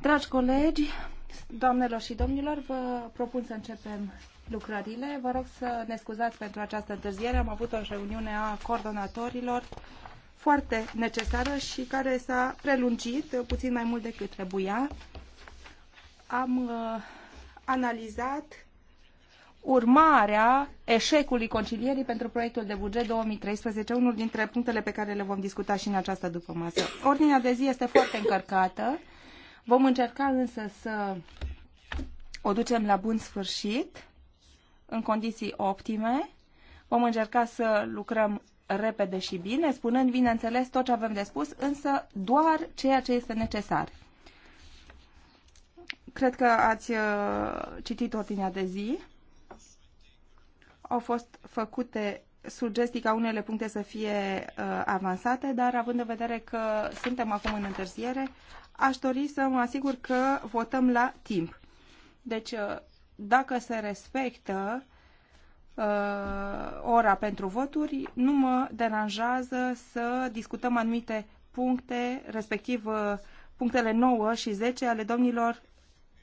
Dragi colegi, doamnelor și domnilor, vă propun să începem lucrările. Vă rog să ne scuzați pentru această întârziere. Am avut o reuniune a coordonatorilor foarte necesară și care s-a prelungit puțin mai mult decât trebuia. Am uh, analizat urmarea eșecului concilierii pentru proiectul de buget 2013, unul dintre punctele pe care le vom discuta și în această după-masă. Ordinea de zi este foarte încărcată. Vom încerca însă să o ducem la bun sfârșit, în condiții optime. Vom încerca să lucrăm repede și bine, spunând, bineînțeles, tot ce avem de spus, însă doar ceea ce este necesar. Cred că ați uh, citit ordinea de zi. Au fost făcute sugestii ca unele puncte să fie uh, avansate, dar având în vedere că suntem acum în întârziere, aș dori să mă asigur că votăm la timp. Deci, uh, dacă se respectă uh, ora pentru voturi, nu mă deranjează să discutăm anumite puncte, respectiv uh, punctele 9 și 10 ale domnilor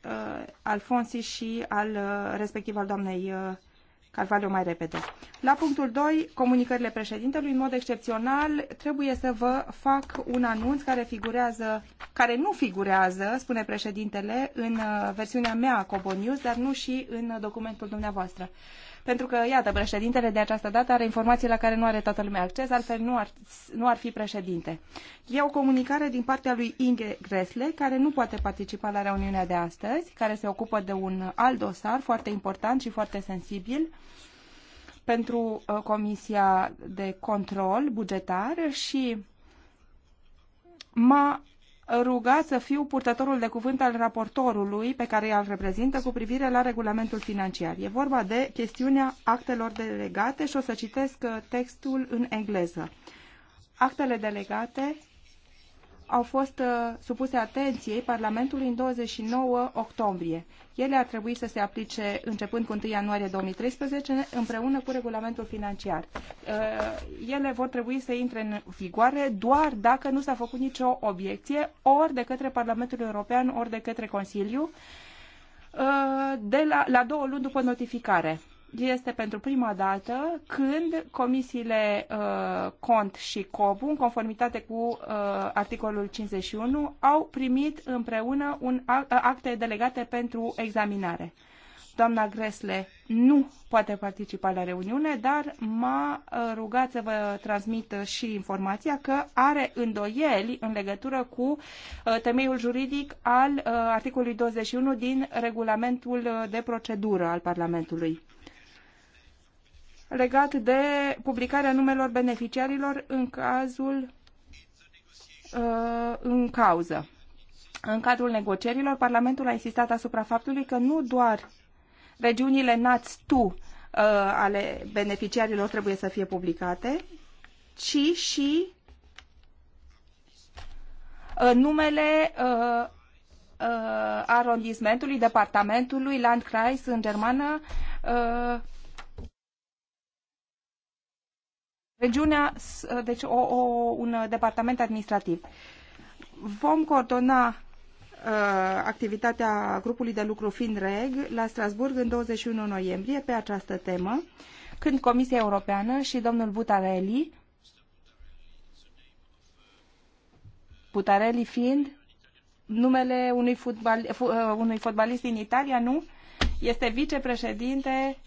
uh, Alfonsi și al uh, respectiv al doamnei uh, Carvalho mai repede. La punctul 2, comunicările președintelui, în mod excepțional, trebuie să vă fac un anunț care figurează, care nu figurează, spune președintele, în uh, versiunea mea a Cobo News, dar nu și în documentul dumneavoastră pentru că, iată, președintele de această dată are informații la care nu are toată lumea acces, altfel nu ar, nu ar fi președinte. E o comunicare din partea lui Inge Gresle, care nu poate participa la reuniunea de astăzi, care se ocupă de un alt dosar foarte important și foarte sensibil pentru uh, Comisia de Control Bugetar și m-a ruga să fiu purtătorul de cuvânt al raportorului pe care îl reprezintă cu privire la regulamentul financiar. E vorba de chestiunea actelor delegate și o să citesc uh, textul în engleză. Actele delegate au fost uh, supuse atenției Parlamentului în 29 octombrie. Ele ar trebui să se aplice începând cu 1 ianuarie 2013 împreună cu regulamentul financiar. Uh, ele vor trebui să intre în vigoare doar dacă nu s-a făcut nicio obiecție ori de către Parlamentul European, ori de către Consiliu uh, de la, la două luni după notificare este pentru prima dată când comisiile uh, CONT și COBU, în conformitate cu uh, articolul 51, au primit împreună un act, uh, acte delegate pentru examinare. Doamna Gresle nu poate participa la reuniune, dar m-a uh, rugat să vă transmit și informația că are îndoieli în legătură cu uh, temeiul juridic al articolului 21 din regulamentul de procedură al Parlamentului legat de publicarea numelor beneficiarilor în cazul uh, în cauză. În cadrul negocierilor, Parlamentul a insistat asupra faptului că nu doar regiunile nats tu uh, ale beneficiarilor trebuie să fie publicate, ci și uh, numele uh, uh arondismentului, departamentului, Landkreis în germană, uh, regiunea, deci o, o, un departament administrativ. Vom coordona uh, activitatea grupului de lucru FINREG la Strasburg în 21 noiembrie pe această temă, când Comisia Europeană și domnul Butarelli, Butarelli fiind numele unui, fotbal, uh, unui fotbalist din Italia, nu? Este vicepreședinte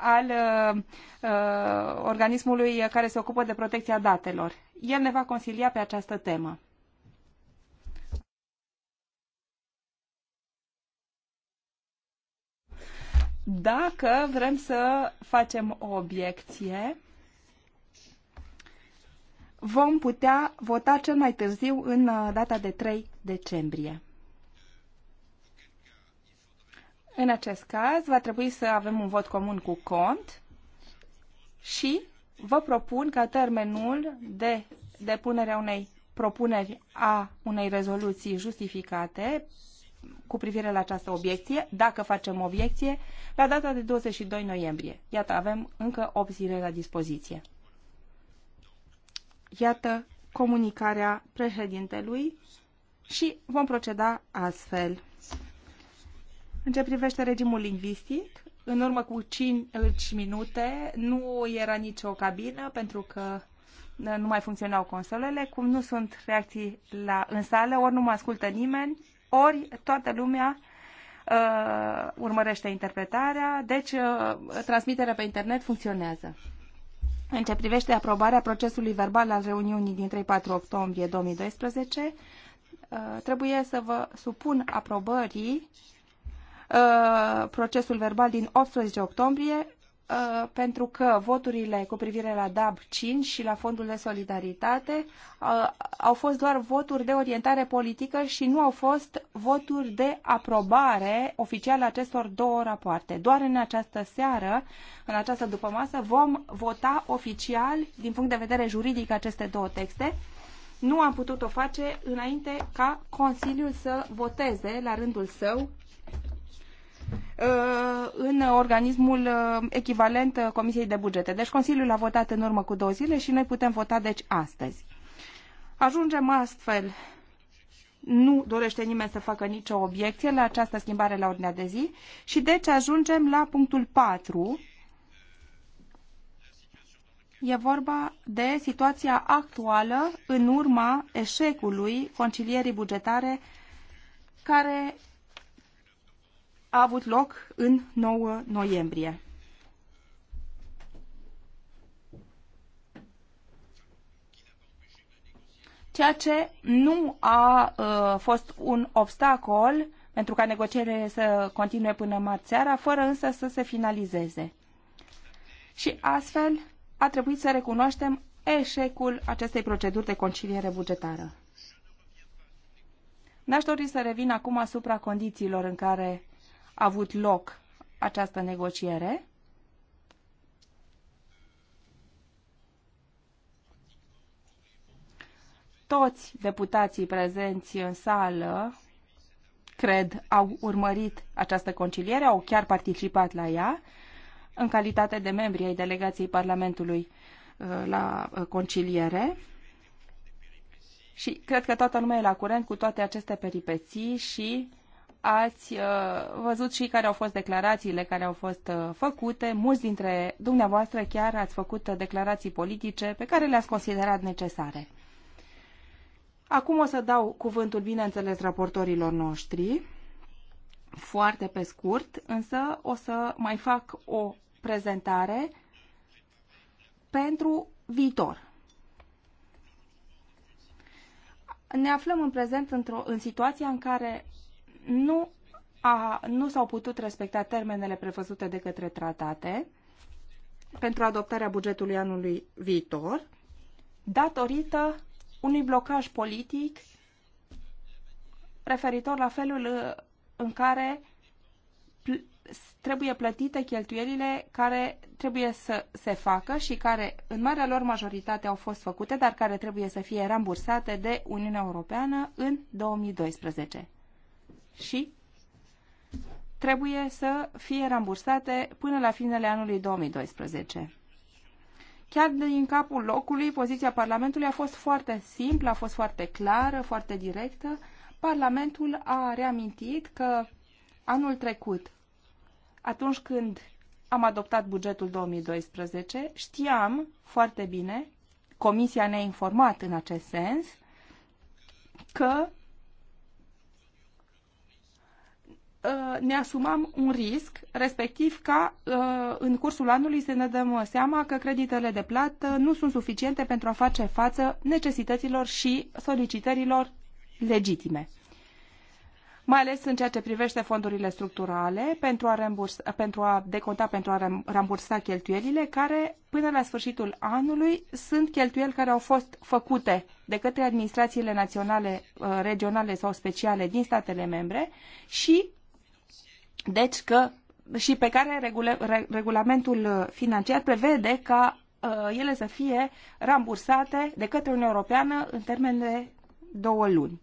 al uh, uh, organismului care se ocupă de protecția datelor. El ne va consilia pe această temă. Dacă vrem să facem o obiecție, vom putea vota cel mai târziu în uh, data de 3 decembrie. În acest caz, va trebui să avem un vot comun cu cont și vă propun ca termenul de depunerea unei propuneri a unei rezoluții justificate cu privire la această obiecție, dacă facem obiecție, la data de 22 noiembrie. Iată, avem încă 8 zile la dispoziție. Iată comunicarea președintelui și vom proceda astfel. În ce privește regimul lingvistic, în urmă cu 5 minute nu era nicio cabină pentru că uh, nu mai funcționau consolele, cum nu sunt reacții la, în sală, ori nu mă ascultă nimeni, ori toată lumea uh, urmărește interpretarea, deci uh, transmiterea pe internet funcționează. În ce privește aprobarea procesului verbal al reuniunii din 3-4 octombrie 2012, uh, trebuie să vă supun aprobării uh, Uh, procesul verbal din 18 octombrie uh, pentru că voturile cu privire la DAB 5 și la Fondul de Solidaritate uh, au fost doar voturi de orientare politică și nu au fost voturi de aprobare oficială acestor două rapoarte. Doar în această seară, în această dupămasă, vom vota oficial, din punct de vedere juridic, aceste două texte. Nu am putut o face înainte ca Consiliul să voteze la rândul său Uh, în organismul uh, echivalent uh, Comisiei de Bugete. Deci Consiliul a votat în urmă cu două zile și noi putem vota deci astăzi. Ajungem astfel nu dorește nimeni să facă nicio obiecție la această schimbare la ordinea de zi și deci ajungem la punctul 4. E vorba de situația actuală în urma eșecului concilierii bugetare care a avut loc în 9 noiembrie. Ceea ce nu a uh, fost un obstacol pentru ca negocierile să continue până marți seara, fără însă să se finalizeze. Și astfel a trebuit să recunoaștem eșecul acestei proceduri de conciliere bugetară. N-aș dori să revin acum asupra condițiilor în care avut loc această negociere. Toți deputații prezenți în sală, cred, au urmărit această conciliere, au chiar participat la ea, în calitate de membri ai delegației Parlamentului uh, la uh, conciliere. Și cred că toată lumea e la curent cu toate aceste peripeții și ați uh, văzut și care au fost declarațiile care au fost uh, făcute. Mulți dintre dumneavoastră chiar ați făcut uh, declarații politice pe care le-ați considerat necesare. Acum o să dau cuvântul, bineînțeles, raportorilor noștri, foarte pe scurt, însă o să mai fac o prezentare pentru viitor. Ne aflăm în prezent într-o, în situația în care nu, a, nu s-au putut respecta termenele prevăzute de către tratate pentru adoptarea bugetului anului viitor, datorită unui blocaj politic referitor la felul uh, în care pl trebuie plătite cheltuielile care trebuie să se facă și care, în marea lor majoritate, au fost făcute, dar care trebuie să fie rambursate de Uniunea Europeană în 2012 și trebuie să fie rambursate până la finele anului 2012. Chiar din capul locului, poziția Parlamentului a fost foarte simplă, a fost foarte clară, foarte directă. Parlamentul a reamintit că anul trecut, atunci când am adoptat bugetul 2012, știam foarte bine, Comisia ne-a informat în acest sens, că Uh, ne asumam un risc, respectiv ca uh, în cursul anului să ne dăm seama că creditele de plată nu sunt suficiente pentru a face față necesităților și solicitărilor legitime mai ales în ceea ce privește fondurile structurale, pentru a, rembursa, pentru a deconta, pentru a rambursa cheltuielile, care până la sfârșitul anului sunt cheltuieli care au fost făcute de către administrațiile naționale, uh, regionale sau speciale din statele membre și deci că și pe care re, regulamentul financiar prevede ca uh, ele să fie rambursate de către Uniunea Europeană în termen de două luni.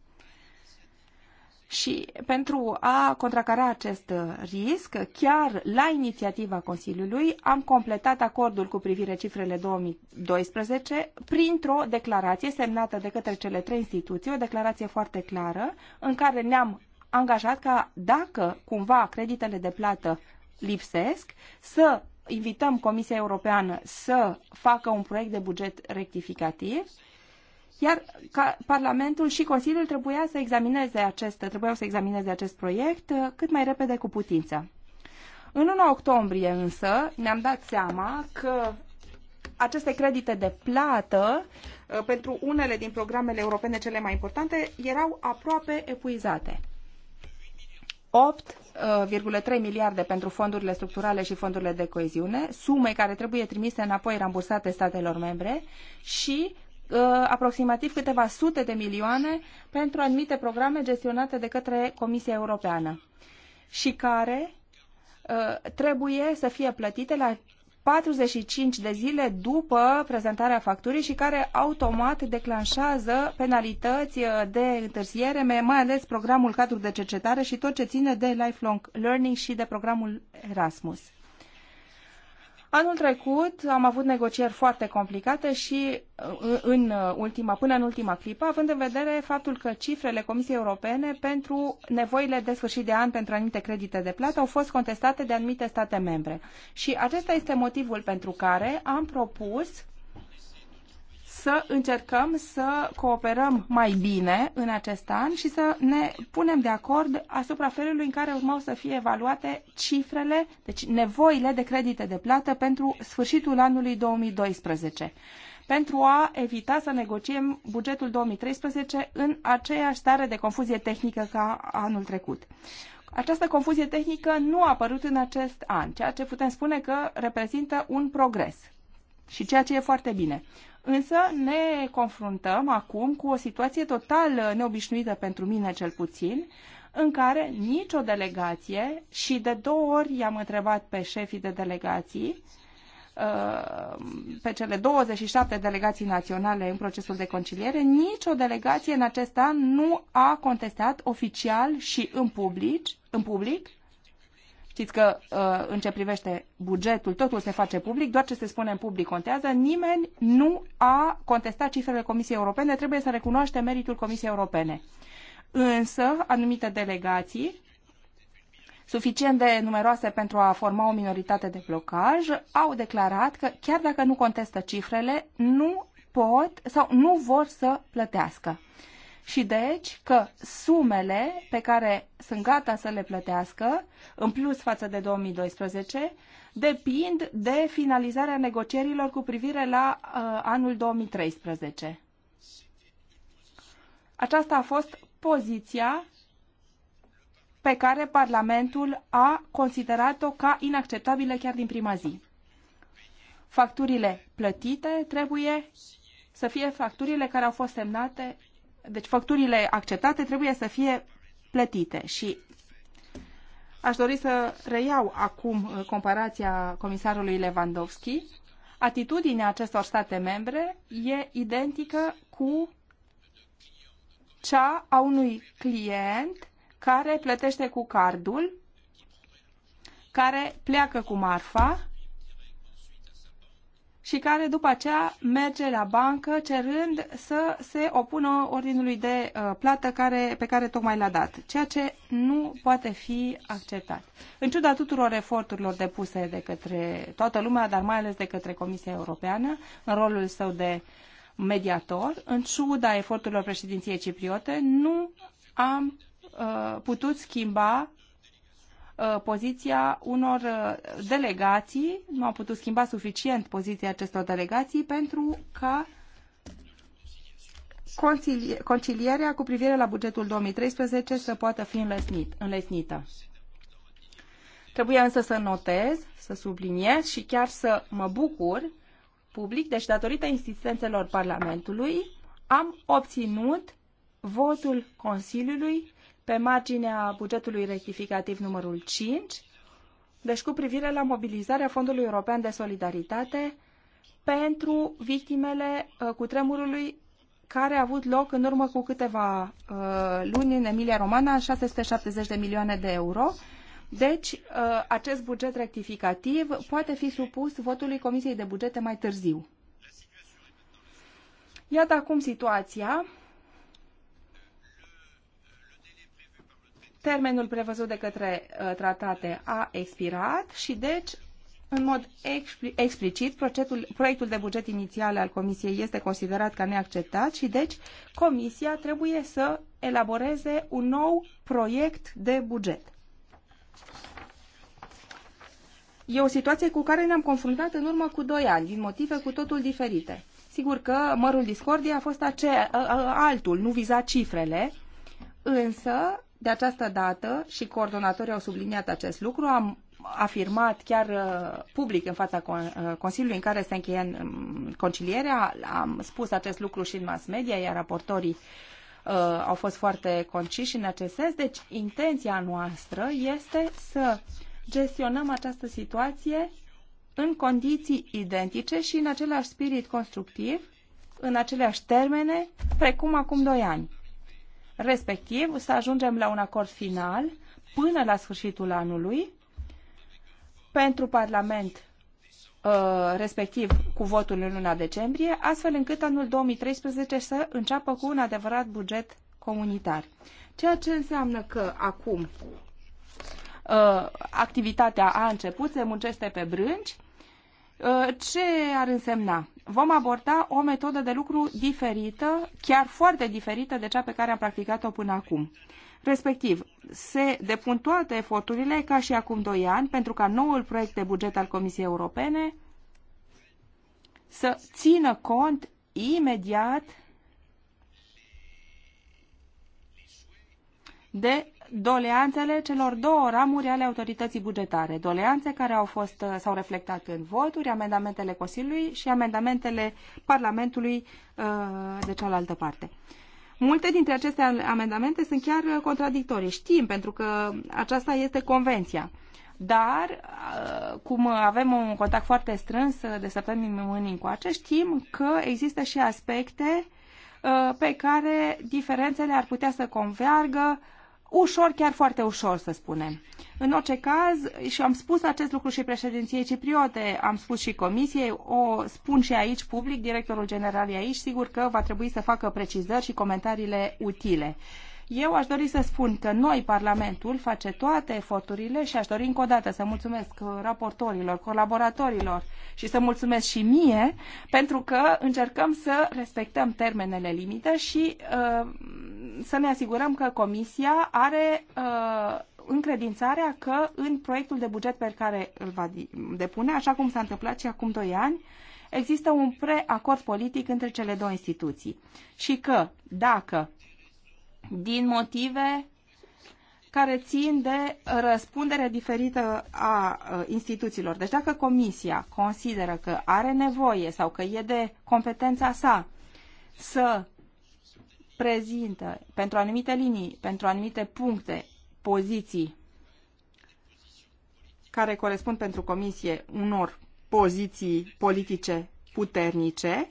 Și pentru a contracara acest risc, chiar la inițiativa Consiliului, am completat acordul cu privire cifrele 2012 printr-o declarație semnată de către cele trei instituții, o declarație foarte clară, în care ne-am angajat ca dacă cumva creditele de plată lipsesc, să invităm Comisia Europeană să facă un proiect de buget rectificativ, iar ca Parlamentul și Consiliul trebuia să examineze acest, trebuiau să examineze acest proiect uh, cât mai repede cu putință. În 1 octombrie însă ne-am dat seama că aceste credite de plată uh, pentru unele din programele europene cele mai importante erau aproape epuizate. 8,3 uh, miliarde pentru fondurile structurale și fondurile de coeziune, sume care trebuie trimise înapoi rambursate statelor membre și uh, aproximativ câteva sute de milioane pentru anumite programe gestionate de către Comisia Europeană și care uh, trebuie să fie plătite la 45 de zile după prezentarea facturii și care automat declanșează penalități uh, de întârziere, mai ales programul cadru de cercetare și tot ce ține de lifelong learning și de programul Erasmus. Anul trecut am avut negocieri foarte complicate și uh, în uh, ultima, până în ultima clipă, având în vedere faptul că cifrele Comisiei Europene pentru nevoile de sfârșit de an pentru anumite credite de plată au fost contestate de anumite state membre. Și acesta este motivul pentru care am propus să încercăm să cooperăm mai bine în acest an și să ne punem de acord asupra felului în care urmau să fie evaluate cifrele, deci nevoile de credite de plată pentru sfârșitul anului 2012 pentru a evita să negociem bugetul 2013 în aceeași stare de confuzie tehnică ca anul trecut. Această confuzie tehnică nu a apărut în acest an, ceea ce putem spune că reprezintă un progres și ceea ce e foarte bine. Însă ne confruntăm acum cu o situație total neobișnuită pentru mine cel puțin, în care nicio delegație și de două ori i-am întrebat pe șefii de delegații, uh, pe cele 27 delegații naționale în procesul de conciliere, nicio delegație în acest an nu a contestat oficial și în public, în public Știți că uh, în ce privește bugetul, totul se face public, doar ce se spune în public contează. Nimeni nu a contestat cifrele Comisiei Europene, trebuie să recunoaște meritul Comisiei Europene. Însă, anumite delegații, suficient de numeroase pentru a forma o minoritate de blocaj, au declarat că chiar dacă nu contestă cifrele, nu pot sau nu vor să plătească. Uh, și deci că sumele pe care sunt gata să le plătească, în plus față de 2012, depind de finalizarea negocierilor cu privire la uh, anul 2013. Aceasta a fost poziția pe care Parlamentul a considerat-o ca inacceptabilă chiar din prima zi. Facturile plătite trebuie să fie facturile care au fost semnate deci facturile acceptate trebuie să fie plătite și aș dori să reiau acum uh, comparația comisarului Lewandowski. Atitudinea acestor state membre e identică cu cea a unui client care plătește cu cardul, care pleacă cu marfa și care după aceea merge la bancă cerând să se opună ordinului de uh, plată care, pe care tocmai l-a dat, ceea ce nu poate fi acceptat. În ciuda tuturor eforturilor depuse de către toată lumea, dar mai ales de către Comisia Europeană, în rolul său de mediator, în ciuda eforturilor președinției cipriote, nu am uh, putut schimba Uh, poziția unor uh, delegații, nu au putut schimba suficient poziția acestor delegații pentru ca concilierea cu privire la bugetul 2013 să poată fi înlesnit, înlesnită. Trebuie însă să notez, să subliniez și chiar să mă bucur public, deci datorită insistențelor Parlamentului, am obținut votul Consiliului pe marginea bugetului rectificativ numărul 5, deci cu privire la mobilizarea Fondului European de Solidaritate pentru victimele uh, cu cutremurului care a avut loc în urmă cu câteva uh, luni în Emilia Romana, 670 de milioane de euro. Deci, uh, acest buget rectificativ poate fi supus votului Comisiei de Bugete mai târziu. Iată acum situația. Termenul prevăzut de către uh, tratate a expirat și deci în mod explicit, proiectul de buget inițial al Comisiei este considerat ca neacceptat și deci Comisia trebuie să elaboreze un nou proiect de buget. E o situație cu care ne-am confruntat în urmă cu doi ani, din motive cu totul diferite. Sigur că mărul discordiei a fost acea, altul, nu viza cifrele, însă de această dată, și coordonatorii au subliniat acest lucru, am afirmat chiar uh, public în fața uh, Consiliului în care se încheie um, concilierea, am spus acest lucru și în mass media, iar raportorii uh, au fost foarte conciși în acest sens. Deci, intenția noastră este să gestionăm această situație în condiții identice și în același spirit constructiv, în aceleași termene, precum acum doi ani respectiv să ajungem la un acord final până la sfârșitul anului pentru Parlament uh, respectiv cu votul în luna decembrie, astfel încât anul 2013 să înceapă cu un adevărat buget comunitar. Ceea ce înseamnă că acum uh, activitatea a început, se muncește pe brânci, Uh, ce ar însemna? Vom aborda o metodă de lucru diferită, chiar foarte diferită de cea pe care am practicat-o până acum. Respectiv, se depun toate eforturile, ca și acum 2 ani, pentru ca noul proiect de buget al Comisiei Europene să țină cont imediat de doleanțele celor două ramuri ale autorității bugetare, doleanțe care au fost uh, sau reflectat în voturi, amendamentele Consiliului și amendamentele Parlamentului uh, de cealaltă parte. Multe dintre aceste amendamente sunt chiar uh, contradictorii. Știm, pentru că aceasta este convenția. Dar, cum avem un contact foarte strâns de săptămâni încoace, știm că există și aspecte pe care diferențele ar putea să convergă ușor, chiar foarte ușor, să spunem. În orice caz, și am spus acest lucru și președinției cipriote, am spus și comisiei, o spun și aici public, directorul general e aici, sigur că va trebui să facă precizări și comentariile utile. Eu aș dori să spun că noi, Parlamentul, face toate eforturile și aș dori încă o dată să mulțumesc raportorilor, colaboratorilor și să mulțumesc și mie, pentru că încercăm să respectăm termenele limită și uh, să ne asigurăm că Comisia are uh, încredințarea că în proiectul de buget pe care îl va depune, așa cum s-a întâmplat și acum 2 ani, există un preacord politic între cele două instituții și că dacă din motive care țin de răspundere diferită a uh, instituțiilor. Deci dacă comisia consideră că are nevoie sau că e de competența sa să prezintă pentru anumite linii, pentru anumite puncte, poziții care corespund pentru comisie unor poziții politice puternice,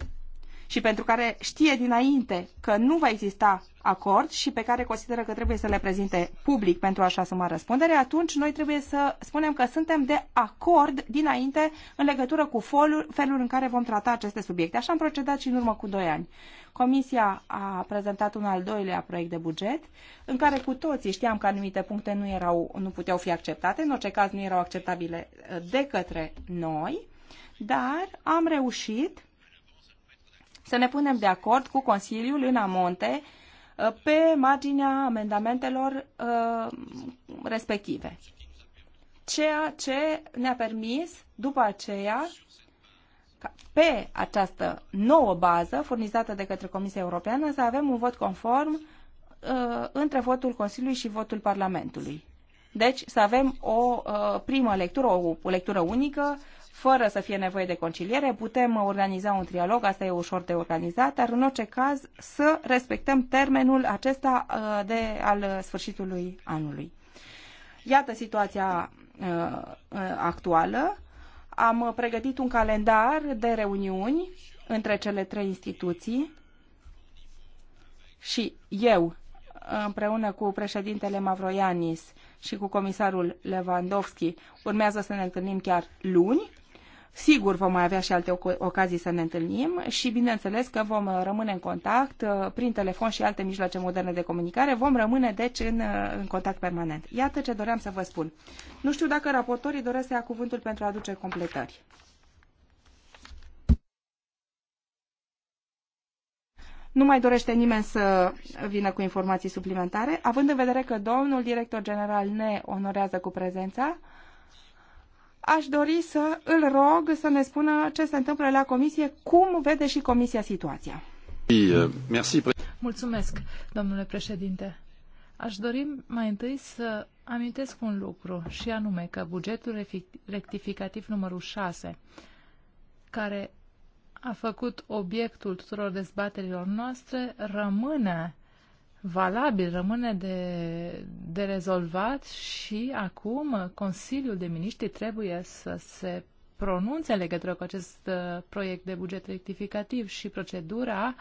și pentru care știe dinainte că nu va exista acord și pe care consideră că trebuie să le prezinte public pentru a-și asuma răspundere, atunci noi trebuie să spunem că suntem de acord dinainte în legătură cu felul în care vom trata aceste subiecte. Așa am procedat și în urmă cu doi ani. Comisia a prezentat un al doilea proiect de buget, în care cu toții știam că anumite puncte nu, erau, nu puteau fi acceptate, în orice caz nu erau acceptabile eh, de către noi, dar am reușit să ne punem de acord cu Consiliul în amonte uh, pe marginea amendamentelor uh, respective. Ceea ce ne-a permis după aceea pe această nouă bază furnizată de către Comisia Europeană să avem un vot conform uh, între votul Consiliului și votul Parlamentului. Deci să avem o uh, primă lectură, o, o lectură unică fără să fie nevoie de conciliere, putem organiza un trialog, asta e ușor de organizat, dar în orice caz să respectăm termenul acesta uh, de, al sfârșitului anului. Iată situația uh, uh, actuală. Am pregătit un calendar de reuniuni între cele trei instituții și eu, împreună cu președintele Mavroianis și cu comisarul Lewandowski, urmează să ne întâlnim chiar luni Sigur, vom mai avea și alte ocazii să ne întâlnim și, bineînțeles, că vom uh, rămâne în contact uh, prin telefon și alte mijloace moderne de comunicare. Vom rămâne, deci, în, uh, în contact permanent. Iată ce doream să vă spun. Nu știu dacă raportorii doresc să ia cuvântul pentru a aduce completări. Nu mai dorește nimeni să vină cu informații suplimentare, având în vedere că domnul director general ne onorează cu prezența aș dori să îl rog să ne spună ce se întâmplă la comisie, cum vede și comisia situația. Eh, Mulțumesc, domnule președinte. Aș dori mai întâi să amintesc un lucru, și anume că bugetul rectificativ numărul 6, care a făcut obiectul tuturor dezbaterilor noastre, rămâne valabil rămâne de, de rezolvat și acum Consiliul de Miniștri trebuie să se pronunțe în legătură cu acest uh, proiect de buget rectificativ și procedura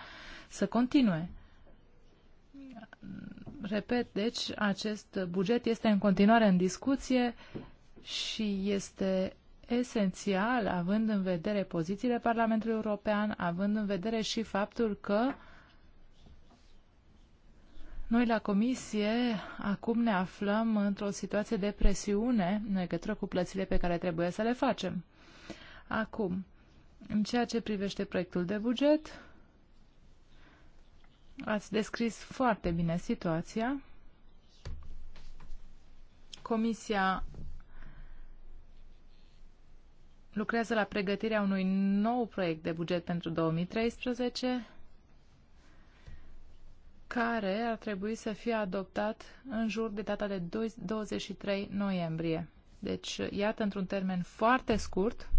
să continue. Repet, deci, acest buget este în continuare în discuție și este esențial, având în vedere pozițiile Parlamentului European, având în vedere și faptul că uh, noi la comisie acum ne aflăm într-o situație de presiune în legătură cu plățile pe care trebuie să le facem. Acum, în ceea ce privește proiectul de buget, ați descris foarte bine situația. Comisia lucrează la pregătirea unui nou proiect de buget pentru 2013 care ar trebui să fie adoptat în jur de data de 23 noiembrie. Deci, iată, într-un termen foarte scurt,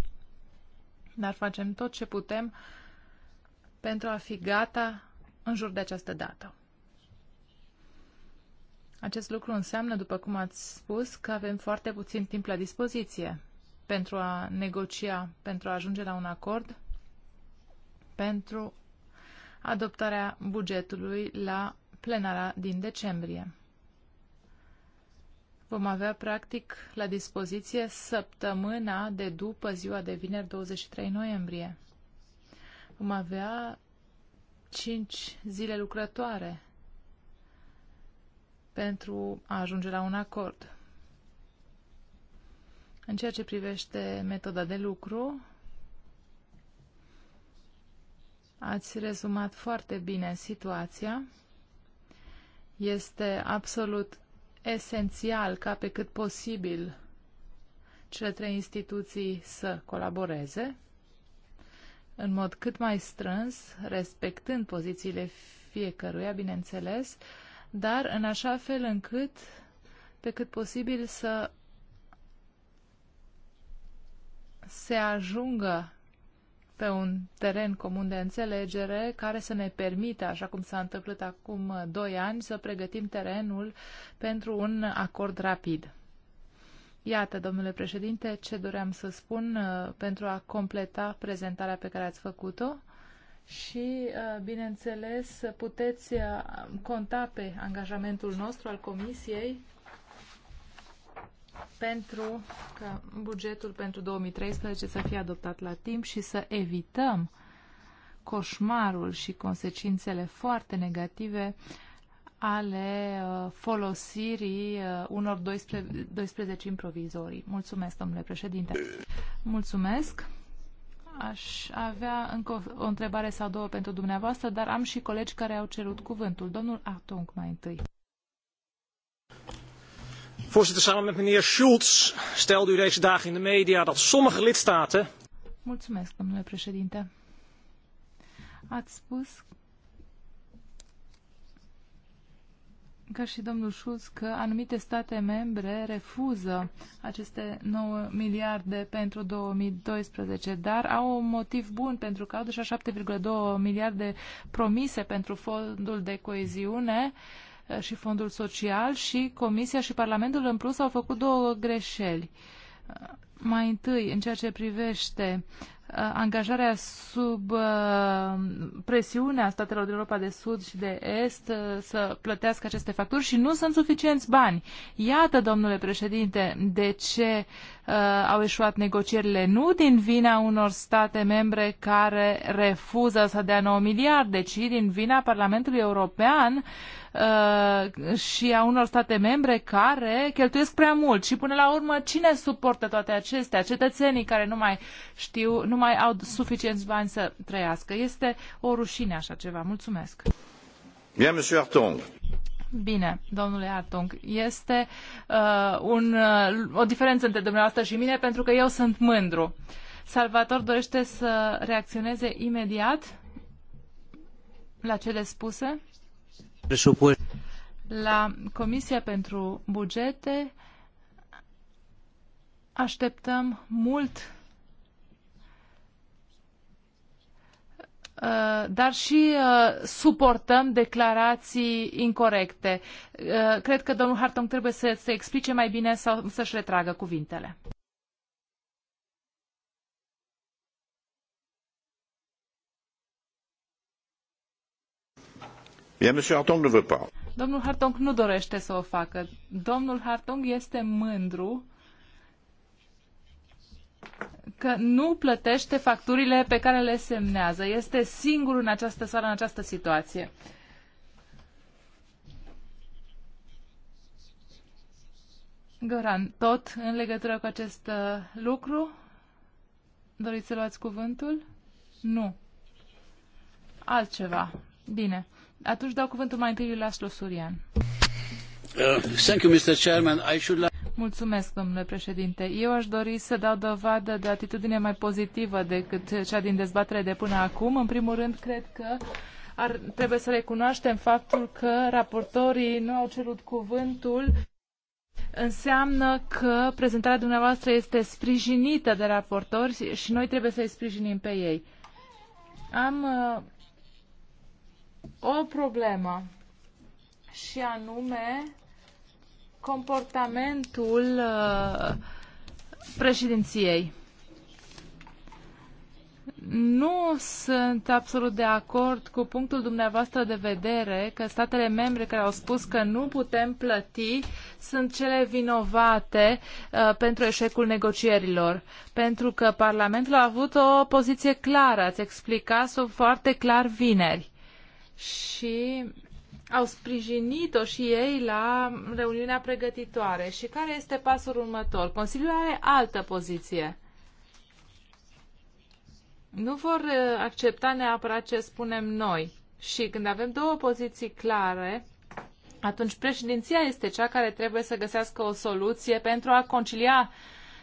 dar facem tot ce putem pentru a fi gata în jur de această dată. Acest lucru înseamnă, după cum ați spus, că avem foarte puțin timp la dispoziție pentru a negocia, pentru a ajunge la un acord, pentru adoptarea bugetului la plenara din decembrie. Vom avea, practic, la dispoziție săptămâna de după ziua de vineri 23 noiembrie. Vom avea 5 zile lucrătoare pentru a ajunge la un acord. În ceea ce privește metoda de lucru, Ați rezumat foarte bine situația. Este absolut esențial ca pe cât posibil cele trei instituții să colaboreze în mod cât mai strâns, respectând pozițiile fiecăruia, bineînțeles, dar în așa fel încât, pe cât posibil, să se ajungă pe un teren comun de înțelegere care să ne permită, așa cum s-a întâmplat acum uh, doi ani, să pregătim terenul pentru un acord rapid. Iată, domnule președinte, ce doream să spun uh, pentru a completa prezentarea pe care ați făcut-o și, uh, bineînțeles, puteți conta pe angajamentul nostru al Comisiei pentru ca bugetul pentru 2013 să fie adoptat la timp și să evităm coșmarul și consecințele foarte negative ale uh, folosirii uh, unor 12, 12 improvizorii. Mulțumesc, domnule președinte. Mulțumesc. Aș avea încă o, o întrebare sau două pentru dumneavoastră, dar am și colegi care au cerut cuvântul. Domnul Artonc mai întâi. Voorzitter, samen met meneer Schulz stelde u deze dagen in de media dat sommige lidstaten. Mulțumesc, domnule președinte. Ați spus ca și domnul Schulz că anumite state membre refuză aceste 9 miliarde pentru 2012, dar au un motiv bun pentru că au deja 7,2 miliarde promise pentru fondul de coeziune uh, Uh, și Fondul Social și Comisia și Parlamentul în plus au făcut două greșeli. Uh, mai întâi, în ceea ce privește uh, angajarea sub presiunea statelor din Europa de Sud și de Est să plătească aceste facturi și nu sunt suficienți bani. Iată, domnule președinte, de ce uh, au eșuat negocierile nu din vina unor state membre care refuză să dea 9 miliarde, ci din vina Parlamentului European uh, și a unor state membre care cheltuiesc prea mult și până la urmă cine suportă toate acestea? Cetățenii care nu mai știu, nu mai au suficienți bani să trăiască. Este o rușine așa ceva. Mulțumesc. Bien, monsieur Artong. Bine, domnule Artung, este uh, un, uh, o diferență între dumneavoastră și mine pentru că eu sunt mândru. Salvator dorește să reacționeze imediat la cele spuse? Presupun. La Comisia pentru Bugete așteptăm mult Uh, dar și uh, suportăm declarații incorrecte. Uh, cred că domnul Hartong trebuie să se explice mai bine sau să-și retragă cuvintele. Hartong Domnul Hartong nu dorește să o facă. Domnul Hartong este mândru că nu plătește facturile pe care le semnează. Este singur în această țară, în această situație. Goran, tot în legătură cu acest uh, lucru? Doriți să luați cuvântul? Nu. Altceva. Bine. Atunci dau cuvântul mai întâi lui Laslo Surian. Uh, thank you, Mr. Chairman. I should Mulțumesc, domnule președinte. Eu aș dori să dau dovadă de atitudine mai pozitivă decât cea din dezbatere de până acum. În primul rând, cred că ar, trebuie să recunoaștem faptul că raportorii nu au cerut cuvântul înseamnă că prezentarea dumneavoastră este sprijinită de raportori și noi trebuie să-i sprijinim pe ei. Am uh, o problemă și anume comportamentul uh, președinției. Nu sunt absolut de acord cu punctul dumneavoastră de vedere că statele membre care au spus că nu putem plăti sunt cele vinovate uh, pentru eșecul negocierilor. Pentru că Parlamentul a avut o poziție clară, ați explicat-o foarte clar vineri. Și au sprijinit-o și ei la reuniunea pregătitoare. Și care este pasul următor? Consiliul are altă poziție. Nu vor uh, accepta neapărat ce spunem noi. Și când avem două poziții clare, atunci președinția este cea care trebuie să găsească o soluție pentru a concilia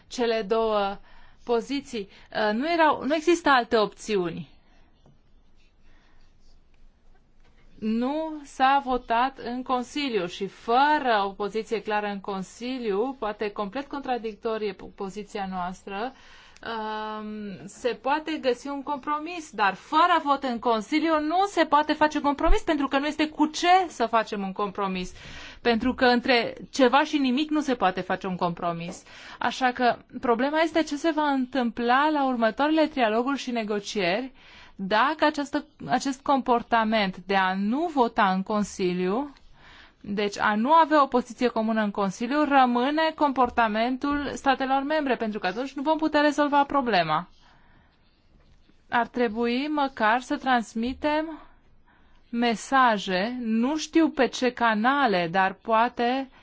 cele două poziții. Uh, nu, erau, nu există alte opțiuni. nu s-a votat în Consiliu și fără o poziție clară în Consiliu, poate complet contradictorie poziția noastră, um, se poate găsi un compromis, dar fără vot în Consiliu nu se poate face compromis pentru că nu este cu ce să facem un compromis. Pentru că între ceva și nimic nu se poate face un compromis. Așa că problema este ce se va întâmpla la următoarele trialoguri și negocieri uh, dacă această, acest comportament de a nu vota în Consiliu, deci a nu avea o poziție comună în Consiliu, rămâne comportamentul statelor membre, pentru că atunci nu vom putea rezolva problema. Ar trebui măcar să transmitem mesaje, nu știu pe ce canale, dar poate uh,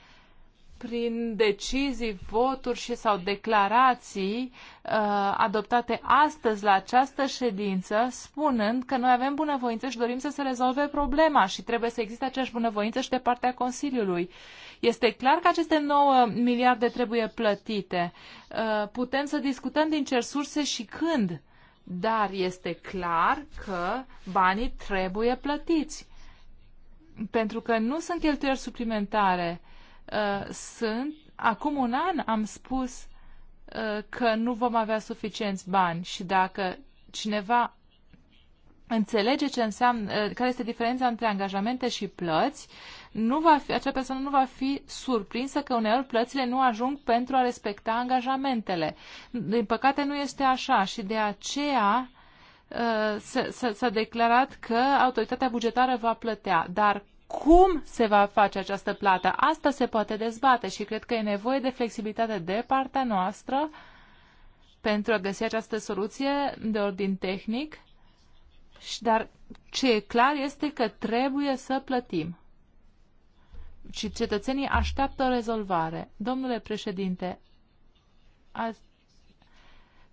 prin decizii, voturi și sau declarații uh, adoptate astăzi la această ședință, spunând că noi avem bunăvoință și dorim să se rezolve problema și trebuie să existe aceeași bunăvoință și de partea Consiliului. Este clar că aceste 9 miliarde trebuie plătite. Uh, putem să discutăm din ce surse și când, dar este clar că banii trebuie plătiți. Pentru că nu sunt cheltuieli suplimentare Uh, sunt. Acum un an am spus uh, că nu vom avea suficienți bani și dacă cineva înțelege ce înseamnă, uh, care este diferența între angajamente și plăți, nu va fi, acea persoană nu va fi surprinsă că uneori plățile nu ajung pentru a respecta angajamentele. Din păcate nu este așa și de aceea uh, s-a declarat că autoritatea bugetară va plătea, dar cum se va face această plată. Asta se poate dezbate și cred că e nevoie de flexibilitate de partea noastră pentru a găsi această soluție de ordin tehnic, dar ce e clar este că trebuie să plătim. Și cetățenii așteaptă o rezolvare. Domnule președinte, ați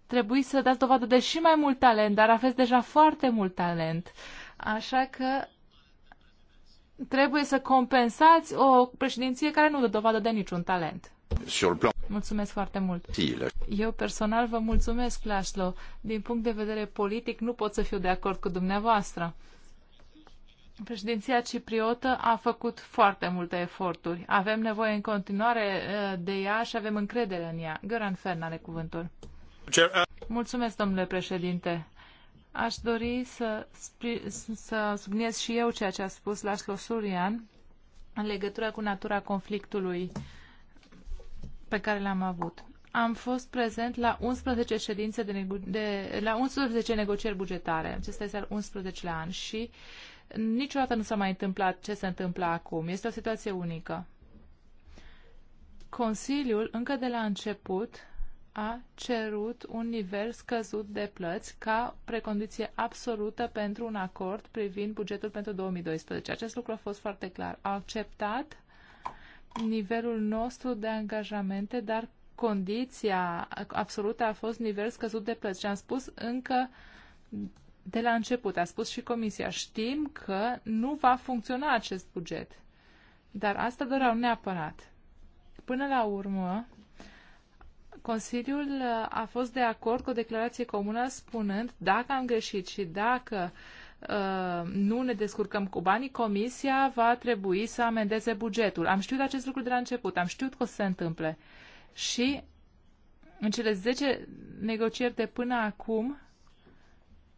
trebui să dați dovadă de și mai mult talent, dar aveți deja foarte mult talent. Așa că trebuie să compensați o președinție care nu dă dovadă de niciun talent. Mulțumesc foarte mult. Eu personal vă mulțumesc, Laszlo. Din punct de vedere politic nu pot să fiu de acord cu dumneavoastră. Președinția cipriotă a făcut foarte multe eforturi. Avem nevoie în continuare eh, de ea și avem încredere în ea. Găran Fern are cuvântul. Uh- mulțumesc, domnule președinte. Aș dori să, să subliniez și eu ceea ce a spus Laszlo Surian în legătură cu natura conflictului pe care l-am avut. Am fost prezent la 11 ședințe de, de la 11 negocieri bugetare. Acesta este al 11-lea an și niciodată nu s-a mai întâmplat ce se întâmplă acum. Este o situație unică. Consiliul, încă de la început, a cerut un nivel scăzut de plăți ca precondiție absolută pentru un acord privind bugetul pentru 2012. Acest lucru a fost foarte clar. A acceptat nivelul nostru de angajamente, dar condiția absolută a fost nivel scăzut de plăți. Și am spus încă de la început, a spus și Comisia, știm că nu va funcționa acest buget. Dar asta doreau neapărat. Până la urmă, Consiliul uh, a fost de acord cu o declarație comună spunând dacă am greșit și dacă uh, nu ne descurcăm cu banii, Comisia va trebui să amendeze bugetul. Am știut acest lucru de la început, am știut că o să se întâmple. Și în cele 10 negocieri de până acum,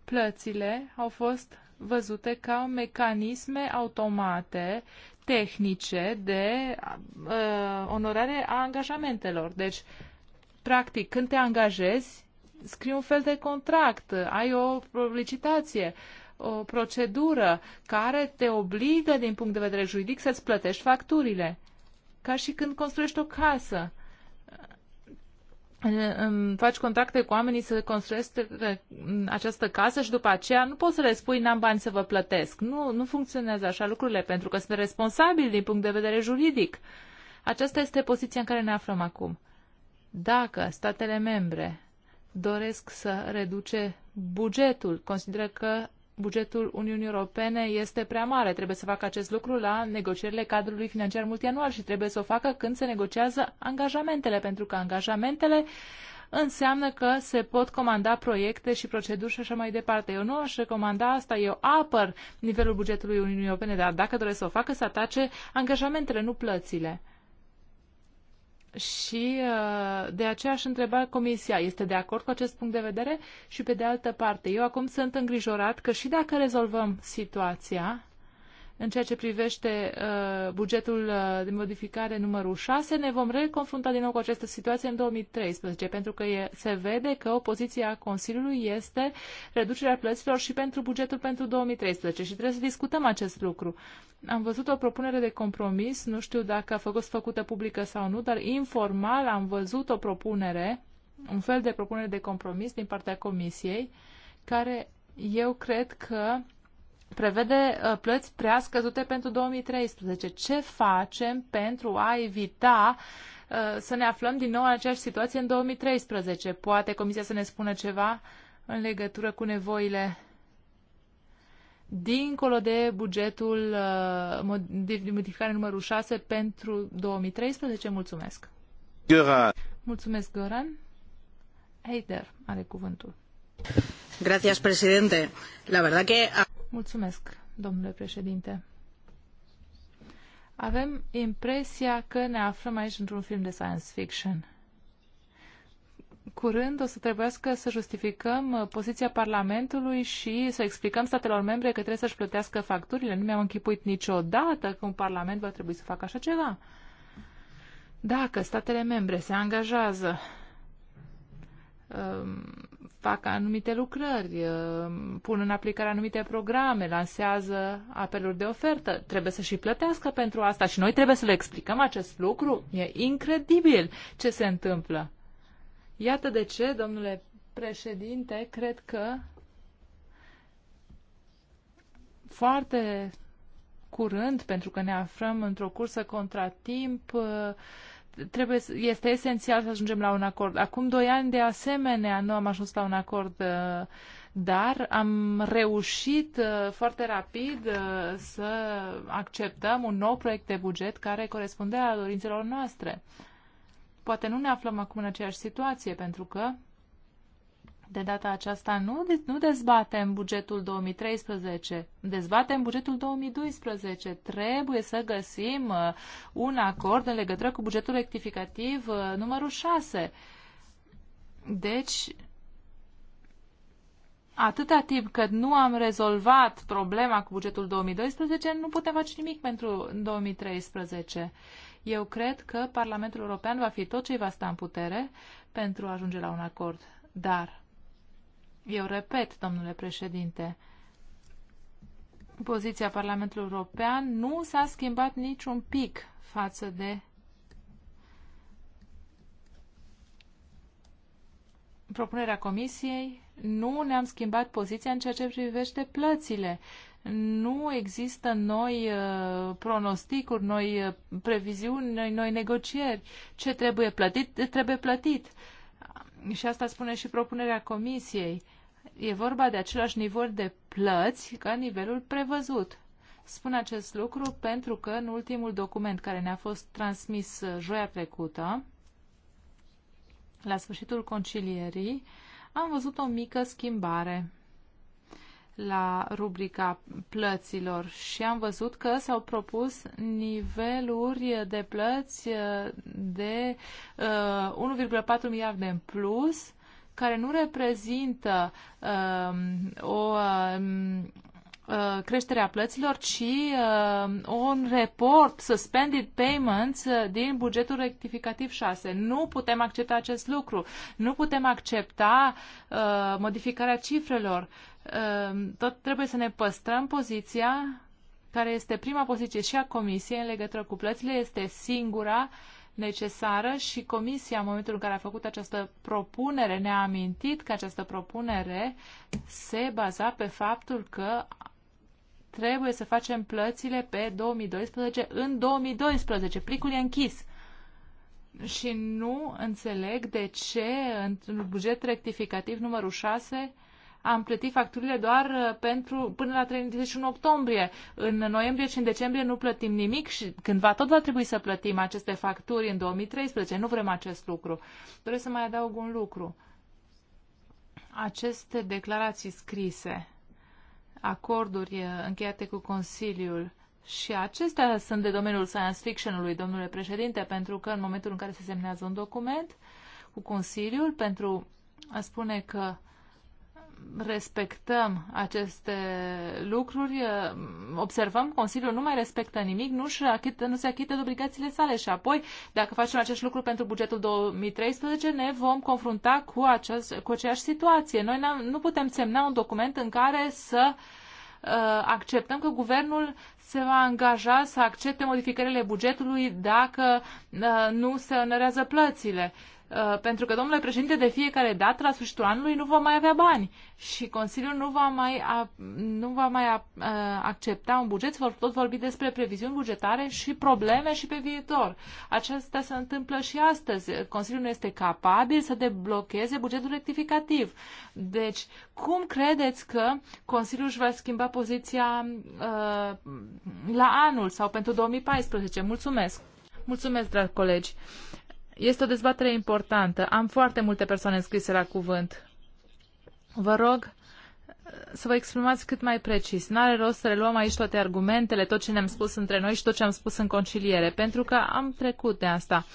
plățile au fost văzute ca mecanisme automate, tehnice de uh, onorare a angajamentelor. Deci, uh, practic, când te angajezi, scrii un fel de contract, ai o licitație, o procedură care te obligă, din punct de vedere juridic, să-ți plătești facturile. Ca și când construiești o casă. Faci contracte cu oamenii să construiesc uh, această casă și după aceea nu poți să le spui n-am bani să vă plătesc. Nu, nu funcționează așa lucrurile pentru că sunt responsabili din punct de vedere juridic. Aceasta este poziția în care ne aflăm acum. Dacă statele membre doresc să reduce bugetul, consideră că bugetul Uniunii Europene este prea mare. Trebuie să facă acest lucru la negocierile cadrului financiar multianual și trebuie să o facă când se negociază angajamentele, pentru că angajamentele înseamnă că se pot comanda proiecte și proceduri și așa mai departe. Eu nu aș recomanda asta, eu apăr nivelul bugetului Uniunii Europene, dar dacă doresc să o facă, să atace angajamentele, nu plățile. Și uh, de aceea aș întreba Comisia, este de acord cu acest punct de vedere? Și pe de altă parte, eu acum sunt îngrijorat că și dacă rezolvăm situația, în ceea ce privește uh, bugetul uh, de modificare numărul 6, ne vom reconfrunta din nou cu această situație în 2013, pentru că e, se vede că opoziția Consiliului este reducerea plăților și pentru bugetul pentru 2013 și trebuie să discutăm acest lucru. Am văzut o propunere de compromis, nu știu dacă a fost făcută publică sau nu, dar informal am văzut o propunere, un fel de propunere de compromis din partea Comisiei, care eu cred că prevede uh, plăți prea scăzute pentru 2013. Ce facem pentru a evita uh, să ne aflăm din nou în aceeași situație în 2013? Poate Comisia să ne spună ceva în legătură cu nevoile dincolo de bugetul uh, de modificare numărul 6 pentru 2013? Mulțumesc! Göran. Mulțumesc, Goran. Heider are cuvântul. Gracias, presidente. La verdad que... Mulțumesc, domnule președinte. Avem impresia că ne aflăm aici într-un film de science fiction. Curând o să trebuiască să justificăm uh, poziția Parlamentului și să explicăm statelor membre că trebuie să-și plătească facturile. Nu mi-am închipuit niciodată că un Parlament va trebui să facă așa ceva. Dacă statele membre se angajează um, fac anumite lucrări, uh, pun în aplicare anumite programe, lansează apeluri de ofertă. Trebuie să și plătească pentru asta și noi trebuie să le explicăm acest lucru. E incredibil ce se întâmplă. Iată de ce, domnule președinte, cred că foarte curând, pentru că ne aflăm într-o cursă contratimp, uh, trebuie, este esențial să ajungem la un acord. Acum doi ani, de asemenea, nu am ajuns la un acord, uh, dar am reușit uh, foarte rapid uh, să acceptăm un nou proiect de buget care corespundea dorințelor noastre. Poate nu ne aflăm acum în aceeași situație, pentru că de data aceasta nu, nu dezbatem bugetul 2013, dezbatem bugetul 2012. Trebuie să găsim uh, un acord în legătură cu bugetul rectificativ uh, numărul 6. Deci, atâta timp cât nu am rezolvat problema cu bugetul 2012, nu putem face nimic pentru 2013. Eu cred că Parlamentul European va fi tot ce va sta în putere pentru a ajunge la un acord. Dar eu repet, domnule președinte, poziția Parlamentului European nu s-a schimbat niciun pic față de propunerea Comisiei. Nu ne-am schimbat poziția în ceea ce privește plățile. Nu există noi uh, pronosticuri, noi uh, previziuni, noi, noi negocieri. Ce trebuie plătit, trebuie plătit și asta spune și propunerea comisiei, e vorba de același nivel de plăți ca nivelul prevăzut. Spun acest lucru pentru că în ultimul document care ne-a fost transmis uh, joia trecută, la sfârșitul concilierii, am văzut o mică schimbare la rubrica plăților și am văzut că s-au propus niveluri de plăți de 1,4 uh, miliarde în plus, care nu reprezintă um, o um, uh, creșterea plăților, ci uh, un report suspended payments din bugetul rectificativ 6. Nu putem accepta acest lucru. Nu putem accepta modificarea cifrelor. Ehm, tot trebuie să ne păstrăm poziția care este prima poziție și a Comisiei în legătură cu plățile, este singura necesară și Comisia, în momentul în care a făcut această propunere, ne-a amintit că această propunere se baza pe faptul că trebuie să facem plățile pe 2012 în 2012. Plicul e închis. Și nu înțeleg de ce în buget rectificativ numărul 6 am plătit facturile doar uh, pentru, până la 31 octombrie. În noiembrie și în decembrie nu plătim nimic și cândva tot va trebui să plătim aceste facturi în 2013. Nu vrem acest lucru. Doresc să mai adaug un lucru. Aceste declarații scrise, acorduri uh, încheiate cu Consiliul, și acestea sunt de domeniul science fiction-ului, domnule președinte, pentru că în momentul în care se semnează un document cu Consiliul pentru a spune că respectăm aceste lucruri, eh, observăm, Consiliul nu mai respectă nimic, nu, -și achită, nu se achită de obligațiile sale și apoi, dacă facem acest lucru pentru bugetul 2013, ne vom confrunta cu, acest, cu aceeași situație. Noi nu putem semna un document în care să uh, acceptăm că guvernul se va angaja să accepte modificările bugetului dacă uh, nu se onorează plățile. Uh, Uh, pentru că, domnule președinte, de fiecare dată, la sfârșitul anului, nu va mai avea bani și Consiliul nu va mai, a, nu va mai a, a, uh, accepta un buget, vor tot vorbi despre previziuni bugetare și probleme și pe viitor. Acestea se întâmplă și astăzi. Consiliul nu este capabil să deblocheze bugetul rectificativ. Deci, cum credeți că Consiliul își va schimba poziția a, uh, la anul sau pentru 2014? Mulțumesc! Mulțumesc, dragi colegi! Uh, este o dezbatere importantă. Am foarte multe persoane înscrise la cuvânt. Vă rog uh, să vă exprimați cât mai precis. N-are rost să reluăm aici toate argumentele, tot ce ne-am spus între noi și tot ce am spus în conciliere, pentru că am trecut de asta.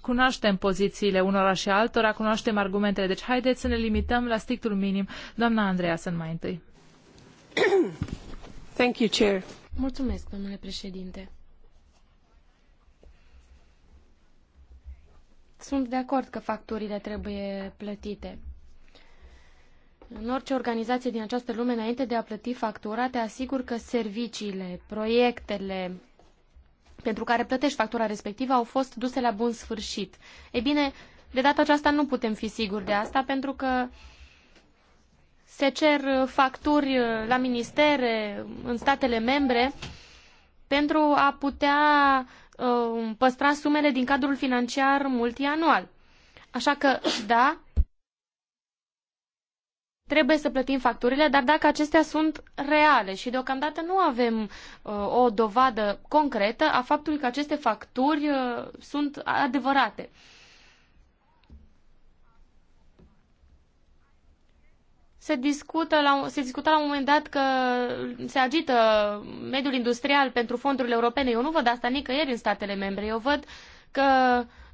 Cunoaștem pozițiile unora și altora, cunoaștem argumentele, deci haideți să ne limităm la strictul minim. Doamna Andreea, sunt mai întâi. Thank you, Chair. Mulțumesc, domnule președinte. Sunt de acord că facturile trebuie plătite. În orice organizație din această lume, înainte de a plăti factura, te asigur că serviciile, proiectele pentru care plătești factura respectivă au fost duse la bun sfârșit. Ei bine, de data aceasta nu putem fi siguri de asta, pentru că se cer facturi la ministere, în statele membre, pentru a putea uh, uh, păstra sumele din cadrul financiar multianual. Așa că, da, trebuie să plătim facturile, dar dacă acestea sunt reale și deocamdată nu avem uh, o dovadă concretă a faptului că aceste facturi uh, sunt adevărate. Uh, se, discută la, se discuta la un moment dat că se agită mediul industrial pentru fondurile europene. Eu nu văd asta nicăieri în statele membre. Eu văd că,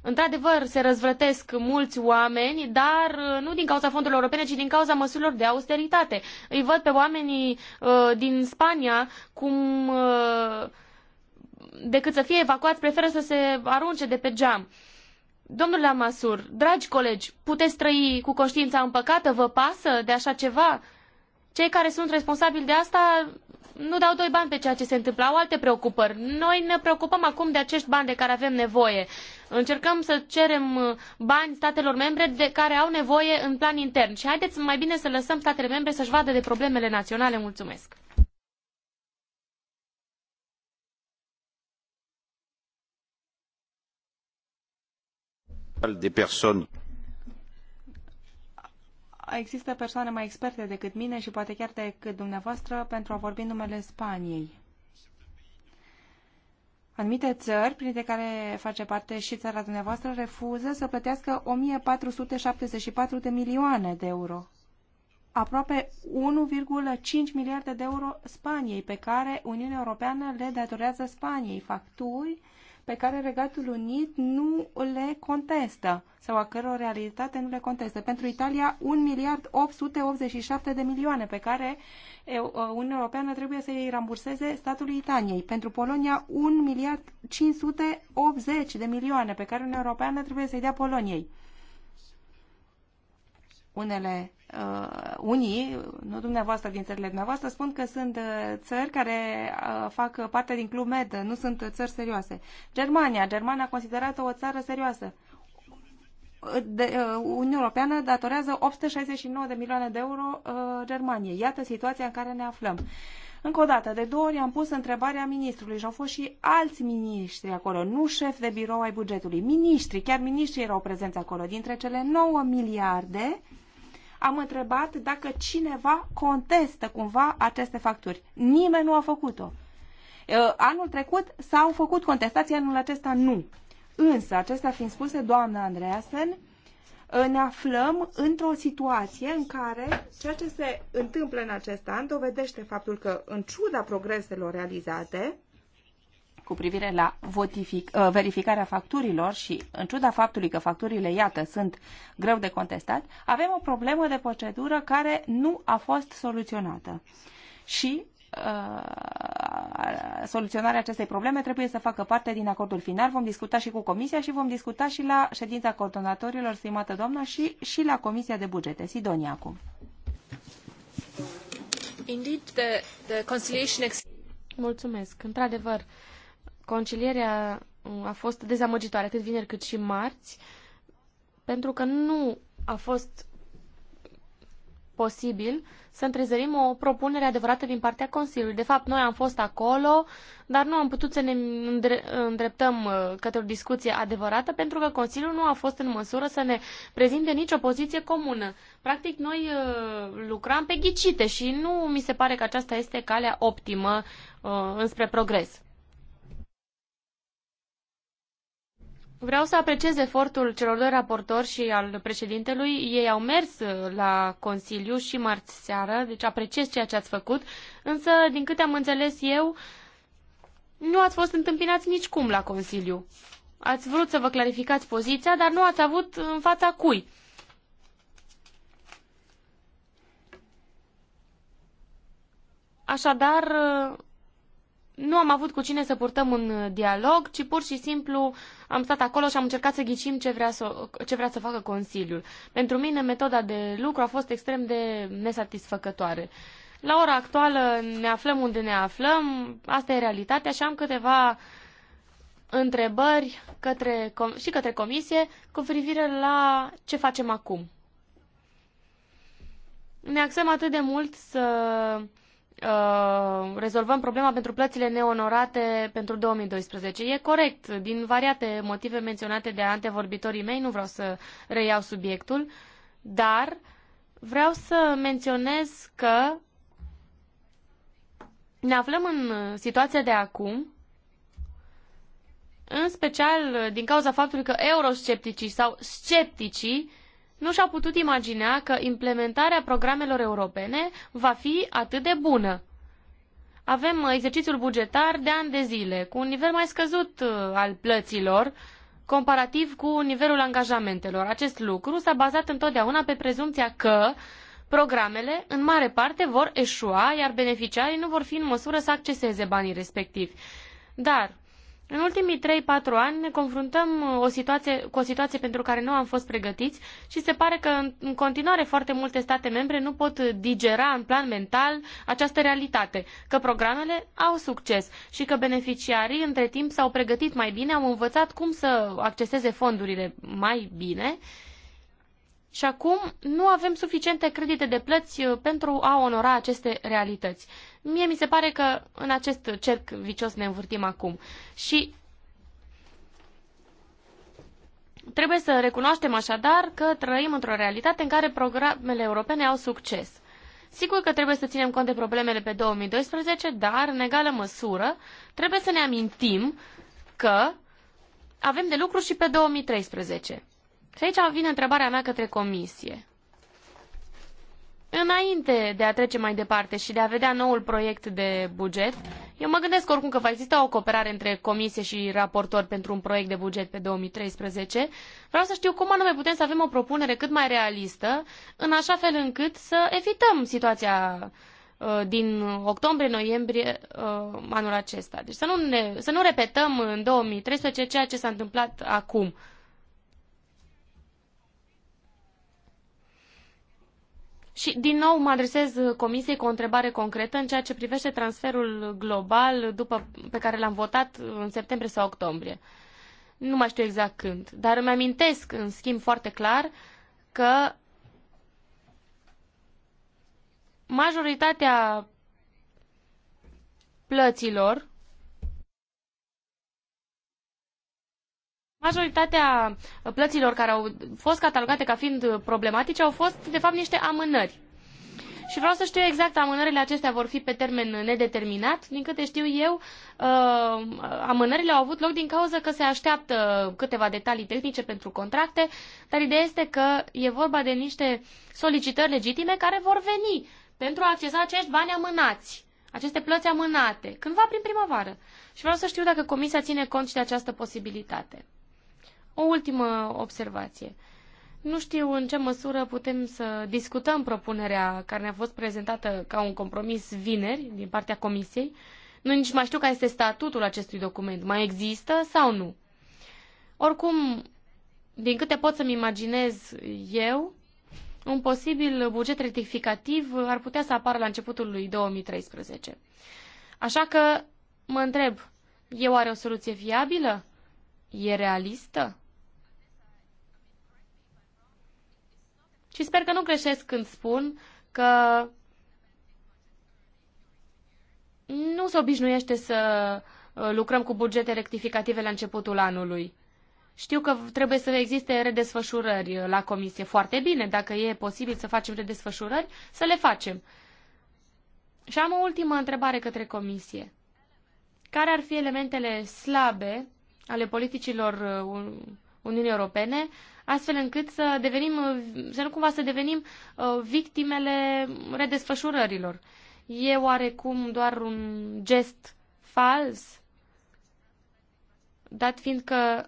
într-adevăr, se răzvrătesc mulți oameni, dar uh, nu din cauza fondurilor europene, ci din cauza măsurilor de austeritate. Îi văd pe oamenii uh, din Spania cum, uh, decât să fie evacuați, preferă să se arunce de pe geam. Uh, Domnule Amasur, dragi colegi, puteți trăi cu conștiința împăcată? Vă pasă de așa ceva? Cei care sunt responsabili de asta nu dau doi bani pe ceea ce se întâmplă, au alte preocupări. Noi ne preocupăm acum de acești bani de care avem nevoie. Încercăm să cerem uh, bani statelor membre de care au nevoie în plan intern. Și haideți mai bine să lăsăm statele membre să-și vadă de problemele naționale. Mulțumesc! Există persoane mai experte decât mine și poate chiar decât dumneavoastră pentru a vorbi numele Spaniei. Anumite țări, printre care face parte și țara dumneavoastră, refuză să plătească 1474 de milioane de euro. Aproape 1,5 miliarde de euro Spaniei, pe care Uniunea Europeană le datorează Spaniei facturi uh, pe care Regatul Unit nu le contestă sau a căror realitate nu le contestă. Pentru Italia, 1 miliard 887 de milioane pe care uh, Uniunea Europeană trebuie să îi ramburseze statului Italiei. Pentru Polonia, 1 miliard 580 de milioane pe care Uniunea Europeană trebuie să-i dea Poloniei. Unele uh, unii, nu dumneavoastră din țările dumneavoastră, spun că sunt uh, țări care uh, fac parte din Club Med, nu sunt țări serioase. Germania, Germania considerată o țară serioasă. De, uh, Uniunea Europeană datorează 869 de milioane de euro uh, Germaniei. Iată situația în care ne aflăm. Încă o dată, de două ori am pus întrebarea ministrului și au fost și alți miniștri acolo, nu șef de birou ai bugetului, Ministri, chiar miniștri erau prezenți acolo. Dintre cele 9 miliarde, uh, am întrebat dacă cineva contestă cumva aceste facturi. Nimeni nu a făcut-o. Anul trecut s-au făcut contestații, anul acesta nu. Însă, acestea fiind spuse, doamna Andreasen, ne aflăm într-o situație în care ceea ce se întâmplă în acest an dovedește faptul că, în ciuda progreselor realizate, cu privire la votific, uh, verificarea facturilor și, în ciuda faptului că facturile, iată, sunt greu de contestat, avem o problemă de procedură care nu a fost soluționată. Și uh, soluționarea acestei probleme trebuie să facă parte din acordul final. Vom discuta și cu Comisia și vom discuta și la ședința coordonatorilor, stimată doamnă, și, și la Comisia de Bugete. Sidonia acum. Indeed, the, the conciliation Mulțumesc. Într-adevăr, concilierea uh, a fost dezamăgitoare, atât vineri cât și marți, pentru că nu a fost posibil să întrezărim o propunere adevărată din partea Consiliului. De fapt, noi am fost acolo, dar nu am putut să ne îndreptăm uh, către o discuție adevărată pentru că Consiliul nu a fost în măsură să ne prezinte nicio poziție comună. Practic, noi uh, lucram pe ghicite și nu mi se pare că aceasta este calea optimă înspre progres. Vreau să apreciez efortul celor doi raportori și al președintelui. Ei au mers uh, la Consiliu și marți seară, deci apreciez ceea ce ați făcut, însă, din câte am înțeles eu, nu ați fost întâmpinați nicicum la Consiliu. Ați vrut să vă clarificați poziția, dar nu ați avut în fața cui. Așadar, uh, nu am avut cu cine să purtăm un dialog, ci pur și simplu am stat acolo și am încercat să ghicim ce vrea să, ce vrea să facă Consiliul. Pentru mine, metoda de lucru a fost extrem de nesatisfăcătoare. La ora actuală ne aflăm unde ne aflăm, asta e realitatea și am câteva întrebări către, și către Comisie cu privire la ce facem acum. Ne axăm atât de mult să Uh, rezolvăm problema pentru plățile neonorate pentru 2012. E corect, din variate motive menționate de antevorbitorii mei, nu vreau să reiau subiectul, dar vreau să menționez că ne aflăm în situația de acum, în special din cauza faptului că euroscepticii sau scepticii nu și-au putut imagina că implementarea programelor europene va fi atât de bună. Avem exercițiul bugetar de ani de zile, cu un nivel mai scăzut uh, al plăților, comparativ cu nivelul angajamentelor. Acest lucru s-a bazat întotdeauna pe prezumția că programele, în mare parte, vor eșua, iar beneficiarii nu vor fi în măsură să acceseze banii respectivi. Dar în ultimii 3-4 ani ne confruntăm uh, o situație, cu o situație pentru care nu am fost pregătiți și se pare că în continuare foarte multe state membre nu pot uh, digera în plan mental această realitate, că programele au succes și că beneficiarii între timp s-au pregătit mai bine, au învățat cum să acceseze fondurile mai bine și acum nu avem suficiente credite de plăți uh, pentru a onora aceste realități. Mie mi se pare că în acest cerc vicios ne învârtim acum. Și trebuie să recunoaștem așadar că trăim într-o realitate în care programele europene au succes. Sigur că trebuie să ținem cont de problemele pe 2012, dar, în egală măsură, trebuie să ne amintim că avem de lucru și pe 2013. Și aici vine întrebarea mea către comisie. Înainte de a trece mai departe și de a vedea noul proiect de buget, eu mă gândesc oricum că va exista o cooperare între comisie și raportor pentru un proiect de buget pe 2013. Vreau să știu cum anume putem să avem o propunere cât mai realistă, în așa fel încât să evităm situația uh, din octombrie-noiembrie uh, anul acesta. Deci să nu, ne, să nu repetăm în 2013 ceea ce s-a întâmplat acum. Și din nou mă adresez Comisiei cu o întrebare concretă în ceea ce privește transferul global după, pe care l-am votat în septembrie sau octombrie. Nu mai știu exact când, dar îmi amintesc în schimb foarte clar că majoritatea plăților Majoritatea plăților care au fost catalogate ca fiind problematice au fost, de fapt, niște amânări. Și vreau să știu exact, amânările acestea vor fi pe termen nedeterminat. Din câte știu eu, uh, amânările au avut loc din cauza că se așteaptă câteva detalii tehnice pentru contracte, dar ideea este că e vorba de niște solicitări legitime care vor veni pentru a accesa acești bani amânați, aceste plăți amânate, cândva prin primăvară. Și vreau să știu dacă Comisia ține cont și de această posibilitate. O ultimă observație. Nu știu în ce măsură putem să discutăm propunerea care ne-a fost prezentată ca un compromis vineri din partea Comisiei. Nu nici mai știu care este statutul acestui document. Mai există sau nu? Oricum, din câte pot să-mi imaginez eu, un posibil buget rectificativ ar putea să apară la începutul lui 2013. Așa că mă întreb, eu oare o soluție viabilă? E realistă? Și sper că nu greșesc când spun că nu se obișnuiește să uh, lucrăm cu bugete rectificative la începutul anului. Știu că trebuie să existe redesfășurări uh, la comisie. Foarte bine, dacă e posibil să facem redesfășurări, să le facem. Și am o ultimă întrebare către comisie. Care ar fi elementele slabe ale politicilor uh, Uniunii Europene, astfel încât să devenim, să nu cumva să devenim uh, victimele redesfășurărilor. E oarecum doar un gest fals, dat fiind că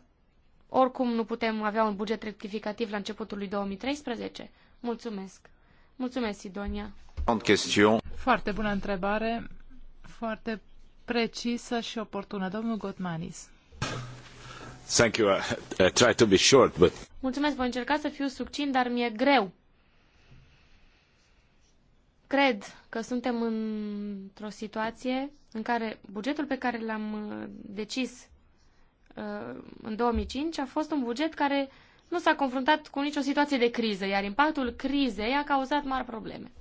oricum nu putem avea un buget rectificativ la începutul lui 2013? Mulțumesc. Mulțumesc, Sidonia. Foarte bună întrebare, foarte precisă și oportună. Domnul Gotmanis. Thank you. I try to be short, but... Mulțumesc, voi încerca să fiu succint, dar mi-e greu. Cred că suntem într-o situație în care bugetul pe care l-am uh, decis uh, în 2005 a fost un buget care nu s-a confruntat cu nicio situație de criză, iar impactul crizei a cauzat mari probleme.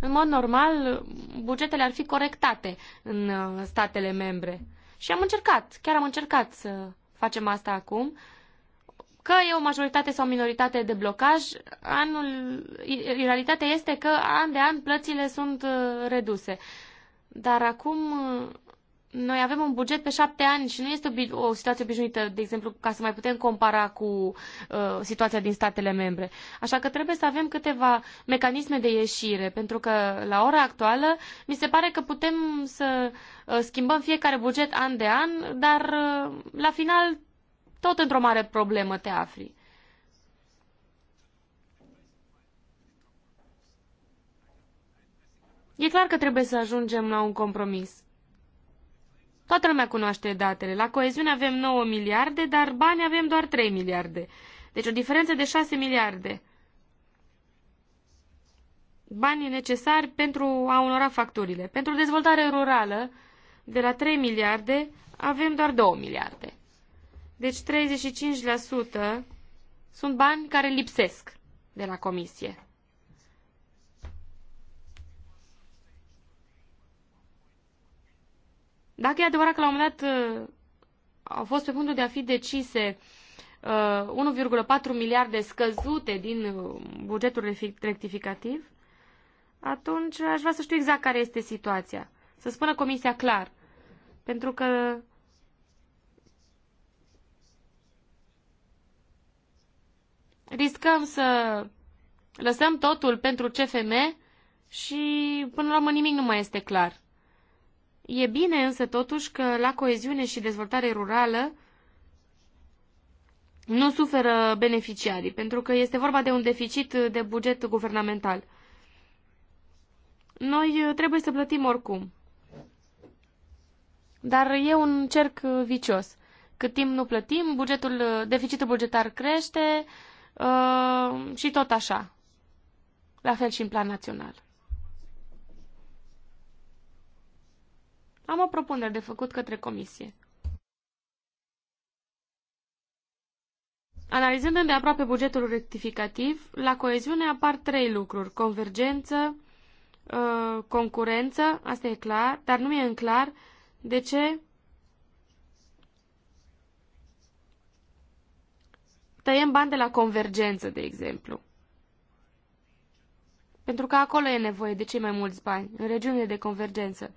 În mod normal, bugetele ar fi corectate în uh, statele membre. Și am încercat, chiar am încercat să facem asta acum. Că e o majoritate sau o minoritate de blocaj, anul, realitatea este că an de an plățile sunt uh, reduse. Dar acum uh, noi avem un buget pe șapte ani și nu este o situație obișnuită, de exemplu, ca să mai putem compara cu uh, situația din statele membre. Așa că trebuie să avem câteva mecanisme de ieșire, pentru că la ora actuală mi se pare că putem să uh, schimbăm fiecare buget an de an, dar uh, la final tot într-o mare problemă te afli. E clar că trebuie să ajungem la un compromis. Toată lumea cunoaște datele. La coeziune avem 9 miliarde, dar bani avem doar 3 miliarde. Deci o diferență de 6 miliarde. Banii necesari pentru a onora facturile. Pentru dezvoltare rurală, de la 3 miliarde, avem doar 2 miliarde. Deci 35% sunt bani care lipsesc de la comisie. Dacă e adevărat că la un moment dat uh, au fost pe punctul de a fi decise 1,4 uh, miliarde scăzute din uh, bugetul rectificativ, atunci aș vrea să știu exact care este situația. Să spună comisia clar. Pentru că riscăm să lăsăm totul pentru CFM și până la urmă nimic nu mai este clar. E bine însă totuși că la coeziune și dezvoltare rurală nu suferă beneficiarii, pentru că este vorba de un deficit de buget guvernamental. Noi uh, trebuie să plătim oricum. Dar e un cerc vicios. Cât timp nu plătim, bugetul, uh, deficitul bugetar crește uh, și tot așa. La fel și în plan național. Am o propunere de făcut către comisie. Analizând îndeaproape bugetul rectificativ, la coeziune apar trei lucruri. Convergență, uh, concurență, asta e clar, dar nu e în clar de ce tăiem bani de la convergență, de exemplu. Pentru că acolo e nevoie de cei mai mulți bani, în regiunile de convergență.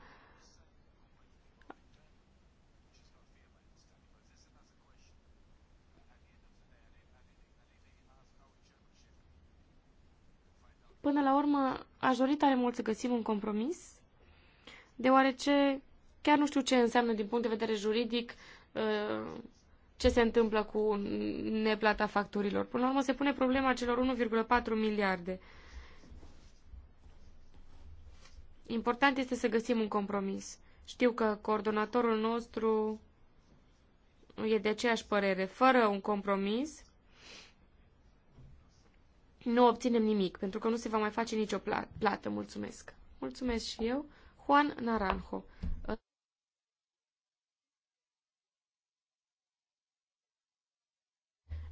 Până la urmă, aș dori tare mult să găsim un compromis, deoarece chiar nu știu ce înseamnă din punct de vedere juridic uh, ce se întâmplă cu neplata facturilor. Până la urmă se pune problema celor 1,4 miliarde. Important este să găsim un compromis. Știu că coordonatorul nostru e de aceeași părere. Fără un compromis, nu obținem nimic, pentru că nu se va mai face nicio plată. Mulțumesc. Mulțumesc și eu. Juan Naranjo.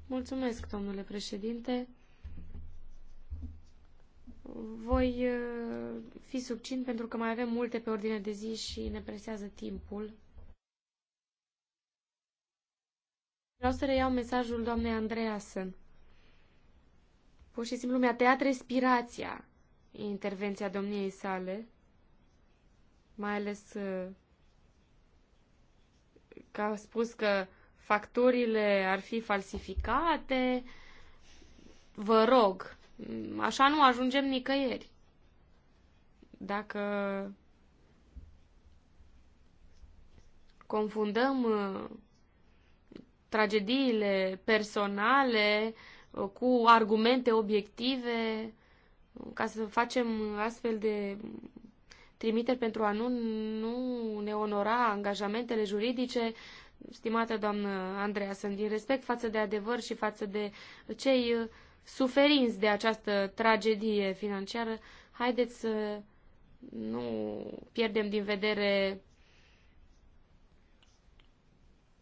Mulțumesc, domnule președinte. Voi uh, fi succint pentru că mai avem multe pe ordine de zi și ne presează timpul. Vreau să reiau mesajul doamnei Andreasen. Pur și simplu mi-a tăiat respirația intervenția domniei sale, mai ales uh, că a spus că facturile ar fi falsificate. Vă rog, așa nu ajungem nicăieri. Dacă confundăm uh, tragediile personale cu argumente obiective, ca să facem astfel de trimiteri pentru a nu, nu ne onora angajamentele juridice, stimată doamnă Andreea, sunt din respect față de adevăr și față de cei suferinți de această tragedie financiară, haideți să nu pierdem din vedere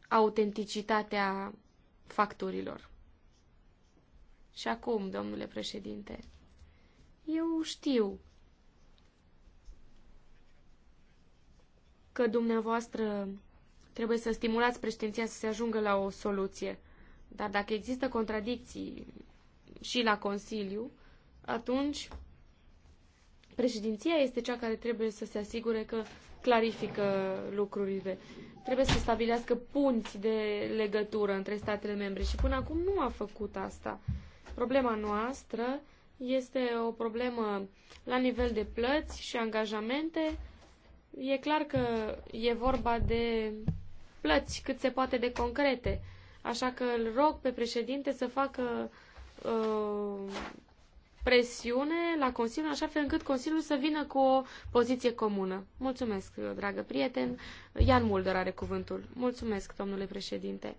autenticitatea facturilor. Și acum, domnule președinte, eu știu că dumneavoastră trebuie să stimulați președinția să se ajungă la o soluție. Dar dacă există contradicții și la Consiliu, atunci președinția este cea care trebuie să se asigure că clarifică lucrurile. Trebuie să stabilească punți de legătură între statele membre și până acum nu a făcut asta. Problema noastră este o problemă la nivel de plăți și angajamente. E clar că e vorba de plăți cât se poate de concrete. Așa că îl rog pe președinte să facă uh, presiune la Consiliu, așa fel încât Consiliul să vină cu o poziție comună. Mulțumesc, dragă prieten. Ian Mulder are cuvântul. Mulțumesc, domnule președinte.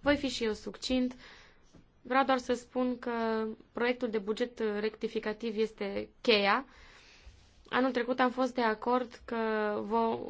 Voi fi și eu succint. Vreau doar să spun că proiectul de buget rectificativ este cheia. Anul trecut am fost de acord că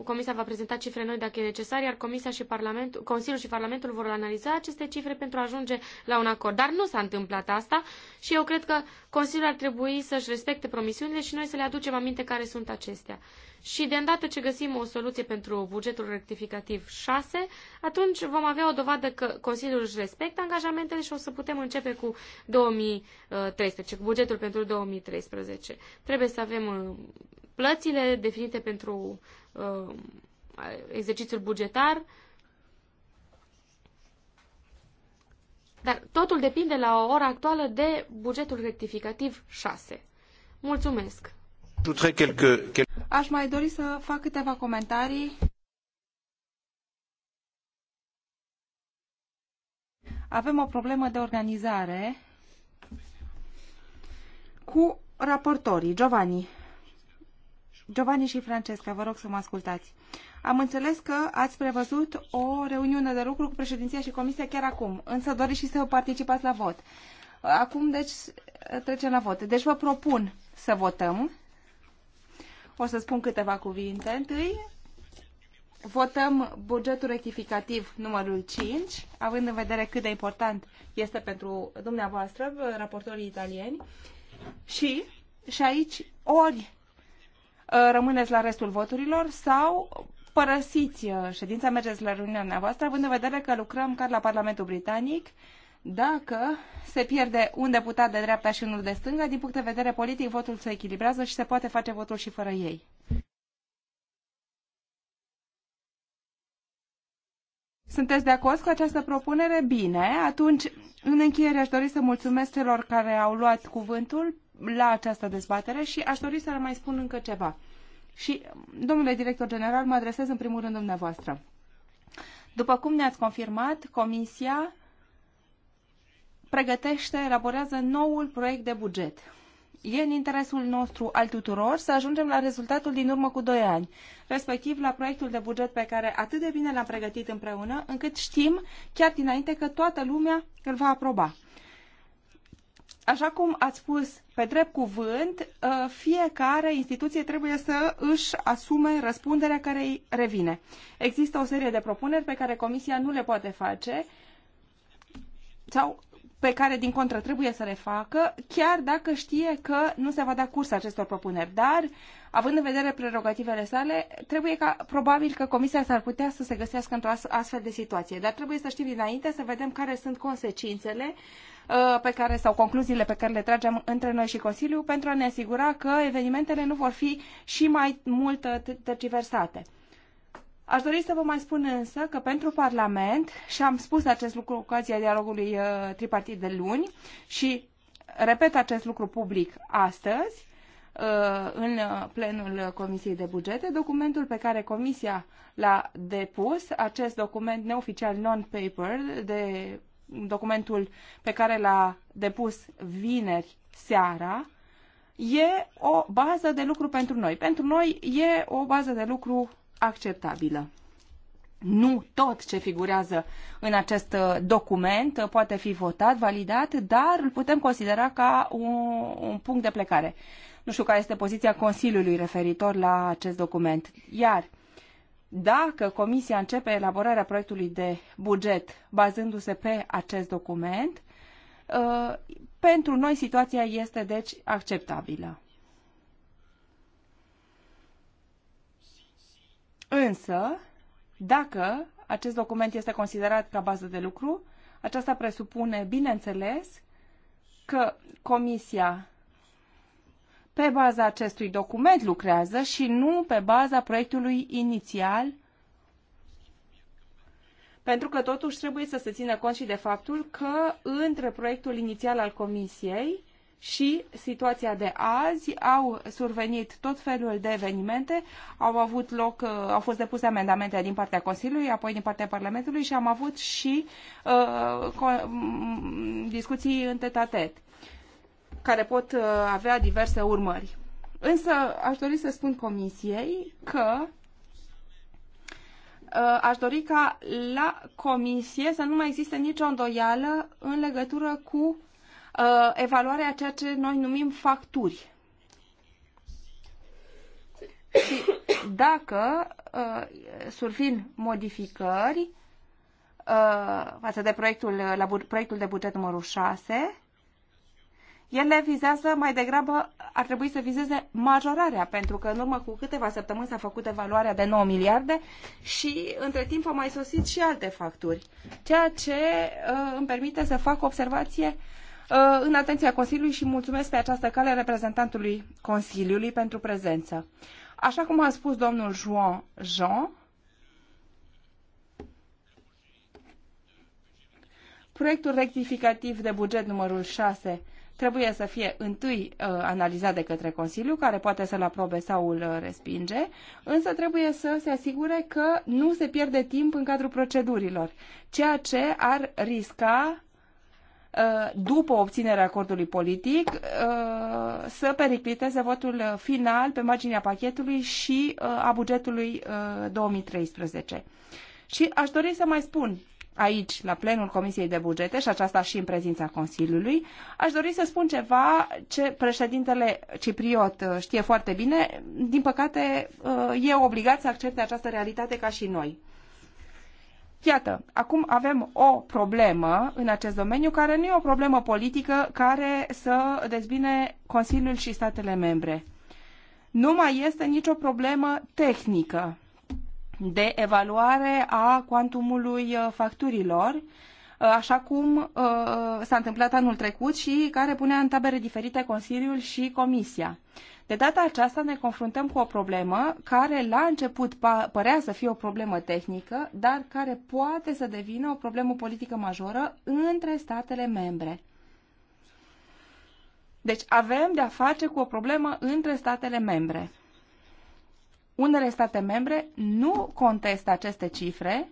Comisia va prezenta cifre noi dacă e necesar, iar Comisia și Parlament, Consiliul și Parlamentul vor analiza aceste cifre pentru a ajunge la un acord. Dar nu s-a întâmplat asta și eu cred că Consiliul ar trebui să-și respecte promisiunile și noi să le aducem aminte care sunt acestea. Și de îndată ce găsim o soluție pentru bugetul rectificativ 6, atunci vom avea o dovadă că Consiliul își respectă angajamentele și o să putem începe cu 2013, cu bugetul pentru 2013. Trebuie să avem uh, plățile definite pentru uh, exercițiul bugetar, Dar totul depinde la ora actuală de bugetul rectificativ 6. Mulțumesc! Aș mai dori să fac câteva comentarii. Avem o problemă de organizare cu raportorii. Giovanni, Giovanni și Francesca, vă rog să mă ascultați. Am înțeles că ați prevăzut o reuniune de lucru cu președinția și comisia chiar acum, însă doriți și să participați la vot. Acum, deci, trecem la vot. Deci vă propun să votăm. O să spun câteva cuvinte. Întâi, votăm bugetul rectificativ numărul 5, având în vedere cât de important este pentru dumneavoastră, raportorii italieni. Și, și aici, ori Uh, rămâneți la restul voturilor sau părăsiți uh, ședința, mergeți la reuniunea voastră, având în vedere că lucrăm ca la Parlamentul Britanic, dacă se pierde un deputat de dreapta și unul de stânga, din punct de vedere politic votul se echilibrează și se poate face votul și fără ei. Sunteți de acord cu această propunere? Bine. Atunci, în încheiere, aș dori să mulțumesc celor care au luat cuvântul la această dezbatere și aș dori să le mai spun încă ceva. Și, domnule director general, mă adresez în primul rând dumneavoastră. După cum ne-ați confirmat, Comisia pregătește, elaborează noul proiect de buget. E în interesul nostru al tuturor să ajungem la rezultatul din urmă cu doi ani, respectiv la proiectul de buget pe care atât de bine l-am pregătit împreună, încât știm chiar dinainte că toată lumea îl va aproba. Așa cum ați spus pe drept cuvânt, uh, fiecare instituție trebuie să își asume răspunderea care îi revine. Există o serie de propuneri pe care Comisia nu le poate face sau pe care, din contră, trebuie să le facă, chiar dacă știe că nu se va da curs acestor propuneri. Dar, având în vedere prerogativele sale, trebuie ca, probabil că Comisia s-ar putea să se găsească într-o astfel de situație. Dar trebuie să știm dinainte, să vedem care sunt consecințele uh, pe care, sau concluziile pe care le tragem între noi și Consiliu pentru a ne asigura că evenimentele nu vor fi și mai mult uh, tergiversate. T- Aș dori să vă mai spun însă că pentru Parlament, și am spus acest lucru cu ocazia dialogului uh, tripartit de luni și repet acest lucru public astăzi, uh, în plenul Comisiei de Bugete. Documentul pe care Comisia l-a depus, acest document neoficial non-paper, de documentul pe care l-a depus vineri seara, e o bază de lucru pentru noi. Pentru noi e o bază de lucru acceptabilă. Nu tot ce figurează în acest uh, document uh, poate fi votat, validat, dar îl putem considera ca un, un punct de plecare. Nu știu care este poziția Consiliului referitor la acest document. Iar dacă Comisia începe elaborarea proiectului de buget bazându-se pe acest document, uh, pentru noi situația este deci acceptabilă. Însă, dacă acest document este considerat ca bază de lucru, aceasta presupune, bineînțeles, că Comisia pe baza acestui document lucrează și nu pe baza proiectului inițial, pentru că totuși trebuie să se țină cont și de faptul că între proiectul inițial al Comisiei și situația de azi au survenit tot felul de evenimente, au avut loc, uh, au fost depuse amendamente din partea Consiliului, apoi din partea Parlamentului și am avut și uh, discuții în tetatet, care pot uh, avea diverse urmări. Însă aș dori să spun Comisiei că uh, aș dori ca la Comisie să nu mai existe nicio îndoială în legătură cu Uh, evaluarea a ceea ce noi numim facturi. Și dacă uh, survin modificări uh, față de proiectul, la bu- proiectul de buget numărul 6, ele vizează mai degrabă, ar trebui să vizeze majorarea, pentru că în urmă cu câteva săptămâni s-a făcut evaluarea de 9 miliarde și între timp au mai sosit și alte facturi, ceea ce uh, îmi permite să fac observație uh, Uh, în atenția Consiliului și mulțumesc pe această cale reprezentantului Consiliului pentru prezență. Așa cum a spus domnul Juan Jean, proiectul rectificativ de buget numărul 6 trebuie să fie întâi uh, analizat de către Consiliu, care poate să-l aprobe sau îl uh, respinge, însă trebuie să se asigure că nu se pierde timp în cadrul procedurilor, ceea ce ar risca Uh, după obținerea acordului politic, uh, să pericliteze votul final pe marginea pachetului și uh, a bugetului 2013. Și aș dori să mai spun aici, la plenul Comisiei de Bugete și aceasta și în prezența Consiliului, aș dori să spun ceva ce președintele Cipriot știe foarte bine, din păcate e obligat să accepte această realitate ca și noi. Iată, acum avem o problemă în acest domeniu care nu e o problemă politică care să dezbine Consiliul și statele membre. Nu mai este nicio problemă tehnică de evaluare a cuantumului uh, facturilor, uh, așa cum uh, s-a întâmplat anul trecut și care punea în tabere diferite Consiliul și Comisia. De data aceasta ne confruntăm cu o problemă care la început părea să fie o problemă tehnică, dar care poate să devină o problemă politică majoră între statele membre. Deci avem de-a face cu o problemă între statele membre. Unele state membre nu contestă aceste cifre,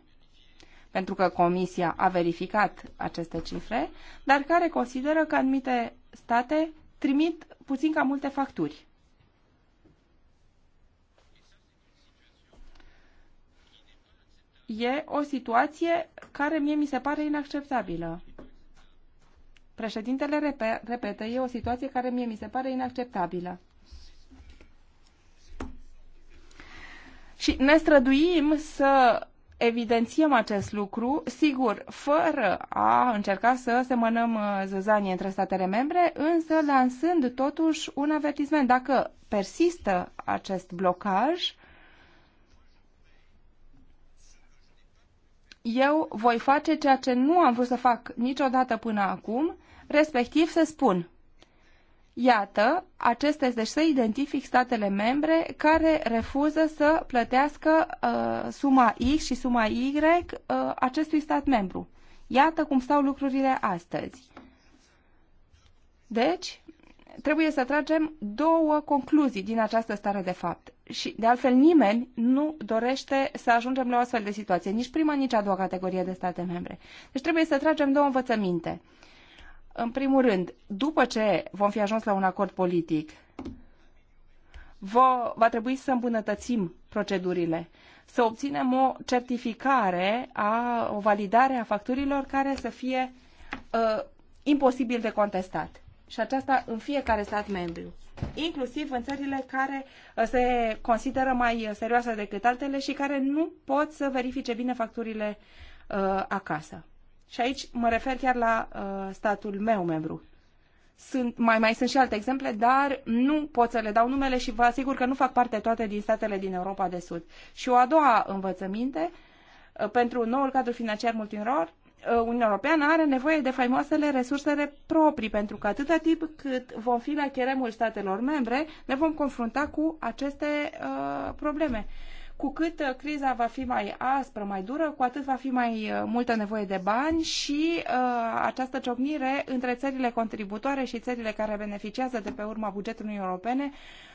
pentru că Comisia a verificat aceste cifre, dar care consideră că anumite state trimit puțin ca multe facturi. e o situație care mie mi se pare inacceptabilă. Președintele repe, repetă, e o situație care mie mi se pare inacceptabilă. Și ne străduim să evidențiem acest lucru, sigur, fără a încerca să semănăm uh, zăzanie între statele membre, însă lansând totuși un avertisment. Dacă persistă acest blocaj, eu voi face ceea ce nu am vrut să fac niciodată până acum, respectiv să spun. Iată, acesta este deci să identific statele membre care refuză să plătească uh, suma X și suma Y uh, acestui stat membru. Iată cum stau lucrurile astăzi. Deci, trebuie să tragem două concluzii din această stare de fapt și, de altfel, nimeni nu dorește să ajungem la o astfel de situație, nici prima, nici a doua categorie de state membre. Deci trebuie să tragem două învățăminte. În primul rând, după ce vom fi ajuns la un acord politic, va, va trebui să îmbunătățim procedurile, să obținem o certificare, a, o validare a facturilor care să fie uh, imposibil de contestat și aceasta în fiecare stat membru, inclusiv în țările care uh, se consideră mai uh, serioase decât altele și care nu pot să verifice bine facturile uh, acasă. Și aici mă refer chiar la uh, statul meu membru. Sunt, mai, mai sunt și alte exemple, dar nu pot să le dau numele și vă asigur că nu fac parte toate din statele din Europa de Sud. Și o a doua învățăminte, uh, pentru noul cadru financiar multinor. Uh, Uniunea Europeană are nevoie de faimoasele resursele proprii, pentru că atâta timp cât vom fi la cheremul statelor membre, ne vom confrunta cu aceste uh, probleme. Cu cât uh, criza va fi mai aspră, mai dură, cu atât va fi mai uh, multă nevoie de bani și uh, această ciocnire între țările contributoare și țările care beneficiază de pe urma bugetului europene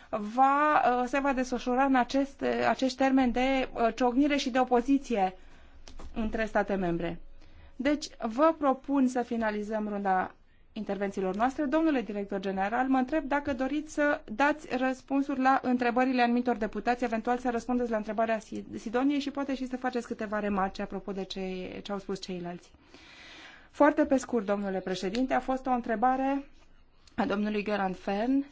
va, uh, se va desfășura în acest, uh, acești termeni de uh, ciocnire și de opoziție între state membre. Deci, vă propun să finalizăm runda intervențiilor noastre. Domnule director general, mă întreb dacă doriți să dați răspunsuri la întrebările anumitor deputați, eventual să răspundeți la întrebarea Sidoniei și poate și să faceți câteva remarce apropo de ce, ce au spus ceilalți. Foarte pe scurt, domnule președinte, a fost o întrebare a domnului Gerand Fern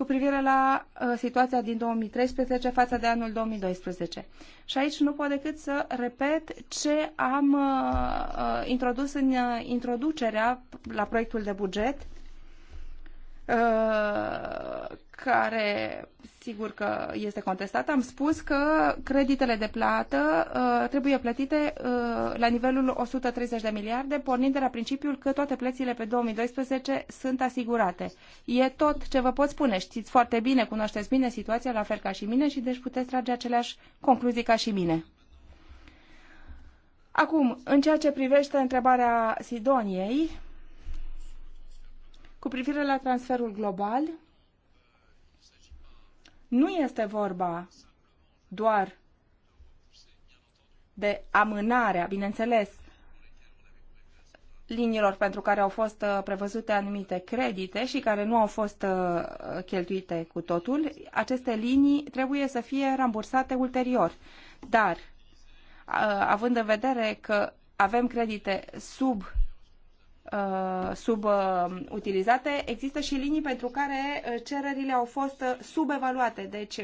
cu privire la uh, situația din 2013 față de anul 2012. Și aici nu pot decât să repet ce am uh, uh introdus în uh, introducerea la proiectul de buget uh, Uh, care sigur că este contestat, am spus că creditele de plată uh, trebuie plătite uh, la nivelul 130 de miliarde, pornind de la principiul că toate plățile pe 2012 sunt asigurate. E tot ce vă pot spune. Știți foarte bine, cunoașteți bine situația, la fel ca și mine, și deci puteți trage aceleași concluzii ca și mine. Acum, în ceea ce privește întrebarea Sidoniei, cu privire la transferul global, nu este vorba doar de amânarea, bineînțeles, liniilor pentru care au fost uh, prevăzute anumite credite și care nu au fost uh, cheltuite cu totul, aceste linii trebuie să fie rambursate ulterior. Dar, uh, având în vedere că avem credite sub Uh, subutilizate. Există și linii pentru care uh, cererile au fost uh, subevaluate. Deci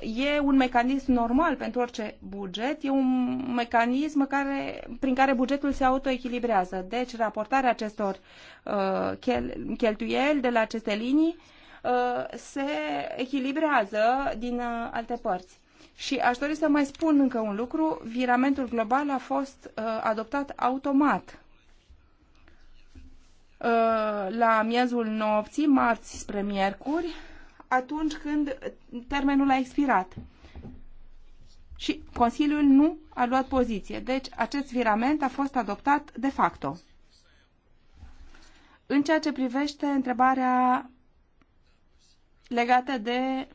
e un mecanism normal pentru orice buget, e un mecanism care, prin care bugetul se autoechilibrează. Deci raportarea acestor cheltuieli de la aceste linii se echilibrează din alte părți. Și aș dori să mai spun încă un lucru. Viramentul global a fost adoptat automat Uh, la miezul nopții, marți spre miercuri, atunci când termenul a expirat. Și Consiliul nu a luat poziție. Deci acest virament a fost adoptat de facto. În ceea ce privește întrebarea legată de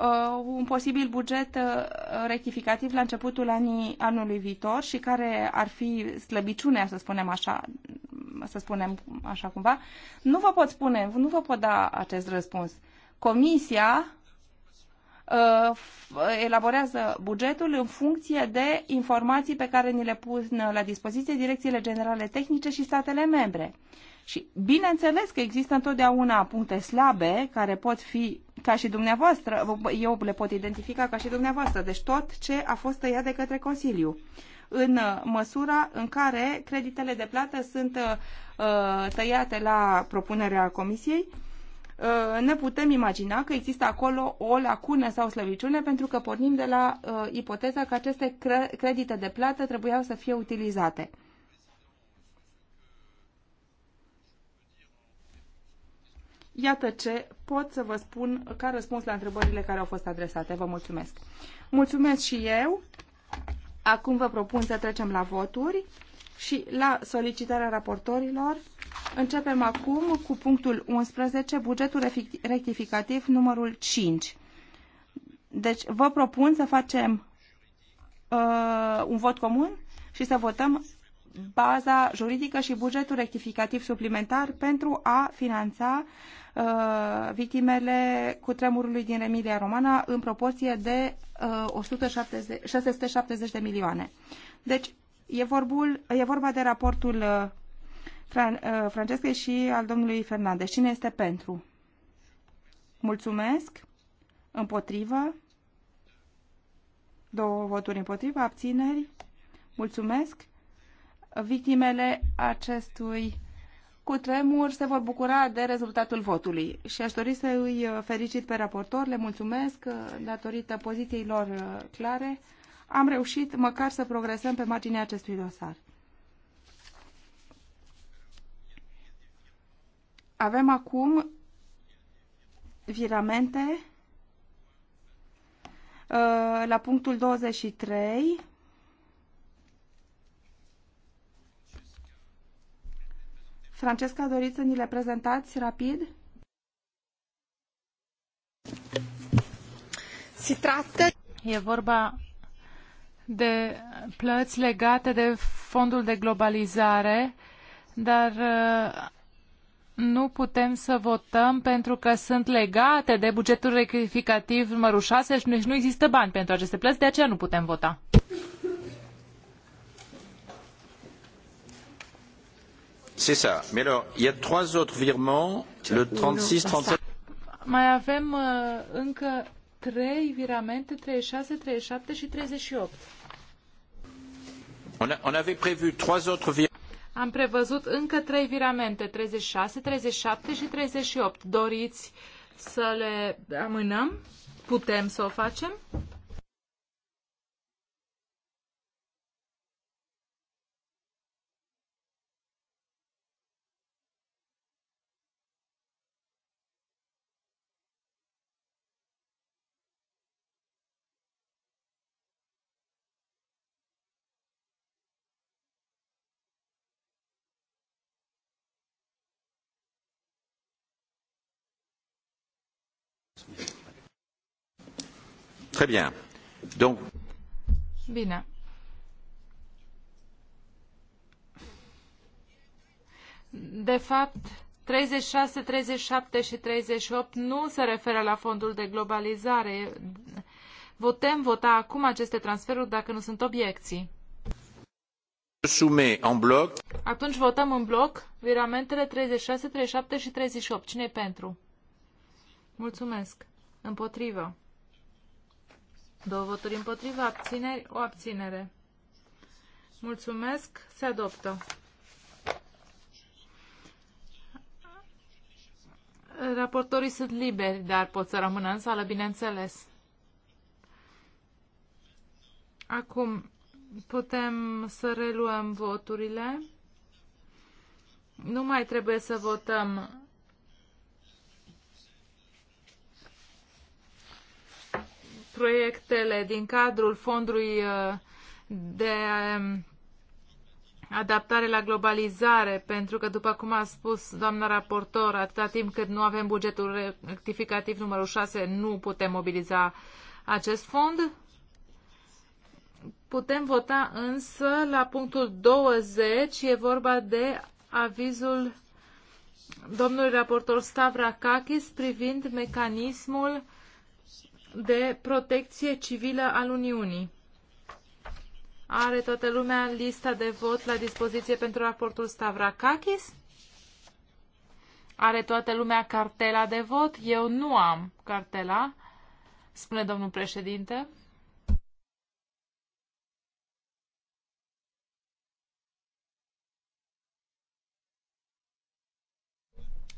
Uh, un posibil buget uh, rectificativ la începutul anii, anului viitor și care ar fi slăbiciunea, să spunem așa, să spunem așa cumva, nu vă pot spune, nu vă pot da acest răspuns. Comisia uh, elaborează bugetul în funcție de informații pe care ni le pun la dispoziție direcțiile generale tehnice și statele membre. Și bineînțeles că există întotdeauna puncte slabe care pot fi ca și dumneavoastră, eu le pot identifica ca și dumneavoastră, deci tot ce a fost tăiat de către Consiliu în uh, măsura în care creditele de plată sunt uh, uh, tăiate la propunerea Comisiei, uh, ne putem imagina că există acolo o lacună sau slăbiciune pentru că pornim de la uh, ipoteza că aceste cre credite de plată trebuiau să fie utilizate. Iată ce pot să vă spun ca răspuns la întrebările care au fost adresate. Vă mulțumesc. Mulțumesc și eu. Acum vă propun să trecem la voturi și la solicitarea raportorilor. Începem acum cu punctul 11, bugetul rectificativ numărul 5. Deci vă propun să facem uh, un vot comun și să votăm baza juridică și bugetul rectificativ suplimentar pentru a finanța uh, victimele cu tremurului din Emilia Romana în proporție de uh, 170, 670 de milioane. Deci, e, vorbul, e vorba de raportul uh, Fran, uh, și al domnului Fernandez. Cine este pentru? Mulțumesc. Împotrivă. Două voturi împotrivă. Abțineri. Mulțumesc victimele acestui cutremur se vor bucura de rezultatul votului. Și aș dori să îi uh, fericit pe raportor, le mulțumesc, uh, datorită poziției lor uh, clare, am reușit măcar să progresăm pe marginea acestui dosar. Avem acum viramente la punctul 23 Francesca, doriți să ni le prezentați rapid? Si tratta... E vorba de plăți legate de fondul de globalizare, dar uh, nu putem să votăm pentru că sunt legate de bugetul rectificativ numărul 6 și nu există bani pentru aceste plăți, de aceea nu putem vota. C'est ça. Mais alors, il y a trois autres virements, le 36, 37. Mai avem uh, încă trei viramente, 36, 37 și 38. On, a, on avait prévu trois autres Am prevăzut încă trei viramente, 36, 37 și 38. Doriți să le amânăm? Putem să o facem? Très bien. Donc... Bine. De fapt, 36, 37 și 38 nu se referă la fondul de globalizare. Putem vota acum aceste transferuri dacă nu sunt obiecții. Sume în bloc. Atunci votăm în bloc viramentele 36, 37 și 38. cine pentru? Mulțumesc. Împotrivă. Două voturi împotriva, abțineri, o abținere. Mulțumesc, se adoptă. Raportorii sunt liberi, dar pot să rămână în sală, bineînțeles. Acum putem să reluăm voturile. Nu mai trebuie să votăm proiectele din cadrul fondului uh, de um, adaptare la globalizare, pentru că, după cum a spus doamna raportor, atâta timp cât nu avem bugetul rectificativ numărul 6, nu putem mobiliza acest fond. Putem vota însă la punctul 20, e vorba de avizul domnului raportor Stavrakakis privind mecanismul de protecție civilă al Uniunii. Are toată lumea lista de vot la dispoziție pentru raportul Stavrakakis? Are toată lumea cartela de vot? Eu nu am cartela, spune domnul președinte.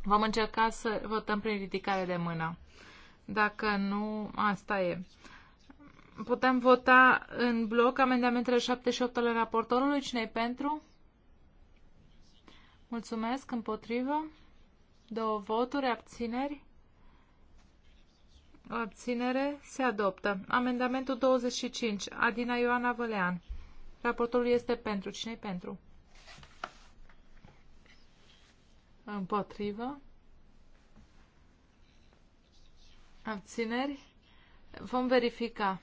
Vom încerca să votăm prin ridicare de mână. Dacă nu, asta e. Putem vota în bloc amendamentele 7 și 8 ale raportorului. Cine-i pentru? Mulțumesc. Împotrivă? Două voturi. Abțineri? O abținere se adoptă. Amendamentul 25. Adina Ioana Vălean. Raportorul este pentru. Cine-i pentru? Împotrivă? Abțineri? Vom verifica.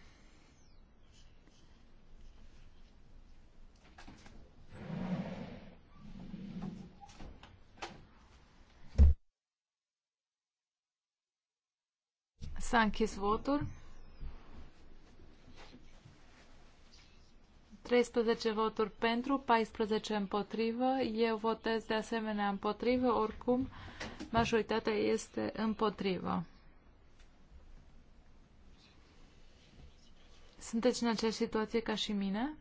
S-a închis votul. 13 voturi pentru, 14 împotrivă. Eu votez de asemenea împotrivă, oricum majoritatea este împotrivă. Sunteți în aceeași situație ca și mine?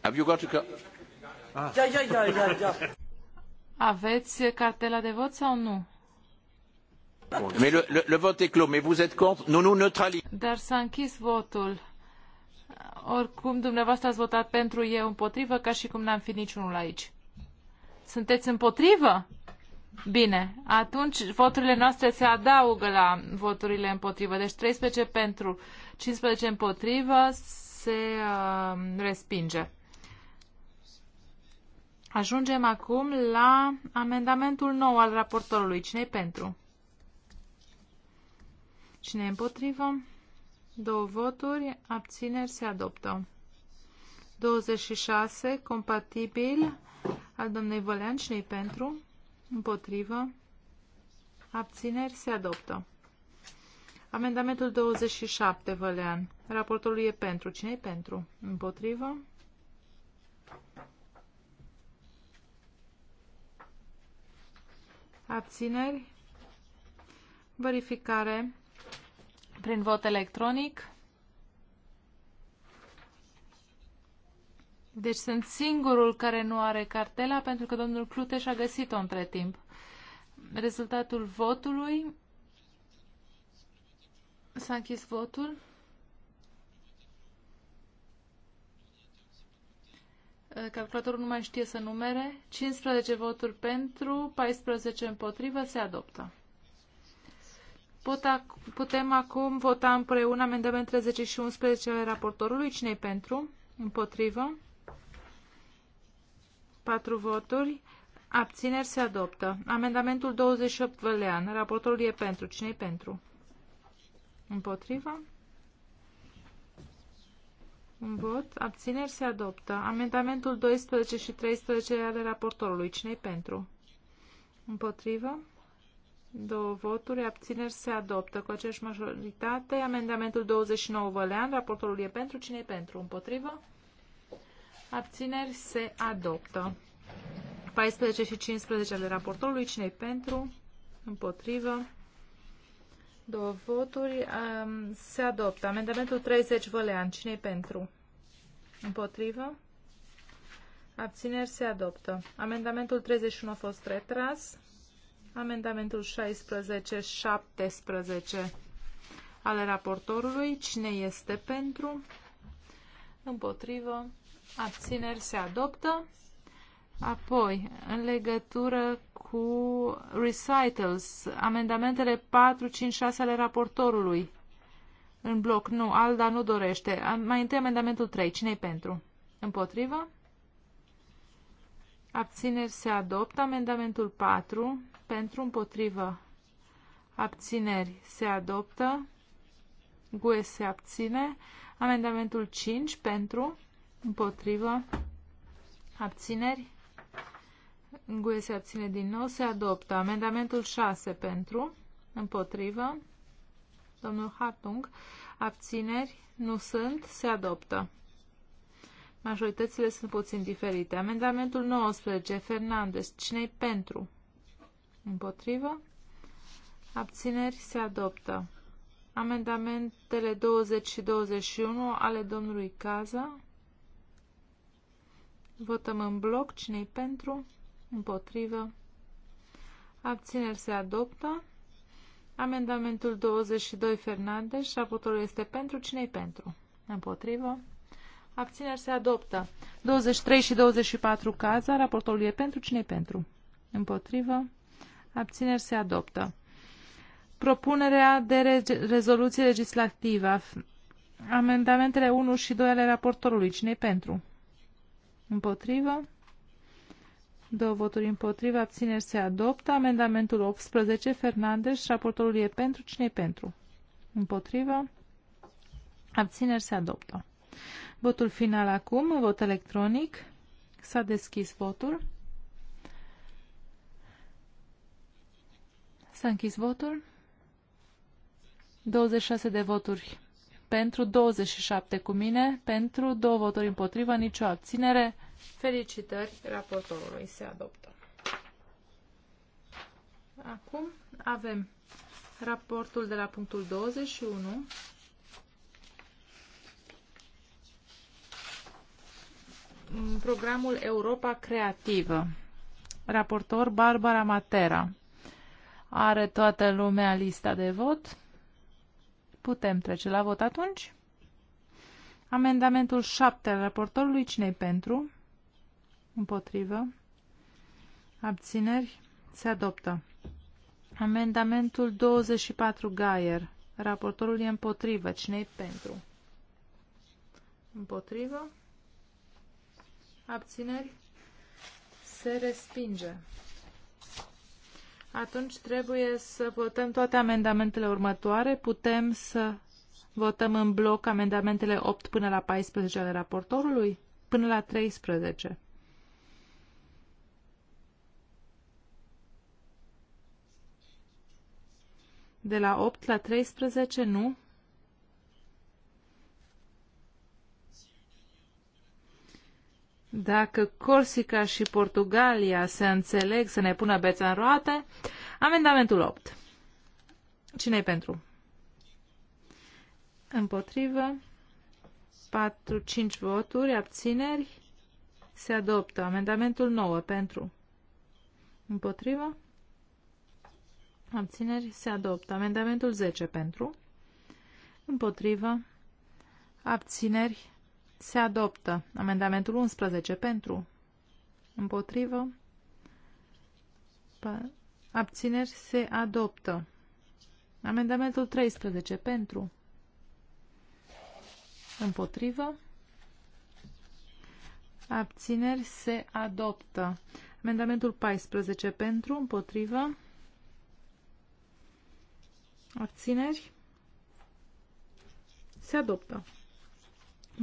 Have you got a? ah. yeah, yeah, yeah, yeah. Aveți cartela de vot sau nu? Mais le, le, le vote est clos. Mais vous êtes contre Nous nous neutralisons. Dar s-a închis votul. Oricum, dumneavoastră ați votat pentru eu împotrivă, ca și cum n-am fi niciunul aici. Sunteți împotrivă? Bine, atunci voturile noastre se adaugă la voturile împotrivă. Deci 13 pentru, 15 împotrivă se uh, respinge. Ajungem acum la amendamentul nou al raportorului. Cine-i pentru? Cine împotrivă? Două voturi, abțineri se adoptă. 26, compatibil al domnului Vălean. Cine-i pentru? Împotrivă. Abțineri se adoptă. Amendamentul 27, Vălean. Raportul lui e pentru. cine e pentru? Împotrivă. Abțineri. Verificare prin vot electronic. Deci sunt singurul care nu are cartela pentru că domnul Clute și-a găsit-o între timp. Rezultatul votului. S-a închis votul. Calculatorul nu mai știe să numere. 15 voturi pentru, 14 împotrivă, se adoptă. Pot ac putem acum vota împreună amendament 30 și 11 ale raportorului. Cine-i pentru? Împotrivă? 4 voturi. Abțineri se adoptă. Amendamentul 28 Vălean. Raportorul e pentru. cine e pentru? Împotrivă? Un vot. Abțineri se adoptă. Amendamentul 12 și 13 ale raportorului. cine e pentru? Împotrivă? Două voturi. Abțineri se adoptă. Cu aceeași majoritate, amendamentul 29 Vălean. Raportorul e pentru. cine e pentru? Împotrivă? abțineri, se adoptă. 14 și 15 ale raportorului, cine pentru, împotrivă, două voturi, se adoptă. Amendamentul 30, Vălean, cine pentru, împotrivă, abțineri, se adoptă. Amendamentul 31 a fost retras. Amendamentul 16, 17 ale raportorului. Cine este pentru? Împotrivă? abțineri se adoptă. Apoi, în legătură cu recitals, amendamentele 4, 5, 6 ale raportorului în bloc. Nu, Alda nu dorește. Mai întâi amendamentul 3. Cine-i pentru? Împotrivă? Abțineri se adoptă. Amendamentul 4. Pentru, împotrivă. Abțineri se adoptă. GUE se abține. Amendamentul 5. Pentru, Împotrivă. Abțineri. Guie se abține din nou. Se adoptă. Amendamentul 6 pentru. Împotrivă. Domnul Hartung. Abțineri. Nu sunt. Se adoptă. Majoritățile sunt puțin diferite. Amendamentul 19. Fernandez. Cine-i pentru? Împotrivă. Abțineri. Se adoptă. Amendamentele 20 și 21 ale domnului Caza. Votăm în bloc cine pentru, împotrivă, abțineri se adoptă. Amendamentul 22 Fernandez, raportorul este pentru, cine pentru, împotrivă. Abțineri se adoptă. 23 și 24 caza, raportorul e pentru, cine pentru, împotrivă. Abțineri se adoptă. Propunerea de re rezoluție legislativă. Amendamentele 1 și 2 ale raportorului. cine pentru? Împotrivă. Două voturi împotrivă. Abțineri se adoptă. Amendamentul 18. Fernandez. Raportorul e pentru. cine e pentru? Împotrivă. Abțineri se adoptă. Votul final acum. Vot electronic. S-a deschis votul. S-a închis votul. 26 de voturi pentru 27 cu mine, pentru două voturi împotrivă, nicio abținere. Felicitări raportorului, se adoptă. Acum avem raportul de la punctul 21. Programul Europa Creativă. Raportor Barbara Matera. Are toată lumea lista de vot? Putem trece la vot atunci? Amendamentul 7 al raportorului, cine pentru? Împotrivă. Abțineri. Se adoptă. Amendamentul 24, Gaier. Raportorul e împotrivă. cine pentru? Împotrivă. Abțineri. Se respinge. Atunci trebuie să votăm toate amendamentele următoare. Putem să votăm în bloc amendamentele 8 până la 14 ale raportorului? Până la 13. De la 8 la 13, nu? Dacă Corsica și Portugalia se înțeleg să ne pună beța în roate, amendamentul 8. cine e pentru? Împotrivă. 4-5 voturi, abțineri. Se adoptă amendamentul 9 pentru. Împotrivă. Abțineri. Se adoptă amendamentul 10 pentru. Împotrivă. Abțineri. Se adoptă. Amendamentul 11 pentru. Împotrivă. Abțineri se adoptă. Amendamentul 13 pentru. Împotrivă. Abțineri se adoptă. Amendamentul 14 pentru. Împotrivă. Abțineri se adoptă.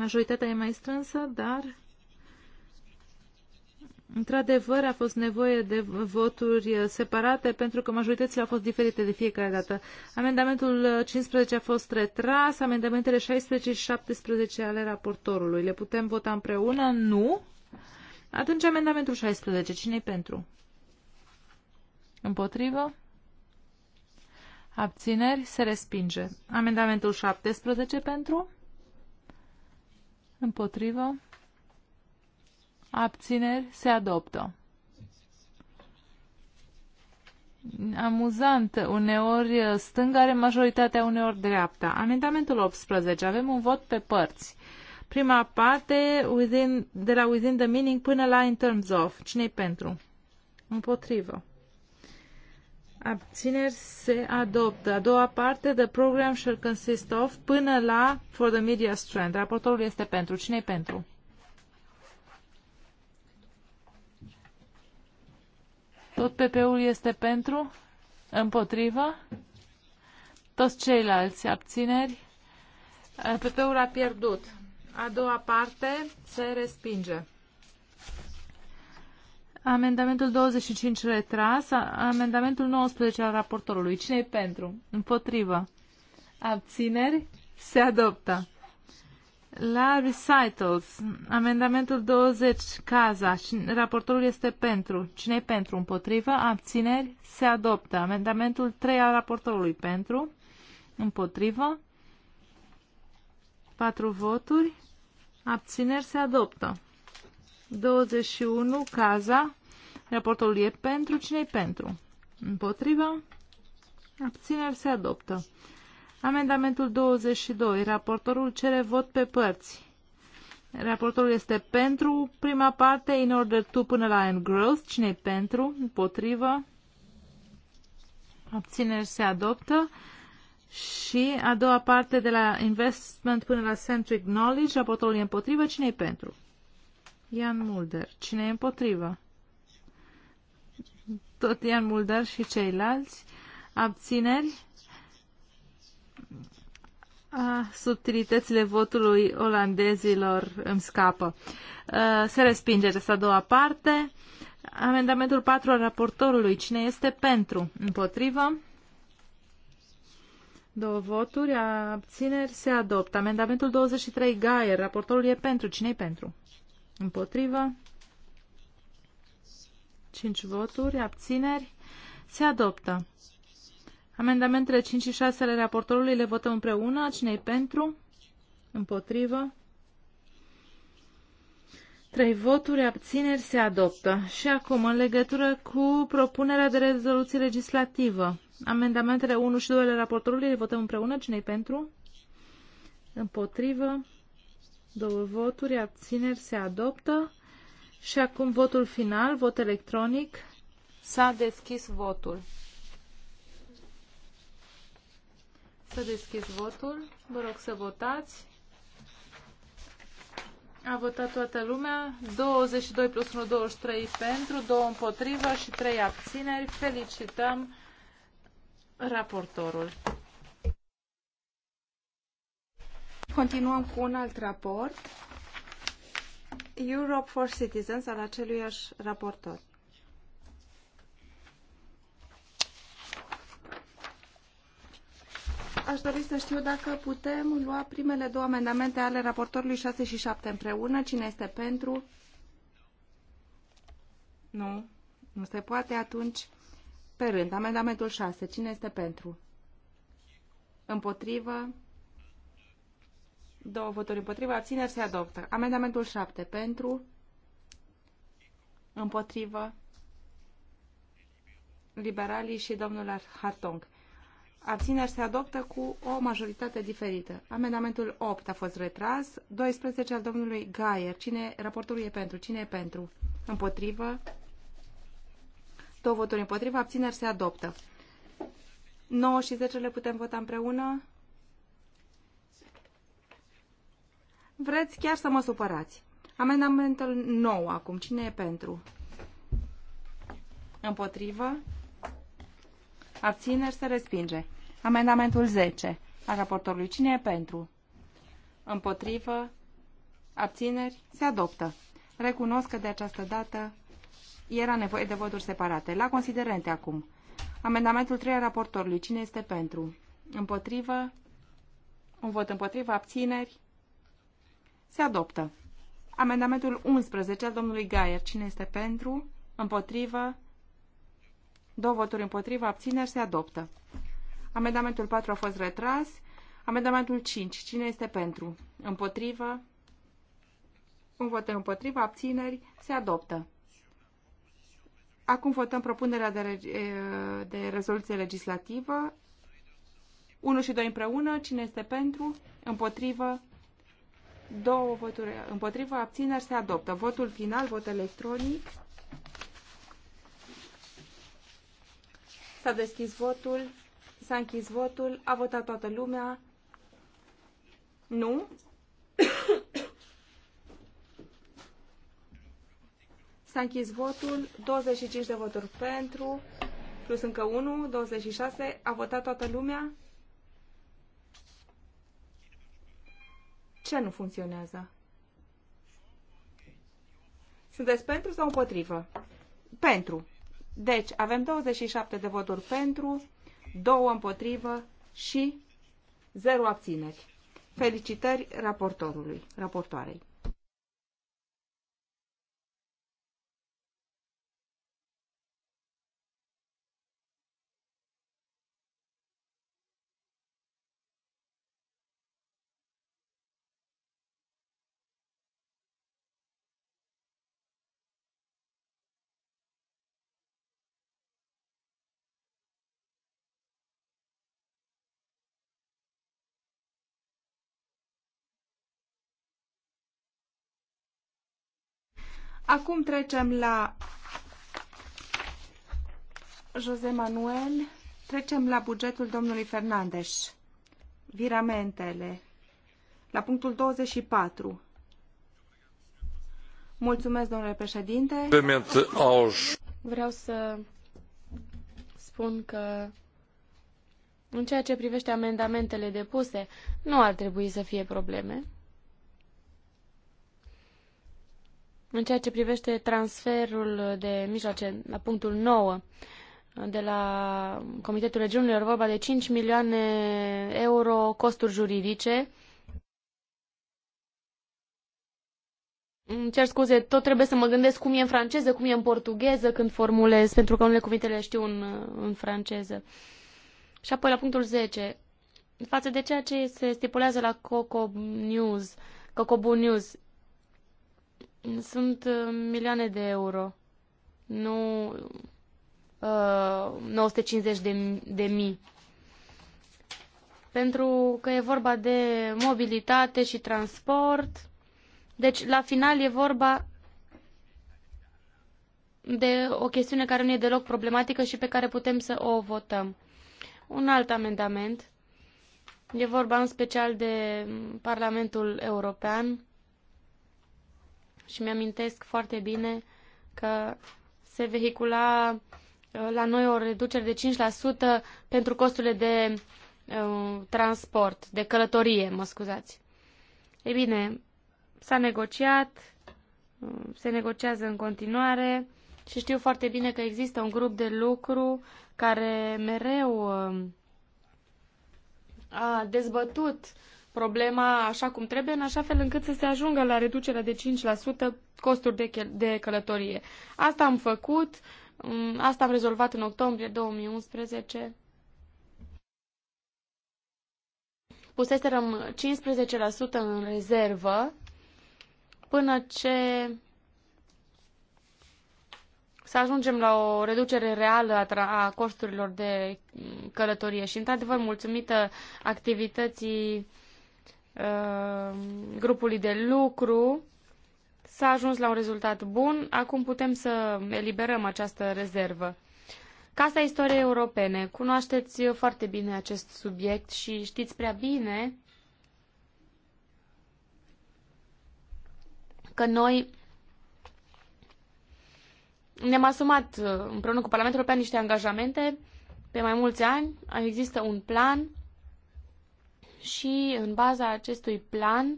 Majoritatea e mai strânsă, dar Într-adevăr, a fost nevoie de voturi separate pentru că majoritățile au fost diferite de fiecare dată. Amendamentul 15 a fost retras, amendamentele 16 și 17 ale raportorului. Le putem vota împreună? Nu. Atunci amendamentul 16. cine e pentru? Împotrivă? Abțineri? Se respinge. Amendamentul 17 pentru? Împotrivă. Abțineri. Se adoptă. Amuzant. Uneori stânga are majoritatea, uneori dreapta. Amendamentul 18. Avem un vot pe părți. Prima parte within, de la within the meaning până la in terms of. cine pentru? Împotrivă. Abțineri se adoptă. A doua parte, the program shall consist of, până la for the media strand. Raportorul este pentru. cine e pentru? Tot PP-ul este pentru? Împotrivă? Toți ceilalți abțineri? PP-ul a pierdut. A doua parte se respinge. Amendamentul 25 retras. Amendamentul 19 al raportorului. cine e pentru? Împotrivă. Abțineri? Se adoptă. La recitals, amendamentul 20, caza, raportorul este pentru. cine e pentru? Împotrivă. Abțineri? Se adoptă. Amendamentul 3 al raportorului pentru. Împotrivă. 4 voturi. Abțineri? Se adoptă. 21, Caza. Raportul e pentru. Cine-i pentru? Împotrivă. Abțineri se adoptă. Amendamentul 22. Raportorul cere vot pe părți. Raportorul este pentru prima parte, in order to până la end growth. Cine-i pentru? Împotrivă. Abțineri se adoptă. Și a doua parte de la investment până la centric knowledge, raportorul e împotrivă, cine e pentru? Ian Mulder. Cine e împotrivă? Tot Ian Mulder și ceilalți. Abțineri? A, subtilitățile votului olandezilor îmi scapă. A, se respinge această a doua parte. Amendamentul 4 al raportorului. Cine este pentru? Împotrivă? Două voturi. Abțineri se adoptă. Amendamentul 23 Gaier. Raportorul e pentru. cine e pentru? Împotrivă. 5 voturi. Abțineri. Se adoptă. Amendamentele 5 și 6 ale raportorului le votăm împreună. cine pentru? Împotrivă. 3 voturi, abțineri se adoptă. Și acum, în legătură cu propunerea de rezoluție legislativă, amendamentele 1 și 2 ale raportorului le votăm împreună. cine pentru? Împotrivă. Două voturi, abțineri, se adoptă. Și acum votul final, vot electronic. S-a deschis votul. Să deschis votul. Vă rog să votați. A votat toată lumea. 22 plus 1, 23 pentru, 2 împotrivă și 3 abțineri. Felicităm raportorul. Continuăm cu un alt raport. Europe for Citizens al aceluiași raportor. Aș dori să știu dacă putem lua primele două amendamente ale raportorului 6 și 7 împreună. Cine este pentru? Nu. Nu se poate atunci. Pe rând, amendamentul 6. Cine este pentru? Împotrivă? Două voturi împotrivă, abțineri se adoptă. Amendamentul 7 pentru, împotrivă, liberalii și domnul Hartong. Abțineri se adoptă cu o majoritate diferită. Amendamentul 8 a fost retras, 12 al domnului Gaier. Cine, raportul e pentru, cine e pentru? Împotrivă. Două voturi împotrivă, abțineri se adoptă. 9 și 10 le putem vota împreună. Vreți chiar să mă supărați. Amendamentul nou acum. Cine e pentru? Împotrivă? Abțineri se respinge. Amendamentul 10 al raportorului. Cine e pentru? Împotrivă? Abțineri? Se adoptă. Recunosc că de această dată era nevoie de voturi separate. La considerente acum. Amendamentul 3 al raportorului. Cine este pentru? Împotrivă? Un vot împotrivă? Abțineri? Se adoptă. Amendamentul 11 al domnului Gaier. Cine este pentru? Împotrivă? Două voturi împotrivă, abțineri, se adoptă. Amendamentul 4 a fost retras. Amendamentul 5. Cine este pentru? Împotrivă? Un vot împotrivă, abțineri, se adoptă. Acum votăm propunerea de, de rezoluție legislativă. 1 și 2 împreună. Cine este pentru? Împotrivă? Două voturi împotrivă, abțineri se adoptă. Votul final, vot electronic. S-a deschis votul, s-a închis votul, a votat toată lumea. Nu? S-a închis votul, 25 de voturi pentru, plus încă 1, 26, a votat toată lumea. Ce nu funcționează? Sunteți pentru sau împotrivă? Pentru. Deci, avem 27 de voturi pentru, 2 împotrivă și 0 abțineri. Felicitări raportorului, raportoarei. Acum trecem la José Manuel. Trecem la bugetul domnului Fernandes. Viramentele. La punctul 24. Mulțumesc, domnule președinte. Vreau să spun că în ceea ce privește amendamentele depuse, nu ar trebui să fie probleme. În ceea ce privește transferul de mijloace, la punctul 9, de la Comitetul Regiunilor, vorba de 5 milioane euro costuri juridice. Îmi cer scuze, tot trebuie să mă gândesc cum e în franceză, cum e în portugheză când formulez, pentru că unele cuvinte le știu în, în franceză. Și apoi la punctul 10, față de ceea ce se stipulează la Coco News, Cocobu News, sunt uh, milioane de euro, nu uh, 950 de, de mii. Pentru că e vorba de mobilitate și transport. Deci, la final, e vorba de o chestiune care nu e deloc problematică și pe care putem să o votăm. Un alt amendament. E vorba în special de Parlamentul European și mi-amintesc foarte bine că se vehicula uh, la noi o reducere de 5% pentru costurile de uh, transport, de călătorie, mă scuzați. Ei bine, s-a negociat, uh, se negociază în continuare și știu foarte bine că există un grup de lucru care mereu uh, a dezbătut uh, problema așa cum trebuie, în așa fel încât să se ajungă la reducerea de 5% costuri de, de călătorie. Asta am făcut, mm, asta am rezolvat în octombrie 2011. Puseserăm 15% în rezervă până ce să ajungem la o reducere reală a, a costurilor de mm, călătorie. Și, într-adevăr, mulțumită activității Uh, grupului de lucru s-a ajuns la un rezultat bun. Acum putem să eliberăm această rezervă. Casa Istoriei Europene. Cunoașteți foarte bine acest subiect și știți prea bine că noi ne-am asumat uh, împreună cu Parlamentul European niște angajamente pe mai mulți ani. Există un plan și în baza acestui plan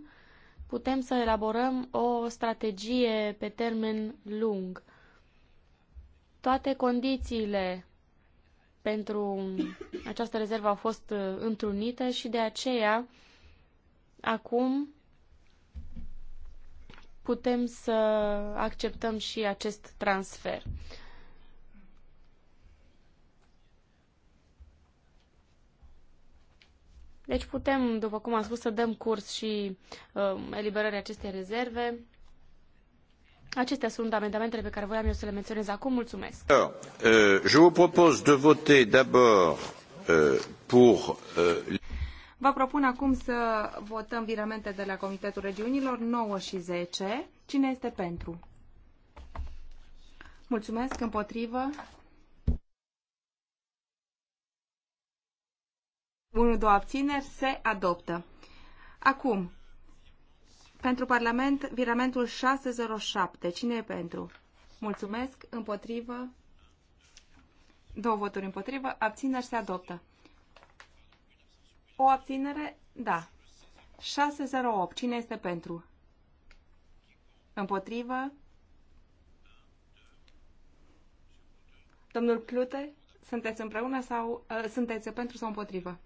putem să elaborăm o strategie pe termen lung. Toate condițiile pentru această rezervă au fost uh, întrunite și de aceea acum putem să acceptăm și acest transfer. Deci putem, după cum am spus, să dăm curs și uh, eliberării acestei rezerve. Acestea sunt amendamentele pe care voiam eu să le menționez acum. Mulțumesc. Alors, euh, je vous propose de voter d'abord euh, pour euh... Vă propun acum să votăm viramente de la Comitetul Regiunilor 9 și 10. Cine este pentru? Mulțumesc. Împotrivă? 1, 2 abțineri, se adoptă. Acum, pentru Parlament, viramentul 607. Cine e pentru? Mulțumesc. Împotrivă. Două voturi împotrivă. Abțineri se adoptă. O abținere? Da. 608. Cine este pentru? Împotrivă. Domnul Clute, sunteți împreună sau uh, sunteți pentru sau împotrivă?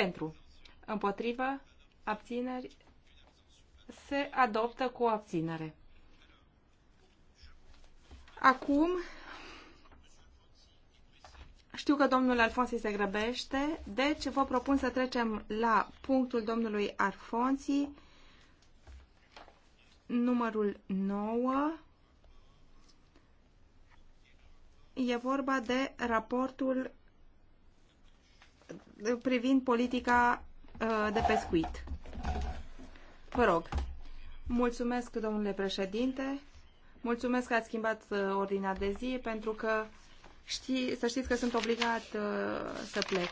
pentru, împotrivă, abțineri, se adoptă cu abținere. Acum, știu că domnul Alfonsi se grăbește, deci vă propun să trecem la punctul domnului Alfonsi, numărul 9. E vorba de raportul privind politica uh, de pescuit. Vă rog. Mulțumesc, domnule președinte. Mulțumesc că ați schimbat uh, ordinea de zi, pentru că știi, să știți că sunt obligat uh, să plec.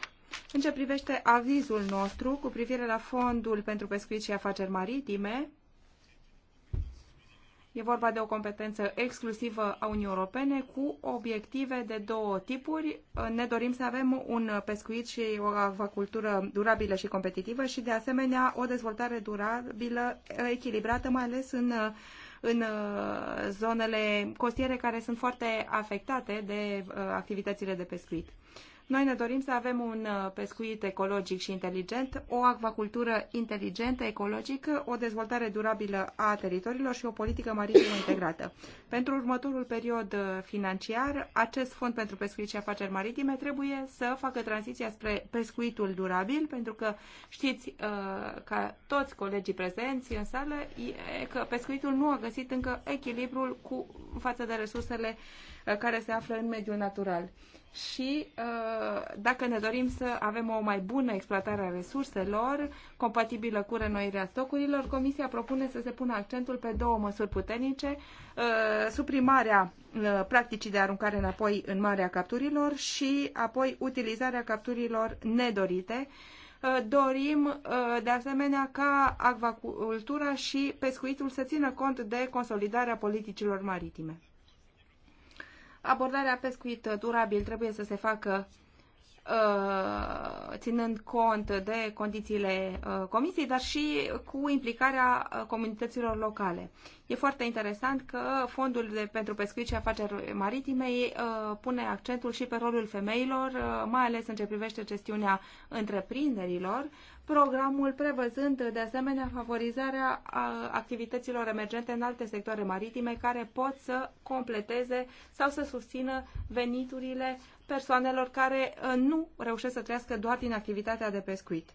În ce privește avizul nostru cu privire la fondul pentru pescuit și afaceri maritime, E vorba de o competență exclusivă a Uniunii Europene cu obiective de două tipuri. Ne dorim să avem un pescuit și o avacultură durabilă și competitivă și, de asemenea, o dezvoltare durabilă, echilibrată, mai ales în, în uh, zonele costiere care sunt foarte afectate de uh, activitățile de pescuit. Noi ne dorim să avem un uh, pescuit ecologic și inteligent, o acvacultură inteligentă, ecologică, o dezvoltare durabilă a teritoriilor și o politică maritimă integrată. Pentru următorul period uh, financiar, acest fond pentru pescuit și afaceri maritime trebuie să facă tranziția spre pescuitul durabil, pentru că știți uh, ca toți colegii prezenți în sală că pescuitul nu a găsit încă echilibrul cu față de resursele care se află în mediul natural și uh, dacă ne dorim să avem o mai bună exploatare a resurselor, compatibilă cu renoirea stocurilor, Comisia propune să se pună accentul pe două măsuri puternice, uh, suprimarea uh, practicii de aruncare înapoi în marea capturilor și apoi utilizarea capturilor nedorite, dorim de asemenea ca acvacultura și pescuitul să țină cont de consolidarea politicilor maritime. Abordarea pescuit durabil trebuie să se facă uh, ținând cont de condițiile uh, comisiei, dar și cu implicarea uh, comunităților locale. E foarte interesant că Fondul de, pentru Pescuit și Afaceri Maritime pune accentul și pe rolul femeilor, mai ales în ce privește gestiunea întreprinderilor, programul prevăzând de asemenea favorizarea activităților emergente în alte sectoare maritime care pot să completeze sau să susțină veniturile persoanelor care uh, nu reușesc să trăiască doar din activitatea de pescuit.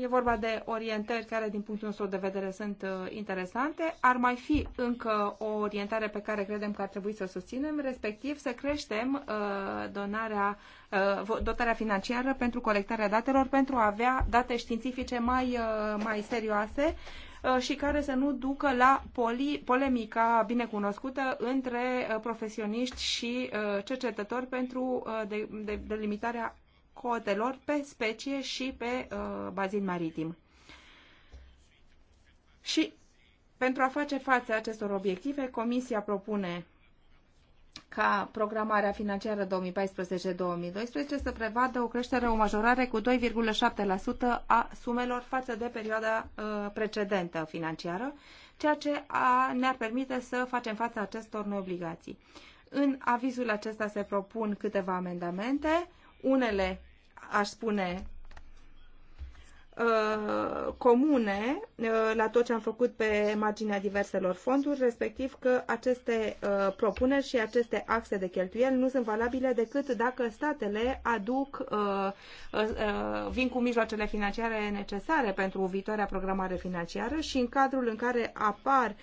E vorba de orientări care, din punctul nostru de vedere, sunt uh, interesante. Ar mai fi încă o orientare pe care credem că ar trebui să o susținem, respectiv să creștem uh, donarea, uh, dotarea financiară pentru colectarea datelor, pentru a avea date științifice mai, mai serioase și care să nu ducă la poli, polemica binecunoscută între profesioniști și cercetători pentru delimitarea de, de cotelor pe specie și pe uh, bazin maritim. Și pentru a face față acestor obiective, Comisia propune ca programarea financiară 2014-2012 să prevadă o creștere, o majorare cu 2,7% a sumelor față de perioada uh, precedentă financiară, ceea ce a, ne-ar permite să facem față acestor noi obligații. În avizul acesta se propun câteva amendamente, unele aș spune, uh, comune uh, la tot ce am făcut pe marginea diverselor fonduri, respectiv că aceste uh, propuneri și aceste axe de cheltuieli nu sunt valabile decât dacă statele aduc, vin cu mijloacele financiare necesare pentru viitoarea programare financiară și în cadrul în care apar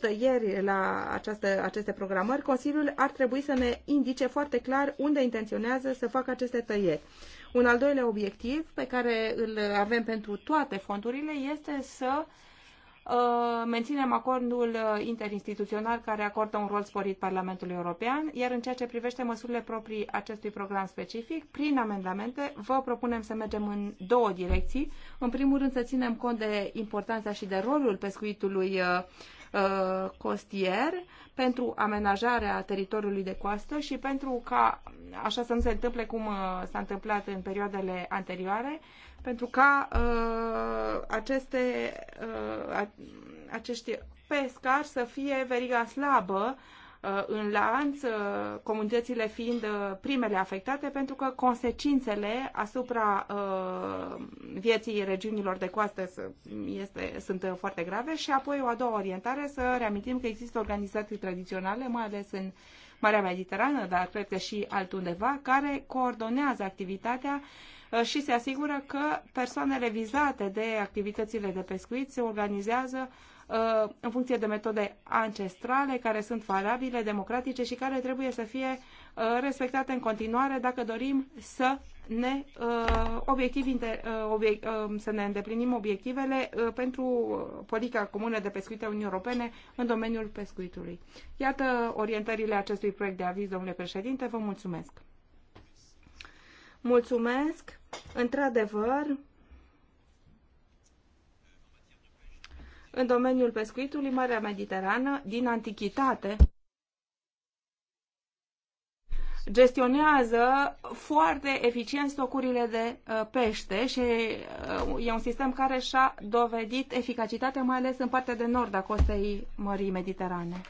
tăieri la această, aceste programări, Consiliul ar trebui să ne indice foarte clar unde intenționează să facă aceste tăieri un al doilea obiectiv pe care îl avem pentru toate fondurile este să uh, menținem acordul interinstituțional care acordă un rol sporit Parlamentului European, iar în ceea ce privește măsurile proprii acestui program specific, prin amendamente vă propunem să mergem în două direcții. În primul rând să ținem cont de importanța și de rolul pescuitului uh, Uh, costier pentru amenajarea teritoriului de coastă și pentru ca, așa să nu se întâmple cum uh, s-a întâmplat în perioadele anterioare, pentru ca uh, aceste, uh, acești pescari să fie veriga slabă Uh, în lanț, uh, comunitățile fiind uh, primele afectate, pentru că consecințele asupra vieții regiunilor de coastă este, sunt foarte grave și apoi o a doua orientare să reamintim că există organizații tradiționale, mai ales în Marea Mediterană, dar cred că și altundeva, care coordonează activitatea și se asigură că persoanele vizate de activitățile de pescuit se organizează Uh, în funcție de metode ancestrale care sunt valabile, democratice și care trebuie să fie uh, respectate în continuare dacă dorim să ne, uh, obiectiv, să ne îndeplinim obiectivele pentru politica comună de pescuit a Uniunii Europene în domeniul pescuitului. Iată orientările acestui proiect de aviz, domnule președinte, vă mulțumesc. Mulțumesc. Într-adevăr, în domeniul pescuitului Marea Mediterană din antichitate gestionează foarte eficient stocurile de uh, pește și uh, e un sistem care și-a dovedit eficacitatea, mai ales în partea de nord a costei Mării Mediterane.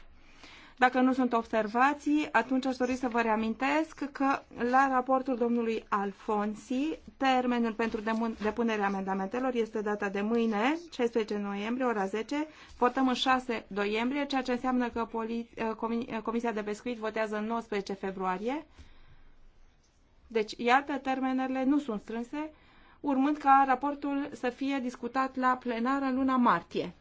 Dacă nu sunt observații, atunci aș dori să vă reamintesc că la raportul domnului Alfonsi, termenul pentru depunerea amendamentelor este data de mâine, 16 noiembrie, ora 10. Votăm în 6 noiembrie, ceea ce înseamnă că eh, eh, Comisia de Pescuit votează în 19 februarie. Deci, iată, termenele nu sunt strânse, urmând ca raportul să fie discutat la plenară în luna martie.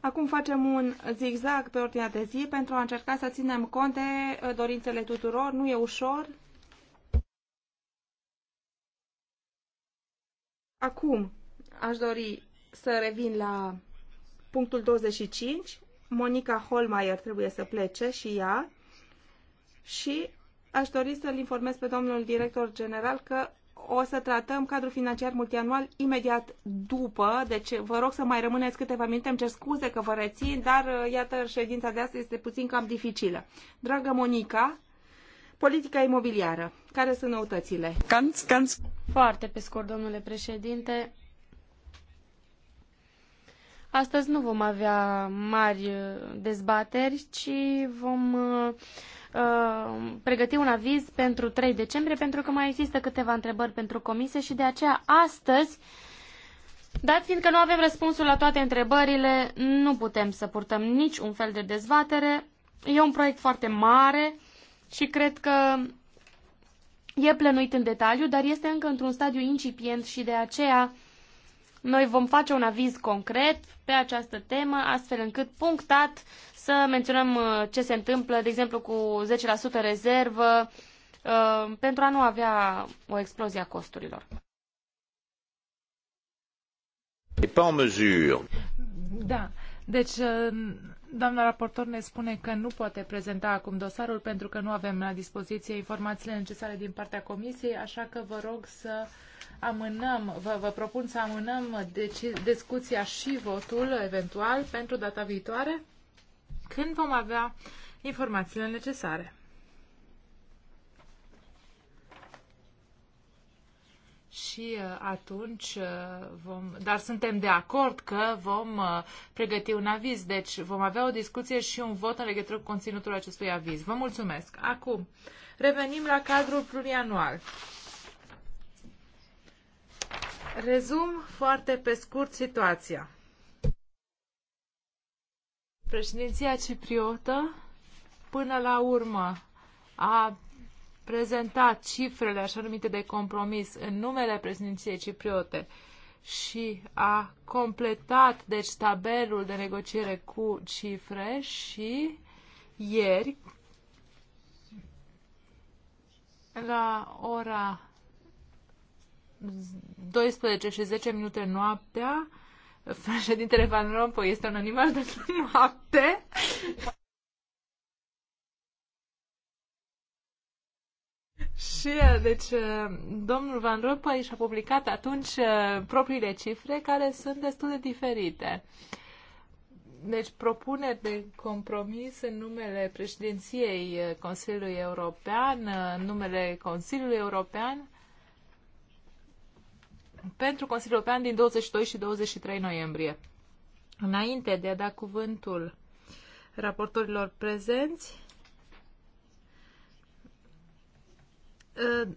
Acum facem un zigzag pe ordinea de zi pentru a încerca să ținem cont de uh, dorințele tuturor. Nu e ușor. Acum aș dori să revin la punctul 25. Monica Holmeier trebuie să plece și ea. Și aș dori să-l informez pe domnul director general că o să tratăm cadrul financiar multianual imediat după, deci vă rog să mai rămâneți câteva minute, îmi cer scuze că vă rețin, dar uh, iată ședința de astăzi este puțin cam dificilă. Dragă Monica, politica imobiliară, care sunt noutățile? Canț, canț. Foarte pe scurt, domnule președinte. Astăzi nu vom avea mari uh, dezbateri, ci vom uh, Uh, pregăti un aviz pentru 3 decembrie, pentru că mai există câteva întrebări pentru comisie și de aceea astăzi, dat fiindcă nu avem răspunsul la toate întrebările, nu putem să purtăm nici un fel de dezbatere. E un proiect foarte mare și cred că e plănuit în detaliu, dar este încă într-un stadiu incipient și de aceea noi vom face un aviz concret pe această temă, astfel încât punctat să menționăm uh, ce se întâmplă, de exemplu, cu 10% rezervă, uh, pentru a nu avea o explozie a costurilor. Da. Deci, uh, doamna raportor ne spune că nu poate prezenta acum dosarul pentru că nu avem la dispoziție informațiile necesare din partea comisiei, așa că vă rog să amânăm, vă, vă propun să amânăm deci, discuția și votul eventual pentru data viitoare când vom avea informațiile necesare. Și uh, atunci uh, vom, dar suntem de acord că vom uh, pregăti un aviz, deci vom avea o discuție și un vot în legătură cu conținutul acestui aviz. Vă mulțumesc. Acum, revenim la cadrul plurianual. Rezum foarte pe scurt situația. Președinția cipriotă, până la urmă, a prezentat cifrele așa numite de compromis în numele președinției cipriote și a completat deci tabelul de negociere cu cifre și ieri la ora 12 și 10 minute noaptea președintele Van Rompuy este un animal de noapte. Și, uh, deci, uh, domnul Van Rompuy și-a publicat atunci uh, propriile cifre care sunt destul de diferite. Deci, propuneri de compromis în numele președinției Consiliului European, în numele Consiliului European, pentru Consiliul European din 22 și 23 noiembrie. Înainte de a da cuvântul raportorilor prezenți,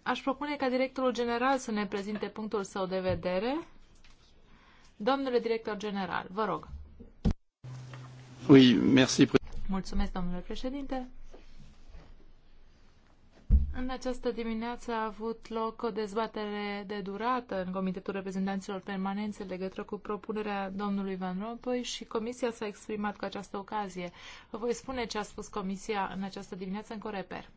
aș propune ca directorul general să ne prezinte punctul său de vedere. Domnule director general, vă rog. Oui, merci. Mulțumesc, domnule președinte. În această dimineață a avut loc o dezbatere de durată în Comitetul Reprezentanților Permanenți în legătură cu propunerea domnului Van Rompuy și Comisia s-a exprimat cu această ocazie. Vă voi spune ce a spus Comisia în această dimineață în Coreper.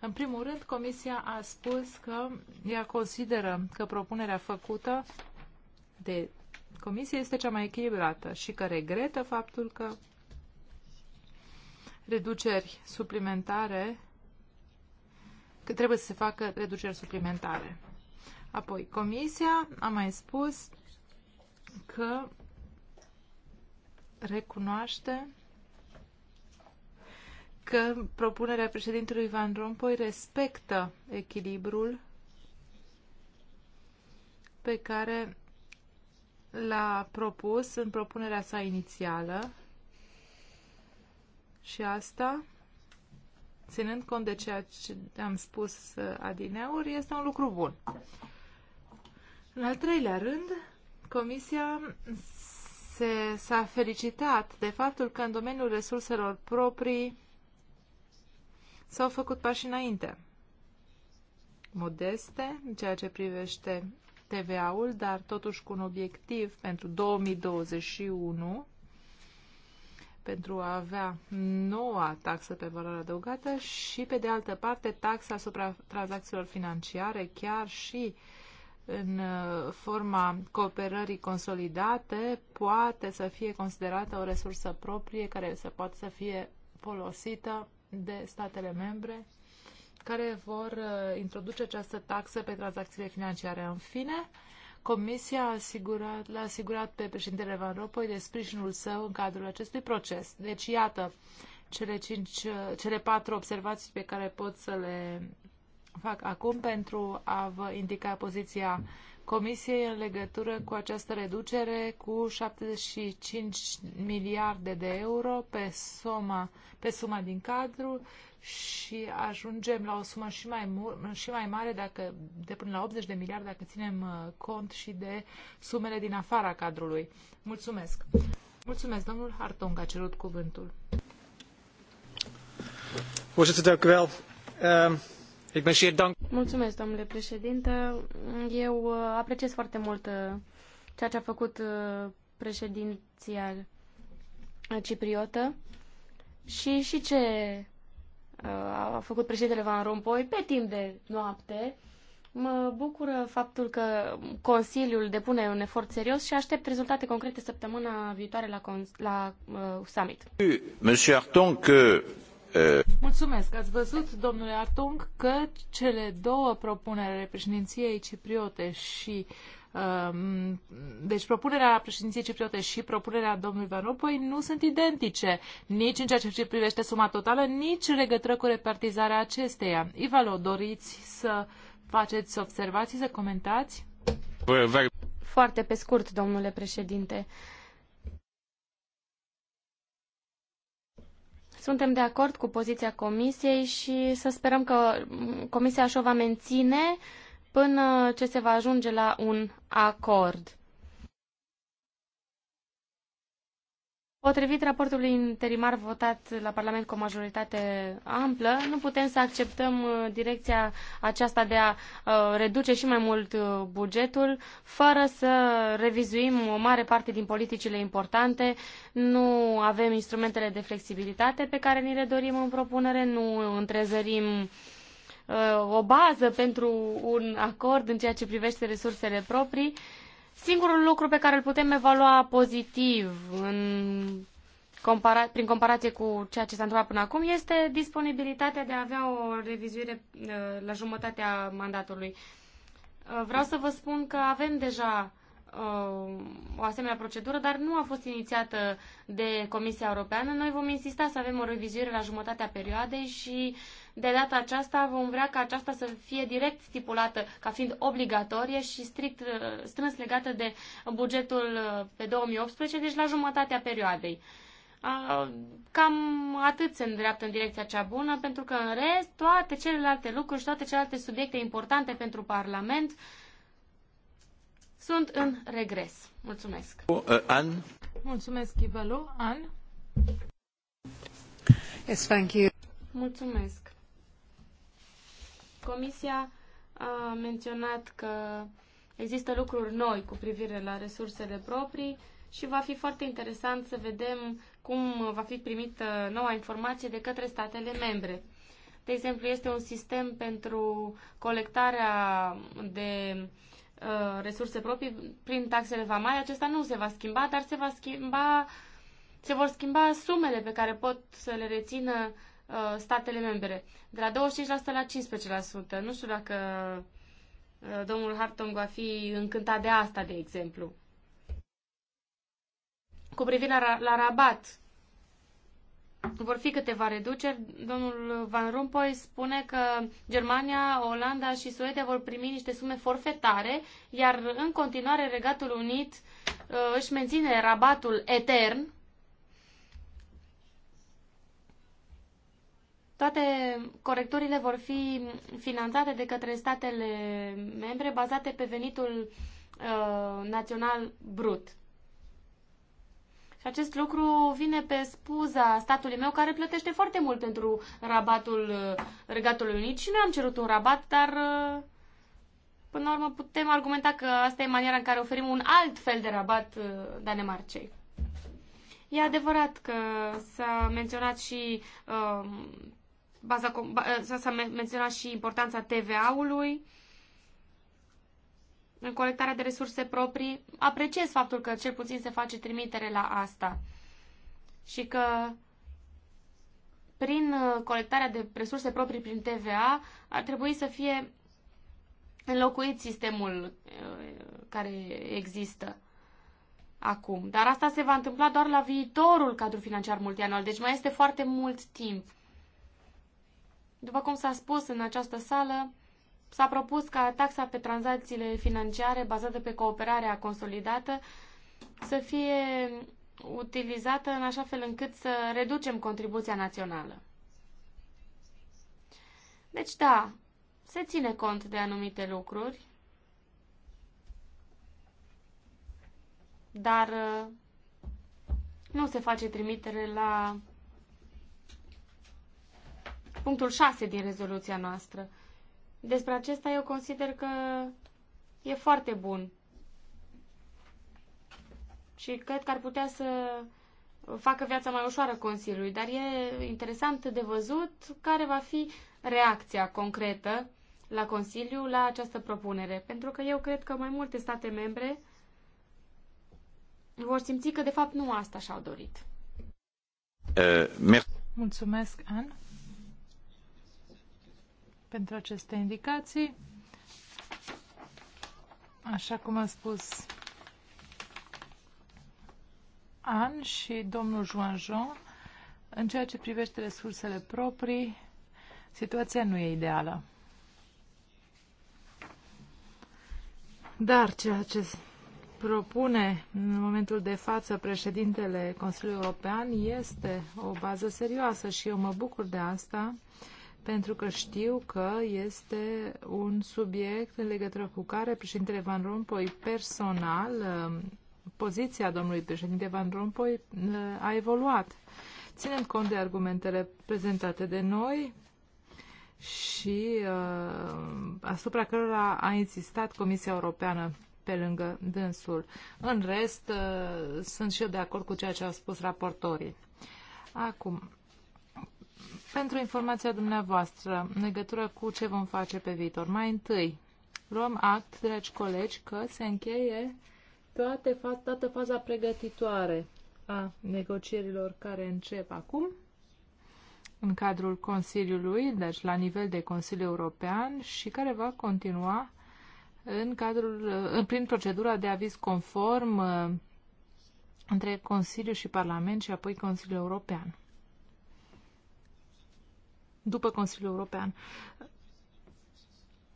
În primul rând, Comisia a spus că ea consideră că propunerea făcută de Comisie este cea mai echilibrată și că regretă faptul că reduceri suplimentare că trebuie să se facă reduceri suplimentare. Apoi, Comisia a mai spus că recunoaște că propunerea președintelui Van Rompuy respectă echilibrul pe care l-a propus în propunerea sa inițială și asta ținând cont de ceea ce am spus uh, adineauri, este un lucru bun. În al treilea rând, Comisia se, s-a felicitat de faptul că în domeniul resurselor proprii s-au făcut pași înainte. Modeste în ceea ce privește TVA-ul, dar totuși cu un obiectiv pentru 2021 pentru a avea noua taxă pe valoare adăugată și, pe de altă parte, taxa asupra tranzacțiilor financiare, chiar și în uh, forma cooperării consolidate, poate să fie considerată o resursă proprie care să poate să fie folosită de statele membre care vor uh, introduce această taxă pe tranzacțiile financiare. În fine, Comisia a asigurat, l-a asigurat pe președintele Van Rompuy de sprijinul său în cadrul acestui proces. Deci, iată cele, cinci, cele patru observații pe care pot să le fac acum pentru a vă indica poziția uh, Comisiei în legătură cu această reducere cu 75 miliarde de euro pe suma, pe suma din cadru și ajungem la o sumă și mai, și mai mare dacă, de până la 80 de miliarde dacă ținem uh, cont și de sumele din afara cadrului. Mulțumesc! Mulțumesc, domnul Hartong a cerut cuvântul. Voorzitter, dank u Mulțumesc, domnule președinte. Eu uh, apreciez foarte mult uh, ceea ce a făcut uh, președinția cipriotă și, și ce a făcut președintele Van Rompuy pe timp de noapte. Mă bucură faptul că Consiliul depune un efort serios și aștept rezultate concrete săptămâna viitoare la, la uh, summit. Monsieur Arton, că Mulțumesc. Ați văzut, domnule Artung, că cele două propuneri ale președinției cipriote și um, deci propunerea președinției cipriote și propunerea domnului Van Rompuy nu sunt identice, nici în ceea ce privește suma totală, nici în legătură cu repartizarea acesteia. Ivalo, doriți să faceți observații, să comentați? Foarte pe scurt, domnule președinte. Uh, Suntem de acord cu poziția Comisiei și să sperăm că Comisia și-o va menține până ce se va ajunge la un acord. Potrivit raportului interimar votat la Parlament cu o majoritate amplă, nu putem să acceptăm uh, direcția aceasta de a uh, reduce și mai mult uh, bugetul, fără să revizuim o mare parte din politicile importante. Nu avem instrumentele de flexibilitate pe care ni le dorim în propunere, nu întrezărim o bază pentru un acord în ceea ce privește resursele proprii. Singurul lucru pe care îl putem evalua pozitiv în compara- prin comparație cu ceea ce s-a întâmplat până acum este disponibilitatea de a avea o revizuire uh, la jumătatea mandatului. Uh, vreau să vă spun că avem deja uh, o asemenea procedură, dar nu a fost inițiată de Comisia Europeană. Noi vom insista să avem o revizuire la jumătatea perioadei și uh, de data aceasta vom vrea ca aceasta să fie direct stipulată ca fiind obligatorie și strict uh, strâns legată de bugetul uh, pe 2018, deci la jumătatea perioadei. Cam atât se îndreaptă în direcția cea bună, pentru că în rest toate celelalte lucruri și toate celelalte subiecte importante pentru Parlament sunt în regres. Mulțumesc. Uh, An. Mulțumesc, Ivelu. An. Yes, thank you. Mulțumesc. Comisia a menționat că există lucruri noi cu privire la resursele proprii și va fi foarte interesant să vedem cum va fi primită noua informație de către statele membre. De exemplu, este un sistem pentru colectarea de uh, resurse proprii prin taxele vamale. Acesta nu se va schimba, dar se va schimba se vor schimba sumele pe care pot să le rețină uh, statele membre, de la 25% la 15%. Nu știu dacă uh, domnul Hartong va fi încântat de asta, de exemplu. Cu privire la, la rabat, vor fi câteva reduceri. Domnul Van Rompuy spune că Germania, Olanda și Suedia vor primi niște sume forfetare, iar în continuare Regatul Unit uh, își menține rabatul etern Toate corecturile vor fi finanțate de către statele membre bazate pe venitul uh, național brut. Și acest lucru vine pe spuza statului meu care plătește foarte mult pentru rabatul uh, Regatului Unit și noi am cerut un rabat, dar uh, până la urmă putem argumenta că asta e maniera în care oferim un alt fel de rabat uh, Danemarcei. E adevărat că s-a menționat și uh, baza, eh, s-a menționat și importanța TVA-ului în colectarea de resurse proprii. Apreciez faptul că cel puțin se face trimitere la asta și că prin uh, colectarea de resurse proprii prin TVA ar trebui să fie înlocuit sistemul uh, care există acum. Dar asta se va întâmpla doar la viitorul cadru financiar multianual, deci mai este foarte mult timp. După cum s-a spus în această sală, s-a propus ca taxa pe tranzacțiile financiare bazată pe cooperarea consolidată să fie utilizată în așa fel încât să reducem contribuția națională. Deci, da, se ține cont de anumite lucruri, dar uh, nu se face trimitere la punctul 6 din rezoluția noastră. Despre acesta eu consider că e foarte bun. Și cred că ar putea să facă viața mai ușoară Consiliului, dar e interesant de văzut care va fi reacția concretă la Consiliu la această propunere, pentru că eu cred că mai multe state membre vor simți că de fapt nu asta și-au dorit. Uh, Mulțumesc, Anne pentru aceste indicații. Așa cum a spus An și domnul Jean, în ceea ce privește resursele proprii, situația nu e ideală. Dar ceea ce propune în momentul de față președintele Consiliului European este o bază serioasă și eu mă bucur de asta pentru că știu că este un subiect în legătură cu care președintele Van Rompuy personal, um, poziția domnului președinte Van Rompuy uh, a evoluat. Ținând cont de argumentele prezentate de noi și uh, asupra cărora a insistat Comisia Europeană pe lângă dânsul. În rest, uh, sunt și eu de acord cu ceea ce au spus raportorii. Acum, pentru informația dumneavoastră în legătură cu ce vom face pe viitor. Mai întâi, luăm act, dragi colegi, că se încheie toate, toată faza pregătitoare a negocierilor care încep acum în cadrul Consiliului, deci la nivel de Consiliu European și care va continua în cadrul, prin procedura de aviz conform între Consiliu și Parlament și apoi Consiliul European după Consiliul European.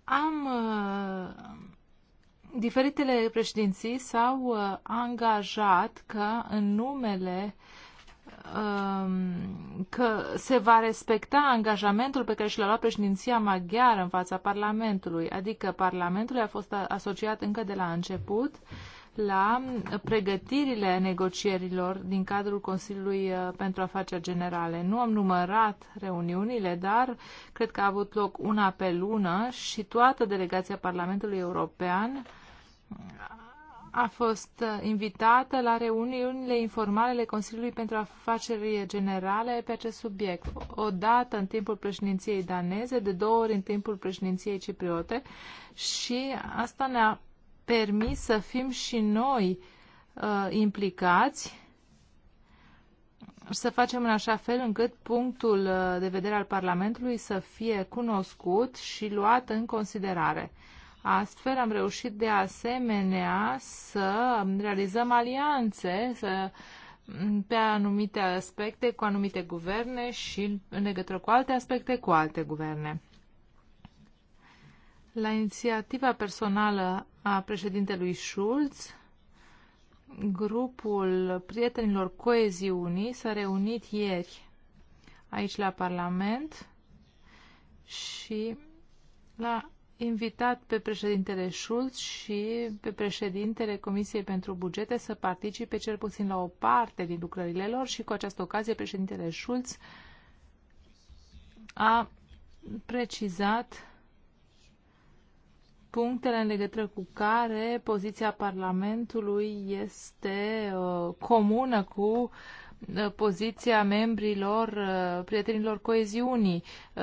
Am uh, diferitele președinții s-au uh, angajat că în numele um, că se va respecta angajamentul pe care și l-a luat președinția maghiară în fața Parlamentului, adică Parlamentul a fost asociat încă de la început uh, la pregătirile negocierilor din cadrul Consiliului uh, pentru Afaceri Generale. Nu am numărat reuniunile, dar cred că a avut loc una pe lună și toată delegația Parlamentului European uh, a fost uh, invitată la reuniunile informale ale Consiliului pentru Afaceri Generale pe acest subiect, o dată în timpul președinției daneze, de două ori în timpul președinției cipriote și asta ne-a permis să fim și noi uh, implicați să facem în așa fel încât punctul uh, de vedere al Parlamentului să fie cunoscut și luat în considerare. Astfel am reușit de asemenea să realizăm alianțe să, mm, pe anumite aspecte cu anumite guverne și în legătură cu alte aspecte cu alte guverne. La inițiativa personală a președintelui Schulz, grupul prietenilor coeziunii s-a reunit ieri aici la Parlament și l-a invitat pe președintele Schulz și pe președintele Comisiei pentru Bugete să participe cel puțin la o parte din lucrările lor și cu această ocazie președintele Schulz a precizat punctele în legătură cu care poziția Parlamentului este uh, comună cu uh, poziția membrilor, uh, prietenilor coeziunii.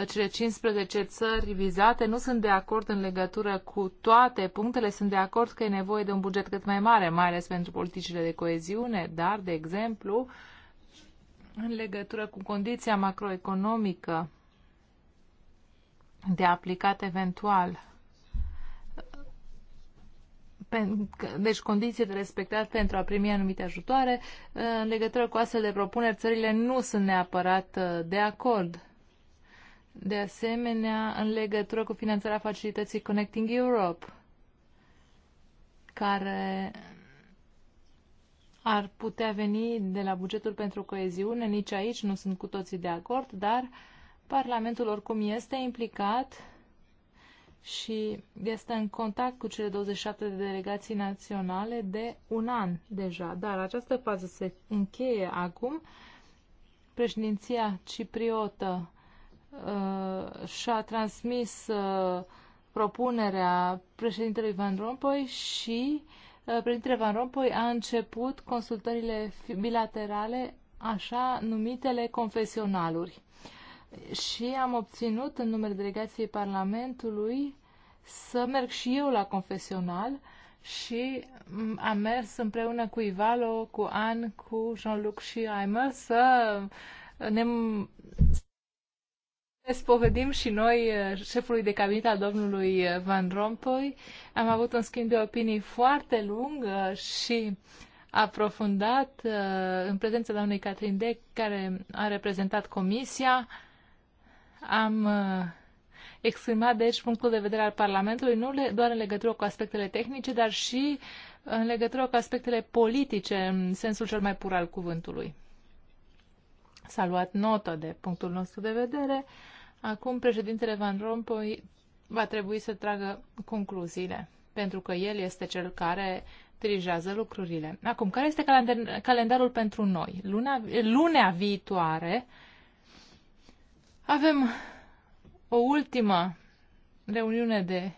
Cele 15 țări vizate nu sunt de acord în legătură cu toate punctele, sunt de acord că e nevoie de un buget cât mai mare, mai ales pentru politicile de coeziune, dar, de exemplu, în legătură cu condiția macroeconomică de aplicat eventual deci condiții de respectat pentru a primi anumite ajutoare. Uh, în legătură cu astfel de propuneri, țările nu sunt neapărat uh, de acord. De asemenea, în legătură cu finanțarea facilității Connecting Europe, care ar putea veni de la bugetul pentru coeziune, nici aici nu sunt cu toții de acord, dar Parlamentul oricum este implicat și este în contact cu cele 27 de delegații naționale de un an deja. Dar această fază se încheie acum. Președinția cipriotă uh, și-a transmis uh, propunerea președintelui Van Rompuy și uh, președintele Van Rompuy a început consultările bilaterale, așa numitele confesionaluri și am obținut în numele delegației Parlamentului să merg și eu la confesional și mm, am mers împreună cu Ivalo, cu An, cu Jean-Luc și Aimer să ne spovedim și noi eh, șefului de cabinet al domnului eh, Van Rompuy. Am avut un schimb de opinii foarte lung eh, și aprofundat în prezența doamnei Catherine Deck, care a reprezentat comisia. Am uh, exprimat, deci, punctul de vedere al Parlamentului, nu doar în legătură cu aspectele tehnice, dar și în legătură cu aspectele politice, în sensul cel mai pur al cuvântului. S-a luat notă de punctul nostru de vedere. Acum președintele Van Rompuy va trebui să tragă concluziile, pentru că el este cel care dirigează lucrurile. Acum, care este calendarul pentru noi? Luna, lunea viitoare, uh, avem o ultimă reuniune de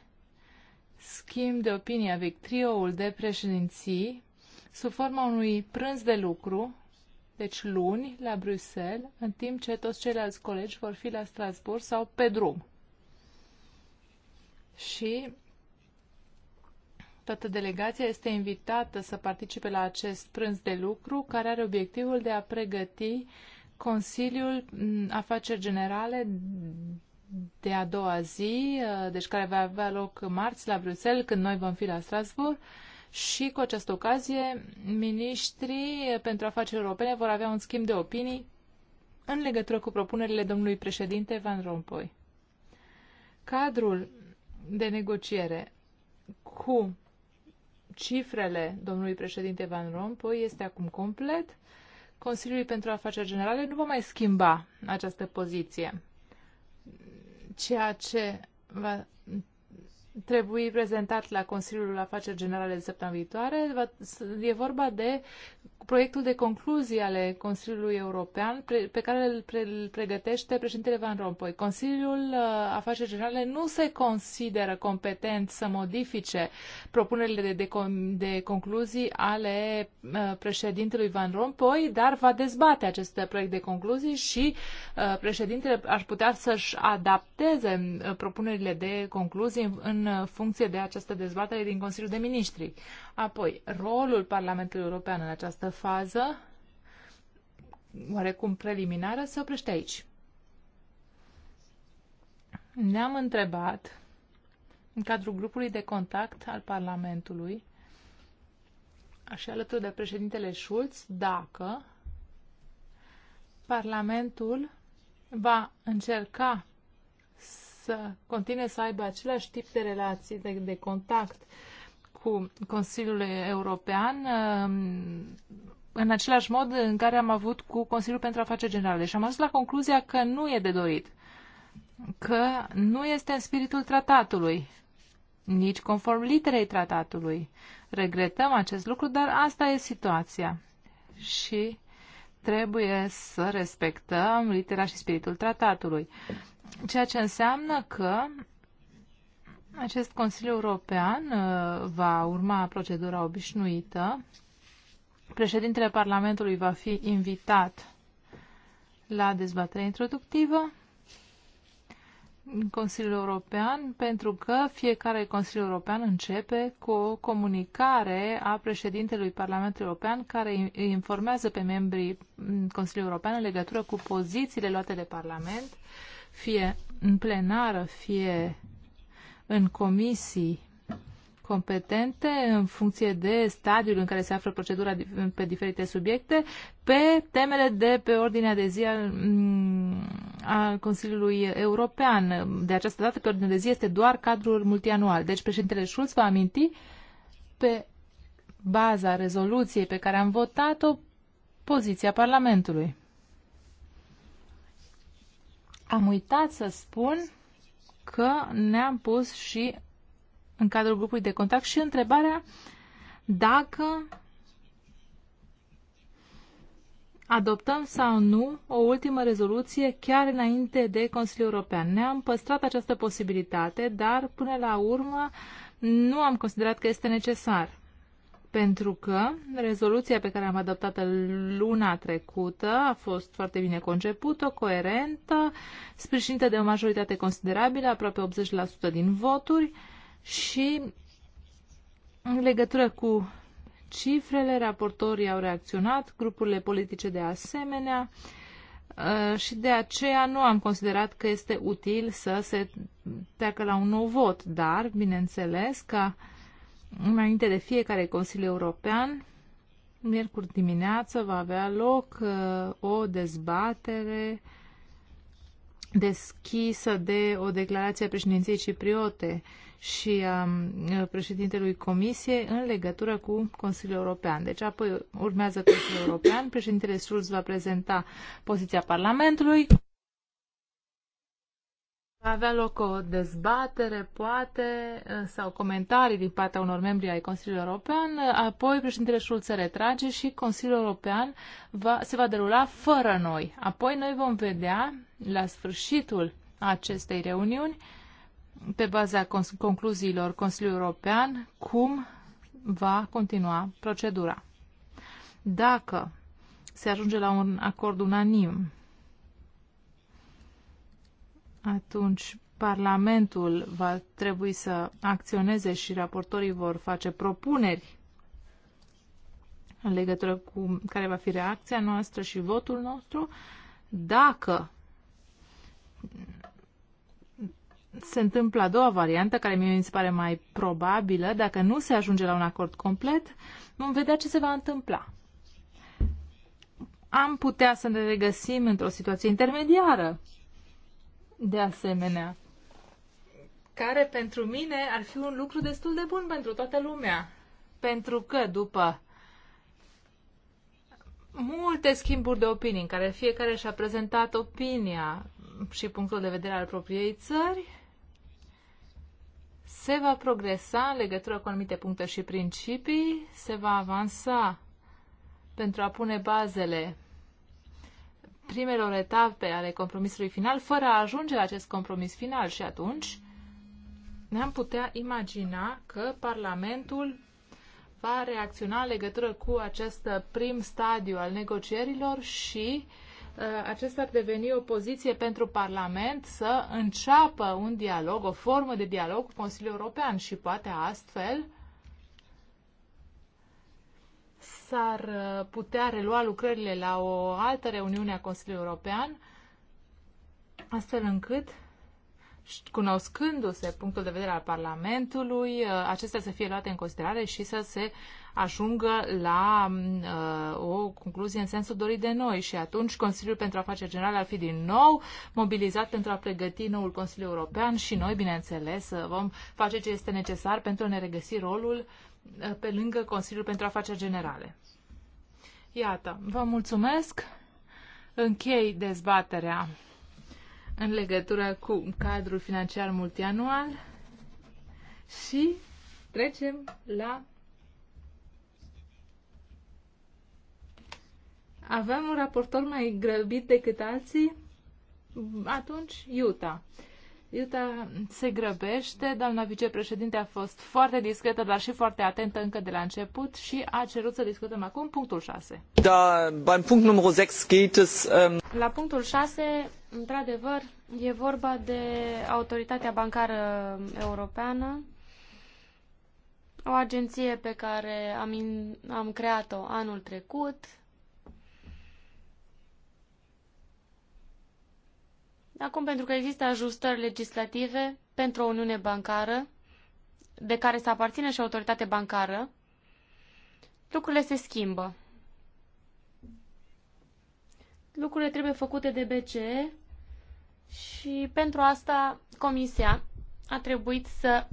schimb de opinie avec trioul de președinții sub forma unui prânz de lucru, deci luni, la Bruxelles, în timp ce toți ceilalți colegi vor fi la Strasbourg sau pe drum. Și toată delegația este invitată să participe la acest prânz de lucru care are obiectivul de a pregăti uh, Consiliul mm, Afaceri Generale de a doua zi, uh, deci care va avea loc marți la Bruxelles, când noi vom fi la Strasbourg, și cu această ocazie, ministrii pentru afaceri europene vor avea un schimb de opinii în legătură cu propunerile domnului președinte Van Rompuy. Cadrul de negociere cu cifrele domnului președinte Van Rompuy este acum complet Consiliului pentru Afaceri Generale nu va mai schimba această poziție. Ceea ce va trebui prezentat la Consiliul Afaceri Generale de săptămâna viitoare. E vorba de proiectul de concluzii ale Consiliului European pe care îl pregătește președintele Van Rompuy. Consiliul uh, Afaceri Generale nu se consideră competent să modifice propunerile de, de, de concluzii ale uh, președintelui Van Rompuy, dar va dezbate acest proiect de concluzii și uh, președintele ar putea să-și adapteze propunerile de concluzii în funcție de această dezbatere din Consiliul de Ministri. Apoi, rolul Parlamentului European în această fază, oarecum preliminară, se oprește aici. Ne-am întrebat, în cadrul grupului de contact al Parlamentului, și alături de președintele Schulz, dacă Parlamentul va încerca să continue să aibă același tip de relații, de, de contact cu Consiliul European um, în același mod în care am avut cu Consiliul pentru Afaceri Generale și am ajuns la concluzia că nu e de dorit, că nu este în spiritul tratatului, nici conform literei tratatului. Regretăm acest lucru, dar asta e situația. Și trebuie să respectăm litera și spiritul tratatului. Ceea ce înseamnă că acest Consiliu European uh, va urma procedura obișnuită. Președintele Parlamentului va fi invitat la dezbaterea introductivă în Consiliul European, pentru că fiecare Consiliu European începe cu o comunicare a președintelui Parlamentului European care îi informează pe membrii Consiliului European în legătură cu pozițiile luate de Parlament fie în plenară, fie în comisii competente, în funcție de stadiul în care se află procedura pe diferite subiecte, pe temele de pe ordinea de zi al, mm, al Consiliului European. De această dată, pe ordinea de zi este doar cadrul multianual. Deci președintele Schulz va aminti pe baza rezoluției pe care am votat-o poziția Parlamentului. Am uitat să spun că ne-am pus și în cadrul grupului de contact și întrebarea dacă adoptăm sau nu o ultimă rezoluție chiar înainte de Consiliul European. Ne-am păstrat această posibilitate, dar până la urmă nu am considerat că este necesar pentru că rezoluția pe care am adoptat-o luna trecută a fost foarte bine concepută, coerentă, sprijinită de o majoritate considerabilă, aproape 80% din voturi și în legătură cu cifrele, raportorii au reacționat, grupurile politice de asemenea uh, și de aceea nu am considerat că este util să se treacă la un nou vot, dar, bineînțeles, că înainte de fiecare Consiliu European, miercuri dimineață va avea loc uh, o dezbatere deschisă de o declarație a președinției cipriote și a uh, președintelui Comisiei în legătură cu Consiliul European. Deci apoi urmează Consiliul European, președintele Schulz va prezenta poziția Parlamentului avea loc o dezbatere, poate, eh, sau comentarii din partea unor membri ai Consiliului European, apoi președintele Schulz se retrage și Consiliul European va, se va derula fără noi. Apoi noi vom vedea, la sfârșitul acestei reuniuni, pe baza concluziilor Consiliului European, cum va continua procedura. Dacă se ajunge la un acord unanim atunci Parlamentul va trebui să acționeze și raportorii vor face propuneri în legătură cu care va fi reacția noastră și votul nostru, dacă se întâmplă a doua variantă, care mie mi se pare mai probabilă, dacă nu se ajunge la un acord complet, vom vedea ce se va întâmpla. Am putea să ne regăsim într-o situație intermediară, de asemenea, care pentru mine ar fi un lucru destul de bun pentru toată lumea. Pentru că după multe schimburi de opinii în care fiecare și-a prezentat opinia și punctul de vedere al propriei țări, se va progresa în legătură cu anumite puncte și principii, se va avansa pentru a pune bazele primelor etape ale compromisului final fără a ajunge la acest compromis final și atunci ne-am putea imagina că Parlamentul va reacționa în legătură cu acest prim stadiu al negocierilor și uh, acesta ar deveni o poziție pentru Parlament să înceapă un dialog, o formă de dialog cu Consiliul European și poate astfel s-ar uh, putea relua lucrările la o altă reuniune a Consiliului European, astfel încât, cunoscându-se punctul de vedere al Parlamentului, uh, acestea să fie luate în considerare și să se ajungă la mm, uh, o concluzie în sensul dorit de noi și atunci Consiliul pentru Afaceri Generale ar fi din nou mobilizat pentru a pregăti noul Consiliu European și noi, bineînțeles, uh, vom face ce este necesar pentru a ne regăsi rolul pe lângă Consiliul pentru Afaceri Generale. Iată, vă mulțumesc. Închei dezbaterea în legătură cu cadrul financiar multianual și trecem la Avem un raportor mai grăbit decât alții? Atunci, Iuta. Iuta se grăbește, doamna vicepreședinte a fost foarte discretă, dar și foarte atentă încă de la început și a cerut să discutăm acum punctul 6. Da, beim punct numărul 6 geht es, um... La punctul 6, într-adevăr, e vorba de Autoritatea Bancară Europeană, o agenție pe care am, in, am creat-o anul trecut, Acum, pentru că există ajustări legislative pentru o uniune bancară, de care să aparțină și autoritate bancară, lucrurile se schimbă. Lucrurile trebuie făcute de BCE și pentru asta Comisia a trebuit să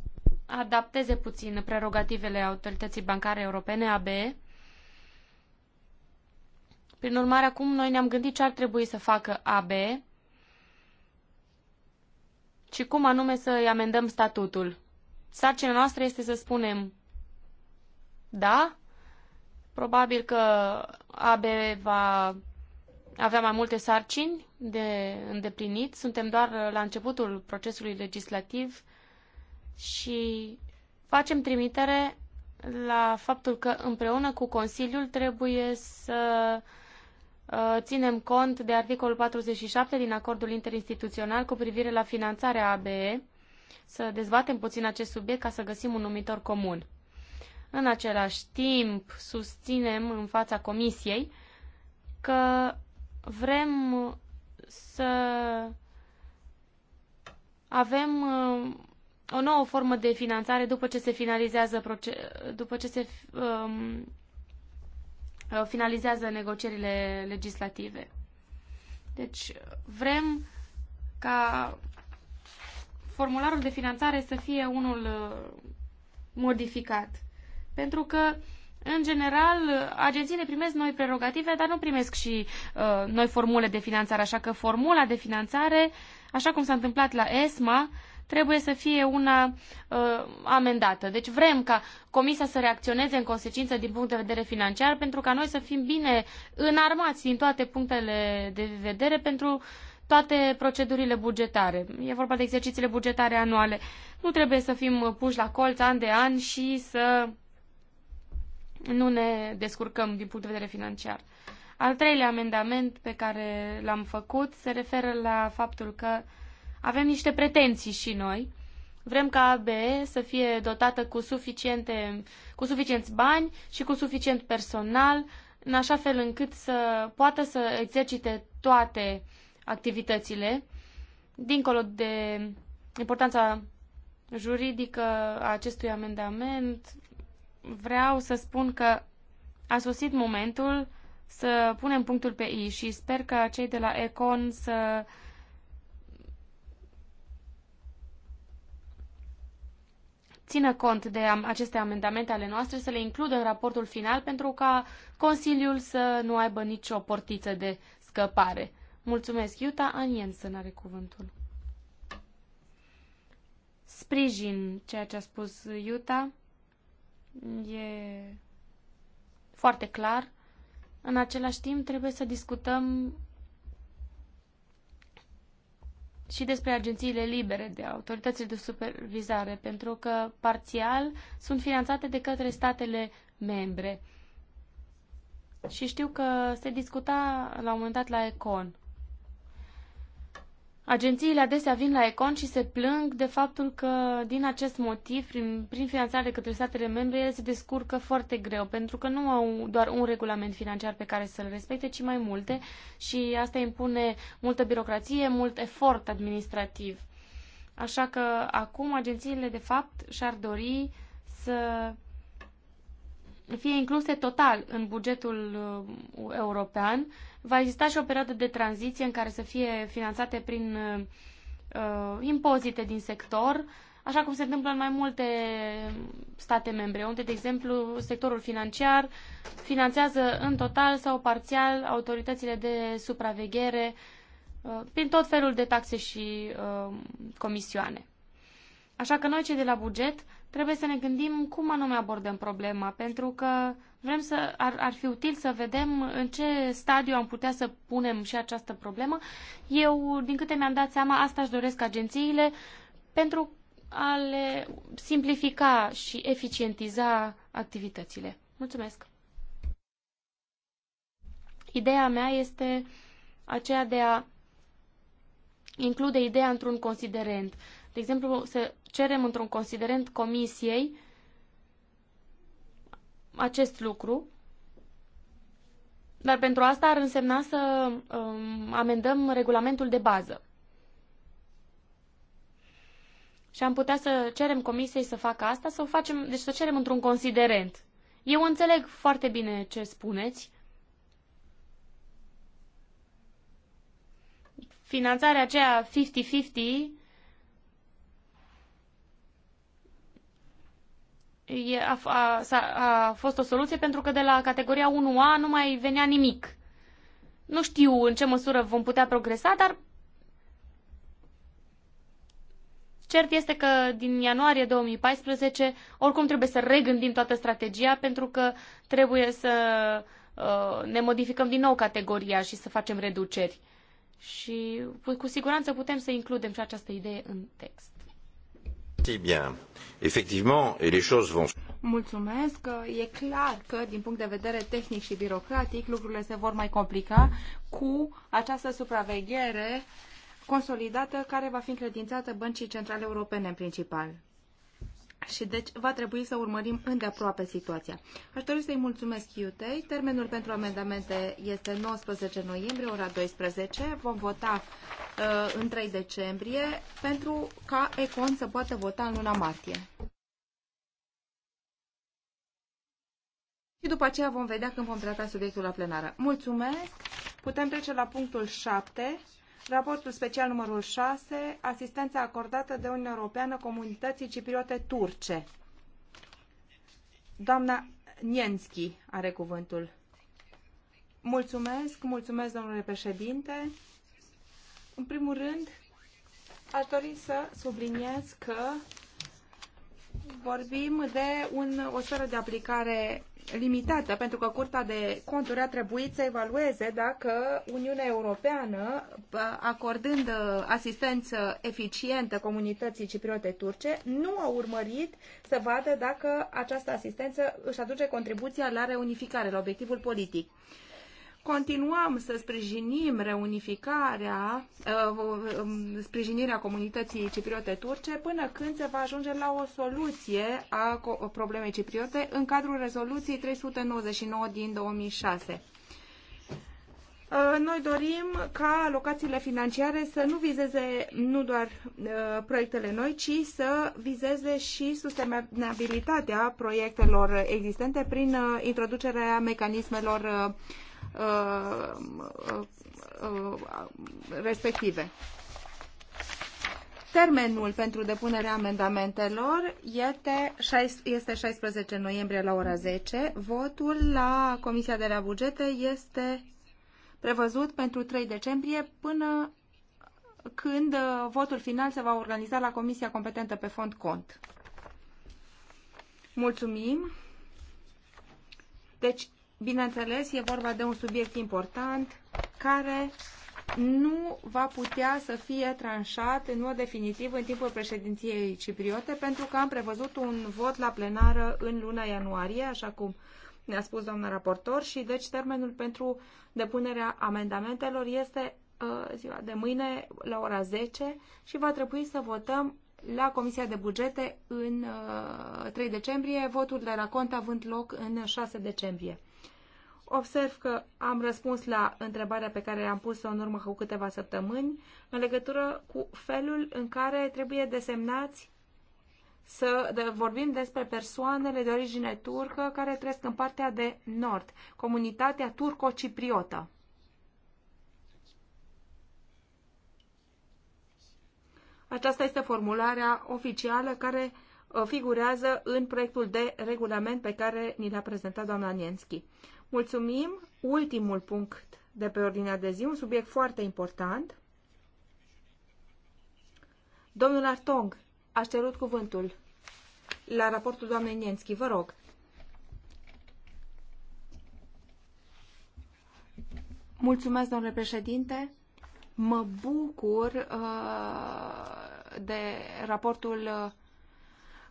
adapteze puțin prerogativele Autorității Bancare Europene, ABE. Prin urmare, acum noi ne-am gândit ce ar trebui să facă ABE ci cum anume să îi amendăm statutul. Sarcina noastră este să spunem da, probabil că AB va avea mai multe sarcini de îndeplinit. Suntem doar la începutul procesului legislativ și facem trimitere la faptul că împreună cu Consiliul trebuie să uh, Uh, ținem cont de articolul 47 din acordul interinstituțional cu privire la finanțarea ABE, să dezbatem puțin acest subiect ca să găsim un numitor comun. În același timp, susținem în fața Comisiei că vrem să avem uh, o nouă formă de finanțare după ce se finalizează după ce se um, Uh, finalizează negocierile legislative. Deci vrem ca formularul de finanțare să fie unul uh, modificat. Pentru că, în general, agențiile primesc noi prerogative, dar nu primesc și uh, noi formule de finanțare. Așa că formula de finanțare, așa cum s-a întâmplat la ESMA, uh, trebuie să fie una uh, amendată. Deci vrem ca Comisia să reacționeze în consecință din punct de vedere financiar pentru ca noi să fim bine înarmați din toate punctele de vedere pentru toate procedurile bugetare. E vorba de exercițiile bugetare anuale. Nu trebuie să fim puși la colț an de an și să nu ne descurcăm din punct de vedere financiar. Al treilea amendament pe care l-am făcut se referă la faptul că uh, avem niște pretenții și noi. Vrem ca ABE să fie dotată cu, suficiente, cu suficienți bani și cu suficient personal, în așa fel încât să poată să exercite toate activitățile, dincolo de importanța juridică a acestui amendament, vreau să spun că a sosit momentul să punem punctul pe I și sper că cei de la Econ să țină cont de aceste amendamente ale noastre, să le includă în raportul final pentru ca Consiliul să nu aibă nicio portiță de scăpare. Mulțumesc, Iuta. Anien să are cuvântul. Sprijin ceea ce a spus Iuta. E foarte clar. În același timp, trebuie să discutăm și despre agențiile libere de autoritățile de supervizare, pentru că parțial sunt finanțate de către statele membre. Și știu că se discuta la un moment dat la Econ. Agențiile adesea vin la Econ și se plâng de faptul că din acest motiv, prin, prin finanțare către statele membre, ele se descurcă foarte greu, pentru că nu au doar un regulament financiar pe care să-l respecte, ci mai multe și asta impune multă birocrație, mult efort administrativ. Așa că acum agențiile, de fapt, și-ar dori să fie incluse total în bugetul uh, european. Va exista și o perioadă de tranziție în care să fie finanțate prin uh, impozite din sector, așa cum se întâmplă în mai multe state membre, unde, de exemplu, sectorul financiar finanțează în total sau parțial autoritățile de supraveghere uh, prin tot felul de taxe și uh, comisioane. Așa că noi, cei de la buget, trebuie să ne gândim cum anume abordăm problema, pentru că vrem să ar, ar fi util să vedem în ce stadiu am putea să punem și această problemă. Eu, din câte mi-am dat seama, asta își doresc agențiile pentru a le simplifica și eficientiza activitățile. Mulțumesc! Ideea mea este aceea de a include ideea într-un considerent. De exemplu, să cerem într-un considerent comisiei acest lucru, dar pentru asta ar însemna să um, amendăm regulamentul de bază. Și am putea să cerem comisiei să facă asta, să o facem, deci să o cerem într-un considerent. Eu înțeleg foarte bine ce spuneți. Finanțarea aceea 50-50 e, a, a, a fost o soluție pentru că de la categoria 1A nu mai venea nimic. Nu știu în ce măsură vom putea progresa, dar Cert este că din ianuarie 2014 oricum trebuie să regândim toată strategia pentru că trebuie să uh, ne modificăm din nou categoria și să facem reduceri. Și cu siguranță putem să includem și această idee în text. Eh Mulțumesc. E clar că, din punct de vedere tehnic și birocratic, lucrurile se vor mai complica cu această supraveghere consolidată care va fi încredințată Băncii Centrale Europene în principal. Și deci va trebui să urmărim îndeaproape situația. Aș dori să-i mulțumesc Iutei. Termenul pentru amendamente este 19 noiembrie, ora 12. Vom vota uh, în 3 decembrie pentru ca Econ să poată vota în luna martie. Și după aceea vom vedea când vom trata subiectul la plenară. Mulțumesc! Putem trece la punctul 7. Raportul special numărul 6, asistența acordată de Uniunea Europeană comunității cipriote turce. Doamna Nienski are cuvântul. Mulțumesc, mulțumesc, domnule președinte. În primul rând, aș dori să subliniez că vorbim de un, o sferă de aplicare limitată, pentru că Curtea de Conturi a trebuit să evalueze dacă Uniunea Europeană, acordând uh, asistență eficientă comunității cipriote turce, nu a urmărit să vadă dacă această asistență își aduce contribuția la reunificare, la obiectivul politic. Uh, Continuăm să sprijinim reunificarea, uh, um, sprijinirea comunității cipriote turce până când se va ajunge la o soluție a problemei cipriote în cadrul rezoluției 399 din 2006. Uh, noi dorim ca alocațiile financiare să nu vizeze nu doar uh, proiectele noi, ci să vizeze și sustenabilitatea proiectelor existente prin introducerea mecanismelor Uh, uh, uh, respective. Termenul pentru depunerea amendamentelor este 16 noiembrie la ora 10. Votul la Comisia de la Bugete este prevăzut pentru 3 decembrie până când votul final se va organiza la Comisia competentă pe fond cont. Mulțumim. Deci, Bineînțeles, e vorba de un subiect important care nu va putea să fie tranșat în mod definitiv în timpul președinției cipriote, pentru că am prevăzut un vot la plenară în luna ianuarie, așa cum ne-a spus doamna raportor, și deci termenul pentru depunerea amendamentelor este uh, ziua de mâine la ora 10 și va trebui să votăm la Comisia de Bugete în uh, 3 decembrie, votul de la cont având loc în 6 decembrie. Observ că am răspuns la întrebarea pe care am pus-o în urmă cu câteva săptămâni în legătură cu felul în care trebuie desemnați să de, vorbim despre persoanele de origine turcă care trăiesc în partea de nord, comunitatea turco-cipriotă. Aceasta este formularea oficială care uh, figurează în proiectul de regulament pe care ni l-a prezentat doamna Nienski. Mulțumim. Ultimul punct de pe ordinea de zi, un subiect foarte important. Domnul Artong, a cerut cuvântul la raportul doamnei Nienski. Vă rog. Mulțumesc, domnule președinte. Mă bucur uh, de raportul uh,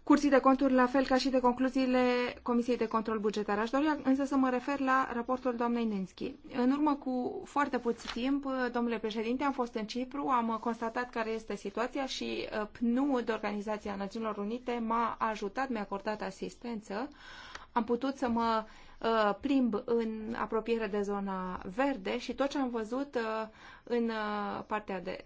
Curții de conturi, la fel ca și de concluziile Comisiei de Control Bugetar. Aș dori însă să mă refer la raportul doamnei Nenski. În urmă cu foarte puțin timp, domnule președinte, am fost în Cipru, am constatat care este situația și uh, PNUD, Organizația Națiunilor Unite, m-a ajutat, mi-a acordat asistență. Am putut să mă uh, plimb în apropiere de zona verde și tot ce am văzut uh, în partea de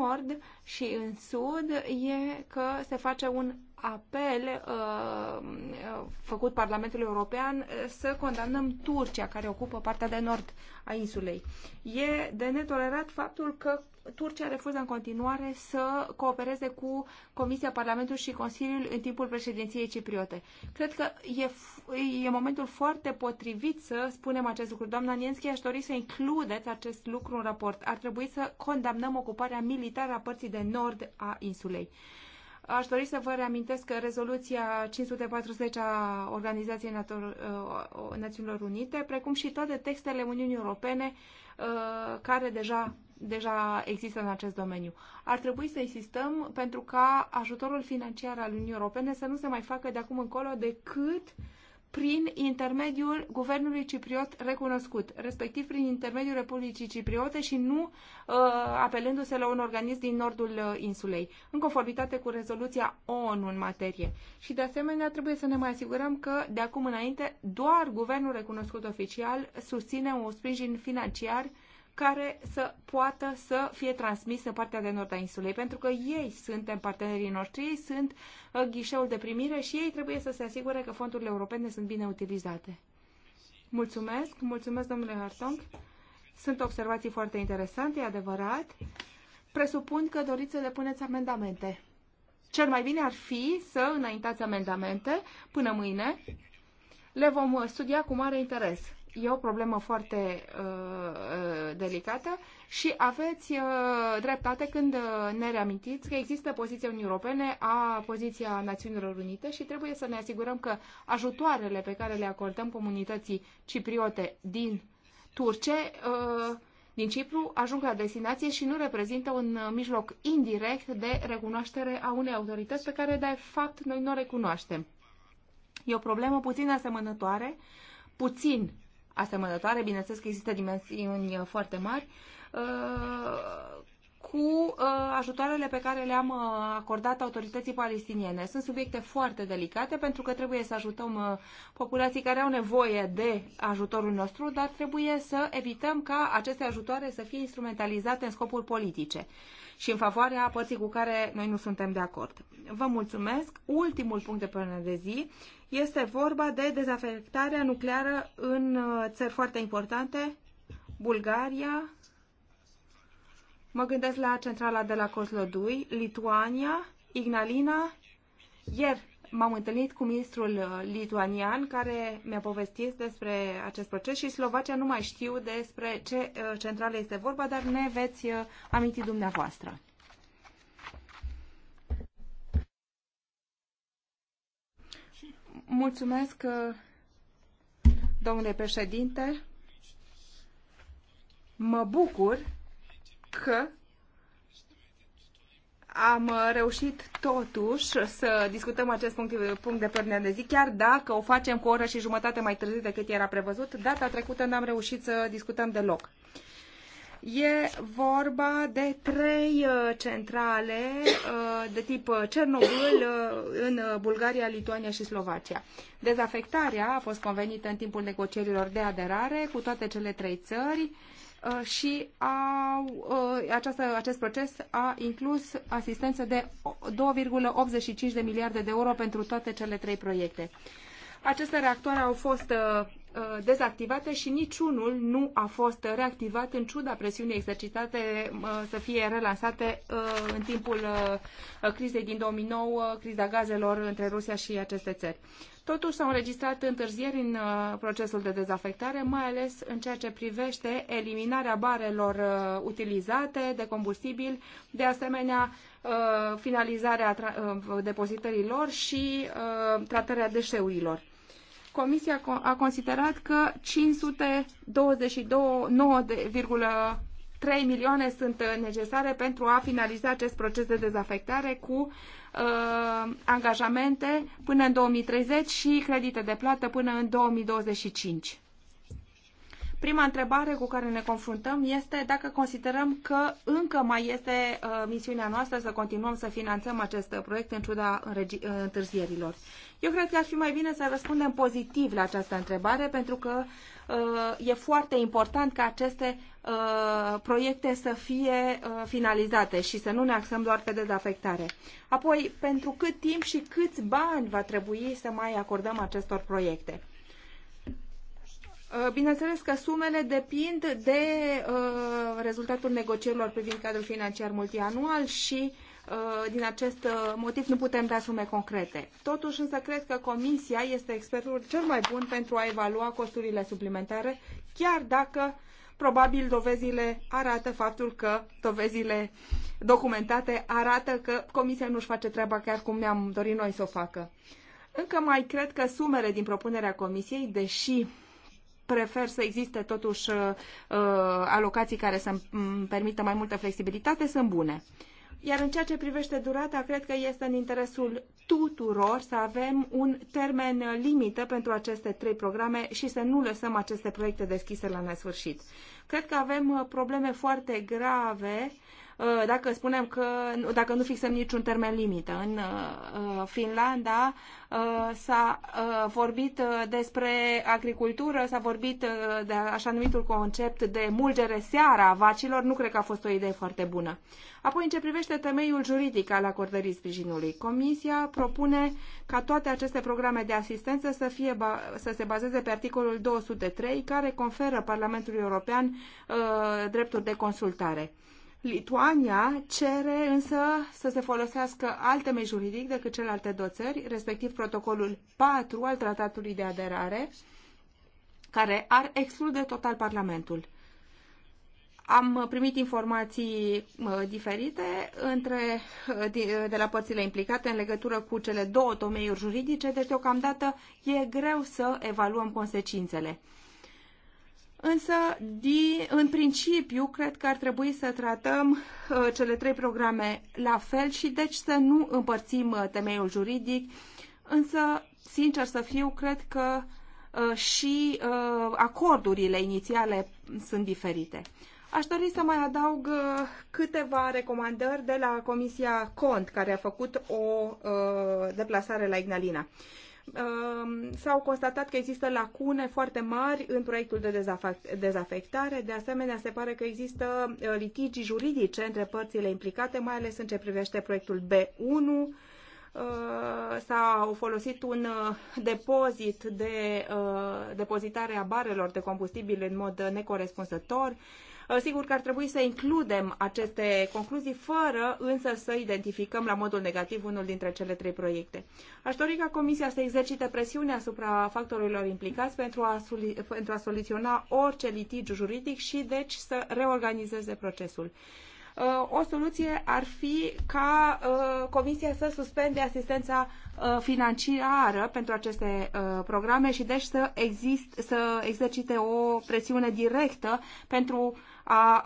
nord și în sud e că se face un apel uh, făcut Parlamentul European uh, să condamnăm Turcia, care ocupă partea de nord a insulei. E de netolerat faptul că Turcia refuză în continuare să coopereze cu Comisia Parlamentului și Consiliul în timpul președinției cipriote. Cred că e, e momentul foarte potrivit să spunem acest lucru. Doamna Nienski, aș dori să includeți acest lucru în raport. Ar trebui să condamnăm ocuparea militară a părții de nord a insulei. Uh, Aș dori să vă reamintesc că rezoluția 540 a Organizației uh, Națiunilor Unite, precum și toate textele Uniunii Europene uh, care deja, deja există în acest domeniu. Ar trebui să insistăm pentru ca ajutorul financiar al Uniunii Europene să nu se mai facă de acum încolo decât uh, prin intermediul guvernului cipriot recunoscut, respectiv prin intermediul Republicii Cipriote și nu uh, apelându-se la un organism din nordul uh, insulei, în conformitate cu rezoluția ONU în materie. Și de asemenea trebuie să ne mai asigurăm că de acum înainte doar guvernul recunoscut oficial susține un sprijin financiar uh, care să poată să fie transmisă partea de nord a insulei, pentru că ei suntem partenerii noștri, ei sunt uh, ghișeul de primire și ei trebuie să se asigure că fondurile europene sunt bine utilizate. Mulțumesc, mulțumesc domnule Hartong. Sunt observații foarte interesante, e adevărat. Presupun că doriți să depuneți amendamente. Cel mai bine ar fi să înaintați amendamente până mâine. Le vom uh, studia cu mare interes. E o problemă foarte uh, uh, delicată și aveți uh, dreptate când uh, ne reamintiți că există poziția Unii Europene a poziția Națiunilor Unite și trebuie să ne asigurăm că ajutoarele pe care le acordăm comunității cipriote din Turce uh, din Cipru ajung la destinație și nu reprezintă un uh, mijloc indirect de recunoaștere a unei autorități pe care, de fapt, noi nu o recunoaștem. E o problemă puțin asemănătoare, puțin asemănătoare, bineînțeles că există dimensiuni uh, foarte mari, uh, cu uh, ajutoarele pe care le-am acordat autorității palestiniene. Sunt subiecte foarte delicate pentru că trebuie să ajutăm populații care au nevoie de ajutorul nostru, dar trebuie să evităm ca aceste ajutoare să fie instrumentalizate în scopuri politice și în favoarea părții cu care noi nu suntem de acord. Vă mulțumesc. Ultimul punct de până de zi este vorba de dezafectarea nucleară în uh, țări foarte importante, Bulgaria, mă gândesc la centrala de la Coslodui, Lituania, Ignalina. Ieri m-am întâlnit cu ministrul uh, lituanian care mi-a povestit despre acest proces și Slovacia nu mai știu despre ce uh, centrală este vorba, dar ne veți aminti dumneavoastră. Mulțumesc, uh, domnule președinte. Mă bucur că am uh, reușit totuși să discutăm acest punct, punct de pornire de zi, chiar dacă o facem cu o oră și jumătate mai târziu decât era prevăzut. Data trecută n-am reușit să discutăm deloc. E vorba de trei uh, centrale uh, de tip uh, Cernobâl în Bulgaria, Lituania și Slovacia. Dezafectarea a fost convenită în timpul negocierilor de aderare cu toate cele trei țări și au, această, acest proces a inclus asistență de 2,85 de miliarde de euro pentru toate cele trei proiecte. Aceste reactoare au fost uh, uh, dezactivate și niciunul nu a fost reactivat în ciuda presiunii exercitate uh, să fie relansate în timpul crizei din 2009, criza gazelor între Rusia și aceste țări. Totuși s-au înregistrat întârzieri în procesul de dezafectare, mai ales în ceea ce privește eliminarea barelor utilizate de combustibil, de asemenea finalizarea depozitării lor și tratarea deșeurilor. Comisia a considerat că 522,9,3 milioane sunt uh, necesare pentru a finaliza acest proces de dezafectare cu uh, angajamente până în 2030 și credite de plată până în 2025. Prima întrebare cu care ne confruntăm este dacă considerăm că încă mai este uh, misiunea noastră să continuăm să finanțăm acest proiect în ciuda uh, întârzierilor. Eu cred că ar fi mai bine să răspundem pozitiv la această întrebare, pentru că uh, e foarte important ca aceste uh, proiecte să fie uh, finalizate și să nu ne axăm doar pe dezafectare. Apoi, pentru cât timp și câți bani va trebui să mai acordăm acestor proiecte. Uh, bineînțeles că sumele depind de uh, rezultatul negocierilor privind cadrul financiar multianual și uh, din acest motiv nu putem da sume concrete. Totuși însă cred că Comisia este expertul cel mai bun pentru a evalua costurile suplimentare, chiar dacă probabil dovezile arată faptul că dovezile documentate arată că Comisia nu își face treaba chiar cum ne-am dorit noi să o facă. Încă mai cred că sumele din propunerea Comisiei, deși prefer să existe totuși uh, uh, alocații care să permită mai multă flexibilitate, sunt bune. Iar în ceea ce privește durata, cred că este în interesul tuturor să avem un termen limită pentru aceste trei programe și să nu lăsăm aceste proiecte deschise la nesfârșit. Cred că avem uh, probleme foarte grave uh, Uh, dacă spunem că dacă nu fixăm niciun termen limită. În uh, uh, Finlanda s-a vorbit despre agricultură, s-a vorbit de așa numitul concept de mulgere seara a vacilor, nu cred că a fost o idee foarte bună. Apoi, în ce privește temeiul juridic al acordării sprijinului, Comisia propune ca toate aceste programe de asistență să, fie, să se bazeze pe articolul 203, care conferă Parlamentului European uh, drepturi de consultare. Lituania cere însă să se folosească alt mei juridic decât celelalte două țări, respectiv protocolul 4 al tratatului de aderare, care ar exclude total Parlamentul. Am primit informații diferite între, de la părțile implicate în legătură cu cele două domeniuri juridice, deci deocamdată e greu să evaluăm consecințele. Însă, din, în principiu, cred că ar trebui să tratăm uh, cele trei programe la fel și deci să nu împărțim uh, temeiul juridic. Însă, sincer să fiu, cred că uh, și uh, acordurile inițiale sunt diferite. Aș dori să mai adaug uh, câteva recomandări de la Comisia Cont, care a făcut o uh, deplasare la Ignalina. Ehm, s-au constatat că există lacune foarte mari în proiectul de dezafectare. De asemenea, se pare că există eh, litigii juridice între părțile implicate, mai ales în ce privește proiectul B1. Eh, S-a folosit un eh, depozit de depozitare a barelor de combustibil în mod necorespunzător Uh, sigur că ar trebui să includem aceste concluzii fără însă să identificăm la modul negativ unul dintre cele trei proiecte. Aș dori ca Comisia să exercite presiune asupra factorilor implicați pentru a, pentru a soluționa orice litigiu juridic și deci să reorganizeze procesul uh, o soluție ar fi ca uh, Comisia să suspende asistența financiară pentru aceste programe și deci să, exist, să exercite o presiune directă pentru a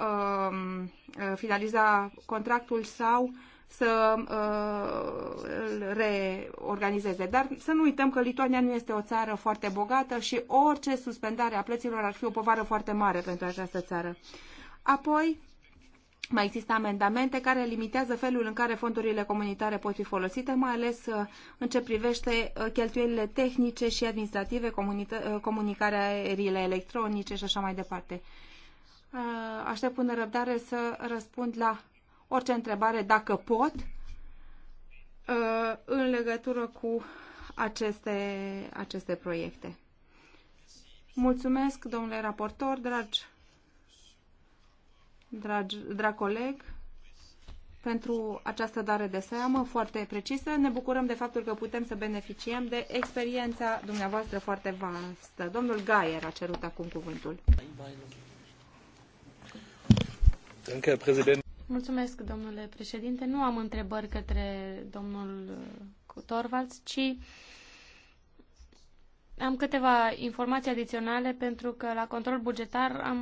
um, finaliza contractul sau să uh, îl reorganizeze. Dar să nu uităm că Lituania nu este o țară foarte bogată și orice suspendare a plăților ar fi o povară foarte mare pentru această țară. Apoi, mai există amendamente care limitează felul în care fondurile comunitare pot fi folosite, mai ales uh, în ce privește uh, cheltuielile tehnice și administrative, uh, comunicarea erile electronice și așa mai departe. Uh, aștept cu nerăbdare să răspund la orice întrebare, dacă pot, uh, în legătură cu aceste, aceste proiecte. Mulțumesc, domnule raportor, dragi, dragi, drag coleg, pentru această dare de seamă foarte precisă. Ne bucurăm de faptul că putem să beneficiem de experiența dumneavoastră foarte vastă. Domnul Gaier a cerut acum cuvântul. Mulțumesc, domnule președinte. Nu am întrebări către domnul Torvalds, ci am câteva informații adiționale pentru că la control bugetar am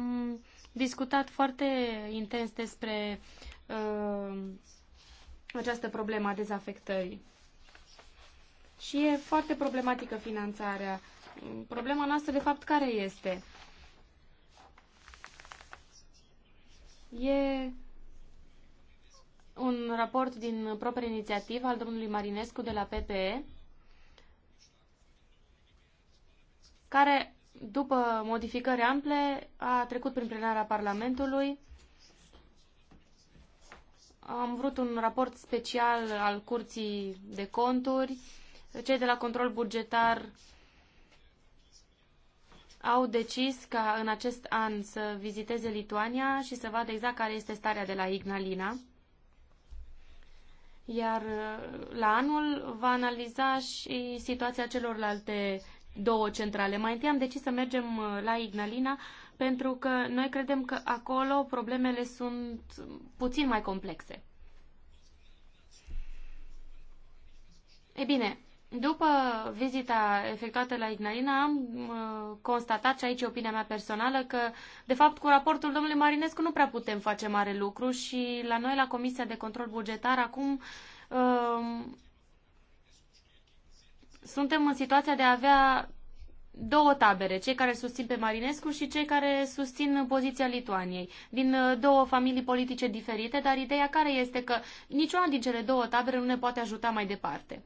discutat foarte intens despre uh, această problemă a dezafectării. Și e foarte problematică finanțarea. Problema noastră, de fapt, care este? E un raport din proprie inițiativă al domnului Marinescu de la PPE, care, după modificări ample, a trecut prin plenarea Parlamentului. Am vrut un raport special al Curții de Conturi. Cei de la control bugetar au decis ca în acest an să viziteze Lituania și să vadă exact care este starea de la Ignalina. Iar uh, la anul va analiza și situația celorlalte două centrale. Mai întâi am decis să mergem uh, la Ignalina pentru că noi credem că acolo problemele sunt puțin mai complexe. E bine, după vizita efectuată la Ignalina, am uh, constatat, și aici e opinia mea personală, că, de fapt, cu raportul domnului Marinescu nu prea putem face mare lucru și la noi, la Comisia de Control Bugetar, acum uh, suntem în situația de a avea două tabere, cei care susțin pe Marinescu și cei care susțin poziția Lituaniei, din uh, două familii politice diferite, dar ideea care este că niciuna din cele două tabere nu ne poate ajuta mai departe.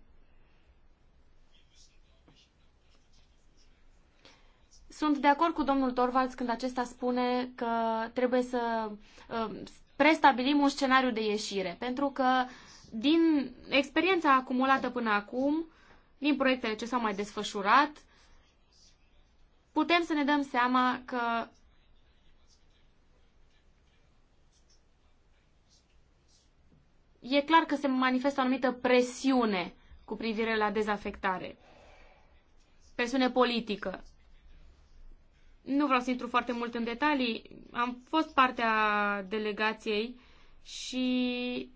Sunt de acord cu domnul Torvalds când acesta spune că trebuie să uh, prestabilim un scenariu de ieșire, pentru că din experiența acumulată până acum, din proiectele ce s-au mai desfășurat, putem să ne dăm seama că e clar că se manifestă o anumită presiune cu privire la dezafectare. Presiune politică. Nu vreau să intru foarte mult în detalii. Am fost partea delegației și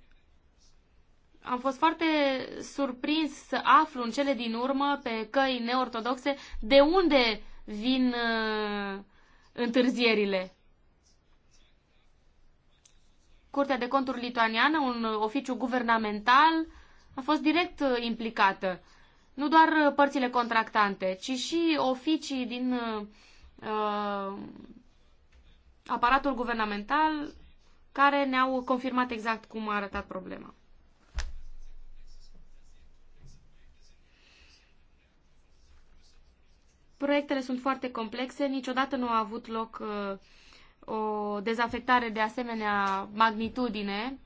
am fost foarte surprins să aflu în cele din urmă, pe căi neortodoxe, de unde vin uh, întârzierile. Curtea de Conturi Lituaniană, un oficiu guvernamental, a fost direct uh, implicată. Nu doar uh, părțile contractante, ci și oficii din uh, uh, aparatul guvernamental care ne-au confirmat exact cum a arătat problema. Proiectele sunt foarte complexe, niciodată nu a avut loc uh, o dezafectare de asemenea magnitudine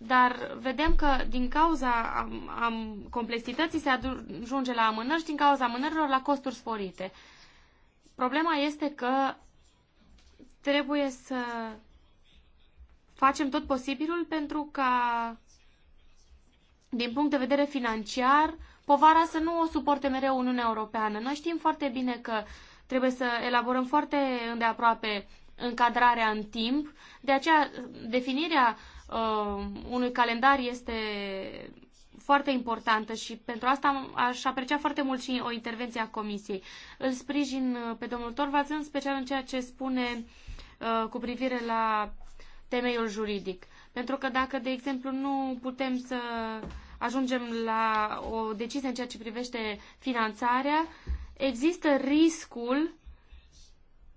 dar vedem că din cauza am, am complexității se ajunge la amânări și din cauza amânărilor la costuri sporite. Problema este că trebuie să facem tot posibilul pentru ca, din punct de vedere financiar, povara să nu o suporte mereu Uniunea Europeană. Noi știm foarte bine că trebuie să elaborăm foarte îndeaproape încadrarea în timp, de aceea definirea uh, unui calendar este foarte importantă și pentru asta aș aprecia foarte mult și o intervenție a Comisiei. Îl sprijin uh, pe domnul Torvalds, în special în ceea ce spune uh, cu privire la temeiul juridic. Pentru că dacă, de exemplu, nu putem să ajungem la o decizie în ceea ce privește finanțarea, există riscul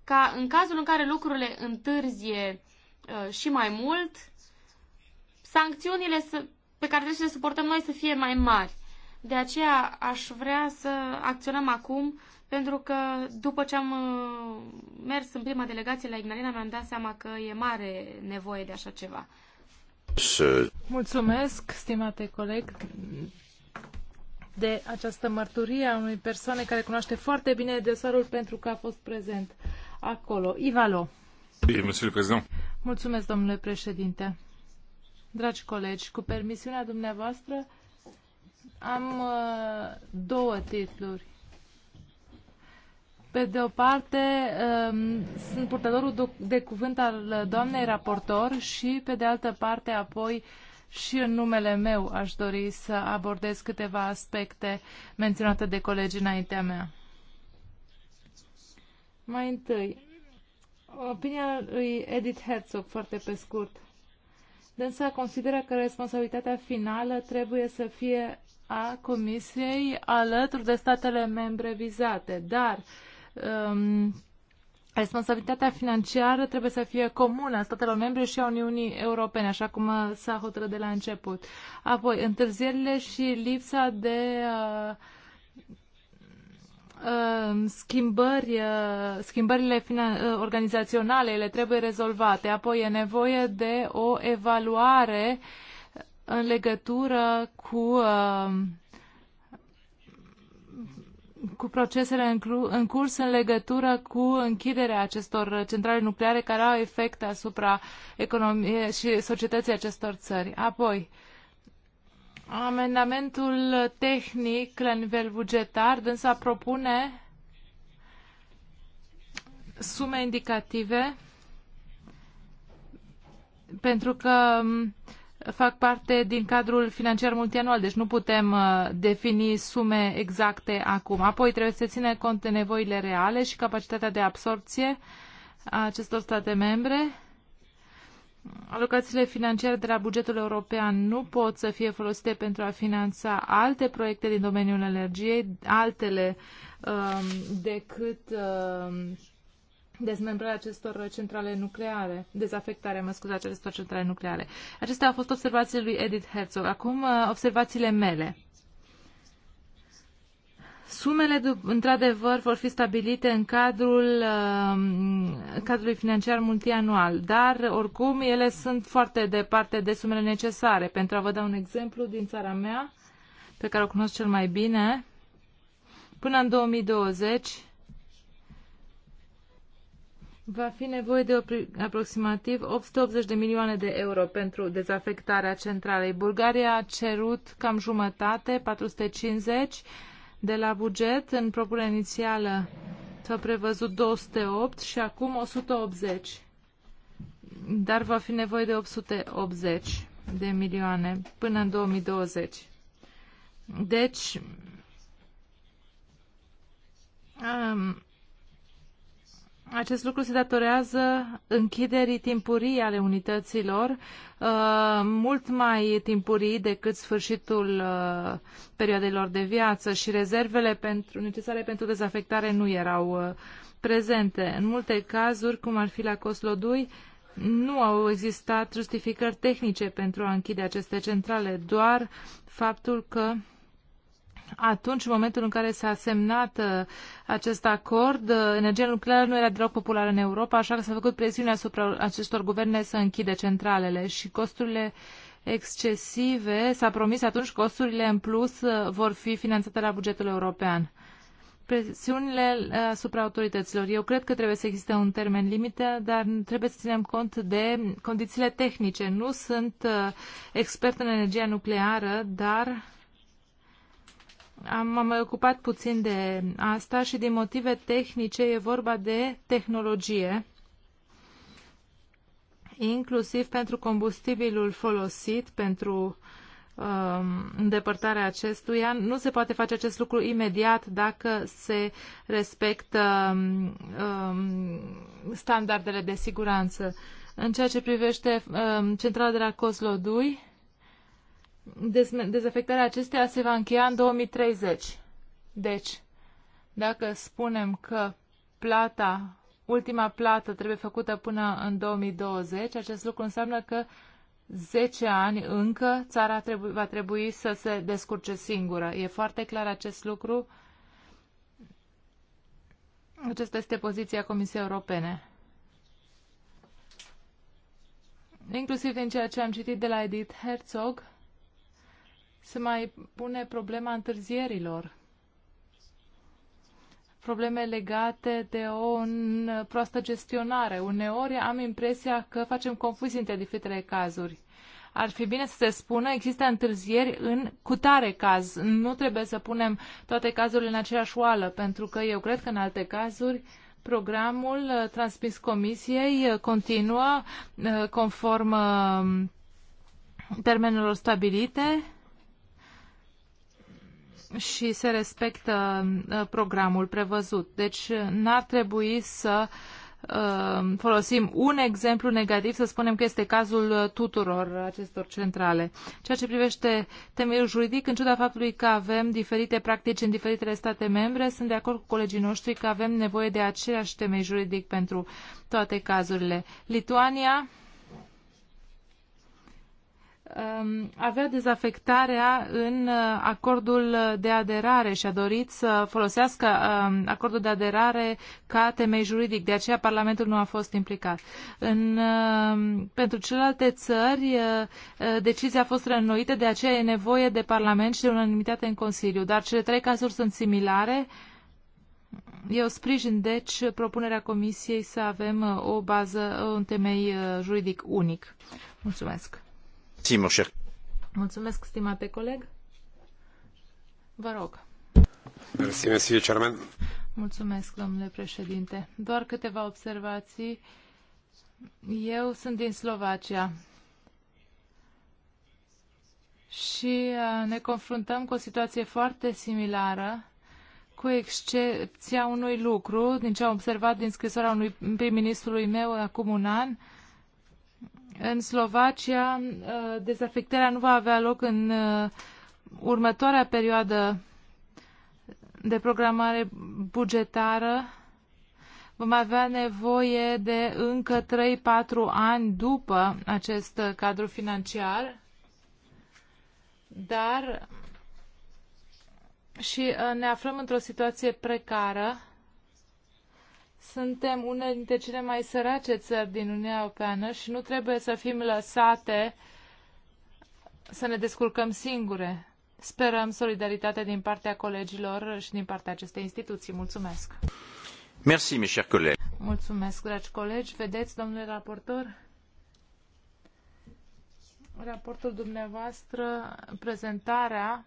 ca în cazul în care lucrurile întârzie uh, și mai mult, sancțiunile să, pe care trebuie să le suportăm noi să fie mai mari. De aceea aș vrea să acționăm acum, pentru că după ce am uh, mers în prima delegație la Ignalina, mi-am dat seama că e mare nevoie de așa ceva. Mulțumesc, stimate coleg, de această mărturie a unei persoane care cunoaște foarte bine dosarul pentru că a fost prezent acolo. Ivalo. Mulțumesc, domnule președinte. Dragi colegi, cu permisiunea dumneavoastră, am uh, două titluri. Pe de o parte, um, sunt purtătorul de cuvânt al uh, doamnei raportor și, pe de altă parte, apoi și în numele meu aș dori să abordez câteva aspecte menționate de colegii înaintea mea. Mai întâi, opinia lui Edith Herzog, foarte pe scurt. Dânsa consideră că responsabilitatea finală trebuie să fie a Comisiei alături de statele membre vizate, dar um, responsabilitatea financiară trebuie să fie comună a statelor membre și a Uniunii Europene, așa cum s-a hotărât de la început. Apoi, întârzierile și lipsa de uh, Uh, schimbări, uh, schimbările uh, organizaționale, ele trebuie rezolvate. Apoi e nevoie de o evaluare în legătură cu cu procesele în, curs în legătură cu închiderea acestor centrale nucleare care au efecte asupra economiei și societății acestor țări. Apoi, uh, Amendamentul tehnic la nivel bugetar, dânsa propune sume indicative pentru că fac parte din cadrul financiar multianual, deci nu putem uh, defini sume exacte acum. Apoi trebuie să ține cont de nevoile reale și capacitatea de absorpție a acestor state membre alocațiile financiare de la bugetul european nu pot să fie folosite pentru a finanța alte proiecte din domeniul energiei, altele um, decât um, dezmembrarea acestor centrale nucleare, dezafectarea, mă scuzați, acestor centrale nucleare. Acestea au fost observațiile lui Edith Herzog. Acum, uh, observațiile mele. Sumele, într-adevăr, vor fi stabilite în cadrul uh, cadrului financiar multianual, dar, oricum, ele sunt foarte departe de sumele necesare. Pentru a vă da un exemplu din țara mea, pe care o cunosc cel mai bine, până în 2020 va fi nevoie de aproximativ 880 de milioane de euro pentru dezafectarea centralei. Bulgaria a cerut cam jumătate, 450 de la buget. În propunerea inițială s-a prevăzut 208 și acum 180. Dar va fi nevoie de 880 de milioane până în 2020. Deci, acest lucru se datorează închiderii timpurii ale unităților, uh, mult mai timpurii decât sfârșitul uh, perioadelor de viață și rezervele pentru, necesare pentru dezafectare nu erau uh, prezente. În multe cazuri, cum ar fi la Coslodui, nu au existat justificări tehnice pentru a închide aceste centrale, doar faptul că atunci, în momentul în care s-a semnat uh, acest acord, uh, energia nucleară nu era deloc populară în Europa, așa că s-a făcut presiune asupra acestor guverne să închide centralele și costurile excesive, s-a promis atunci costurile în plus uh, vor fi finanțate la bugetul european. Presiunile asupra autorităților. Eu cred că trebuie să existe un termen limită, dar trebuie să ținem cont de condițiile tehnice. Nu sunt expert în energia nucleară, dar M-am mai ocupat puțin de asta și din motive tehnice e vorba de tehnologie, inclusiv pentru combustibilul folosit, pentru um, îndepărtarea acestuia. Nu se poate face acest lucru imediat dacă se respectă uh, standardele de siguranță. În ceea ce privește uh, centrala de la Coslodui, dezafectarea acesteia se va încheia în 2030. Deci, dacă spunem că plata, ultima plată trebuie făcută până în 2020, acest lucru înseamnă că 10 ani încă țara trebui, va trebui să se descurce singură. E foarte clar acest lucru. Aceasta este poziția Comisiei Europene. Inclusiv din ceea ce am citit de la Edith Herzog, se mai pune problema întârzierilor probleme legate de o proastă gestionare. Uneori am impresia că facem confuzii între diferitele cazuri. Ar fi bine să se spună, există întârzieri în cutare caz. Nu trebuie să punem toate cazurile în aceeași oală, pentru că eu cred că în alte cazuri programul uh, transmis comisiei uh, continuă uh, conform termenelor stabilite și se respectă uh, programul prevăzut. Deci uh, n-ar trebui să uh, folosim un exemplu negativ, să spunem că este cazul tuturor acestor centrale. Ceea ce privește temeiul juridic, în ciuda faptului că avem diferite practici în diferitele state membre, sunt de acord cu colegii noștri că avem nevoie de aceeași temei juridic pentru toate cazurile. Lituania Um, avea dezafectarea în uh, acordul de aderare și a dorit să folosească um, acordul de aderare ca temei juridic, de aceea Parlamentul nu a fost implicat. În, um, pentru celelalte țări, uh, uh, decizia a fost reînnoită, de aceea e nevoie de Parlament și de unanimitate în Consiliu, dar cele trei cazuri sunt similare. Eu sprijin, deci, propunerea Comisiei să avem o bază, un temei juridic unic. Mulțumesc! Mulțumesc, stimate coleg. Vă rog. Mulțumesc, domnule președinte. Doar câteva observații. Eu sunt din Slovacia și uh, ne confruntăm cu o situație foarte similară, cu excepția unui lucru, din ce am observat din scrisoarea unui prim-ministrului meu acum un an, în Slovacia, uh, dezafectarea nu va avea loc în uh, următoarea perioadă de programare bugetară. Vom avea nevoie de încă 3-4 ani după acest uh, cadru financiar, dar și ne aflăm într-o situație precară suntem una dintre cele mai sărace țări din Uniunea Europeană și nu trebuie să fim lăsate să ne descurcăm singure. Sperăm solidaritate din partea colegilor și din partea acestei instituții. Mulțumesc! Merci, mes chers collègues. Mulțumesc, dragi colegi. Vedeți, domnule raportor, raportul dumneavoastră, prezentarea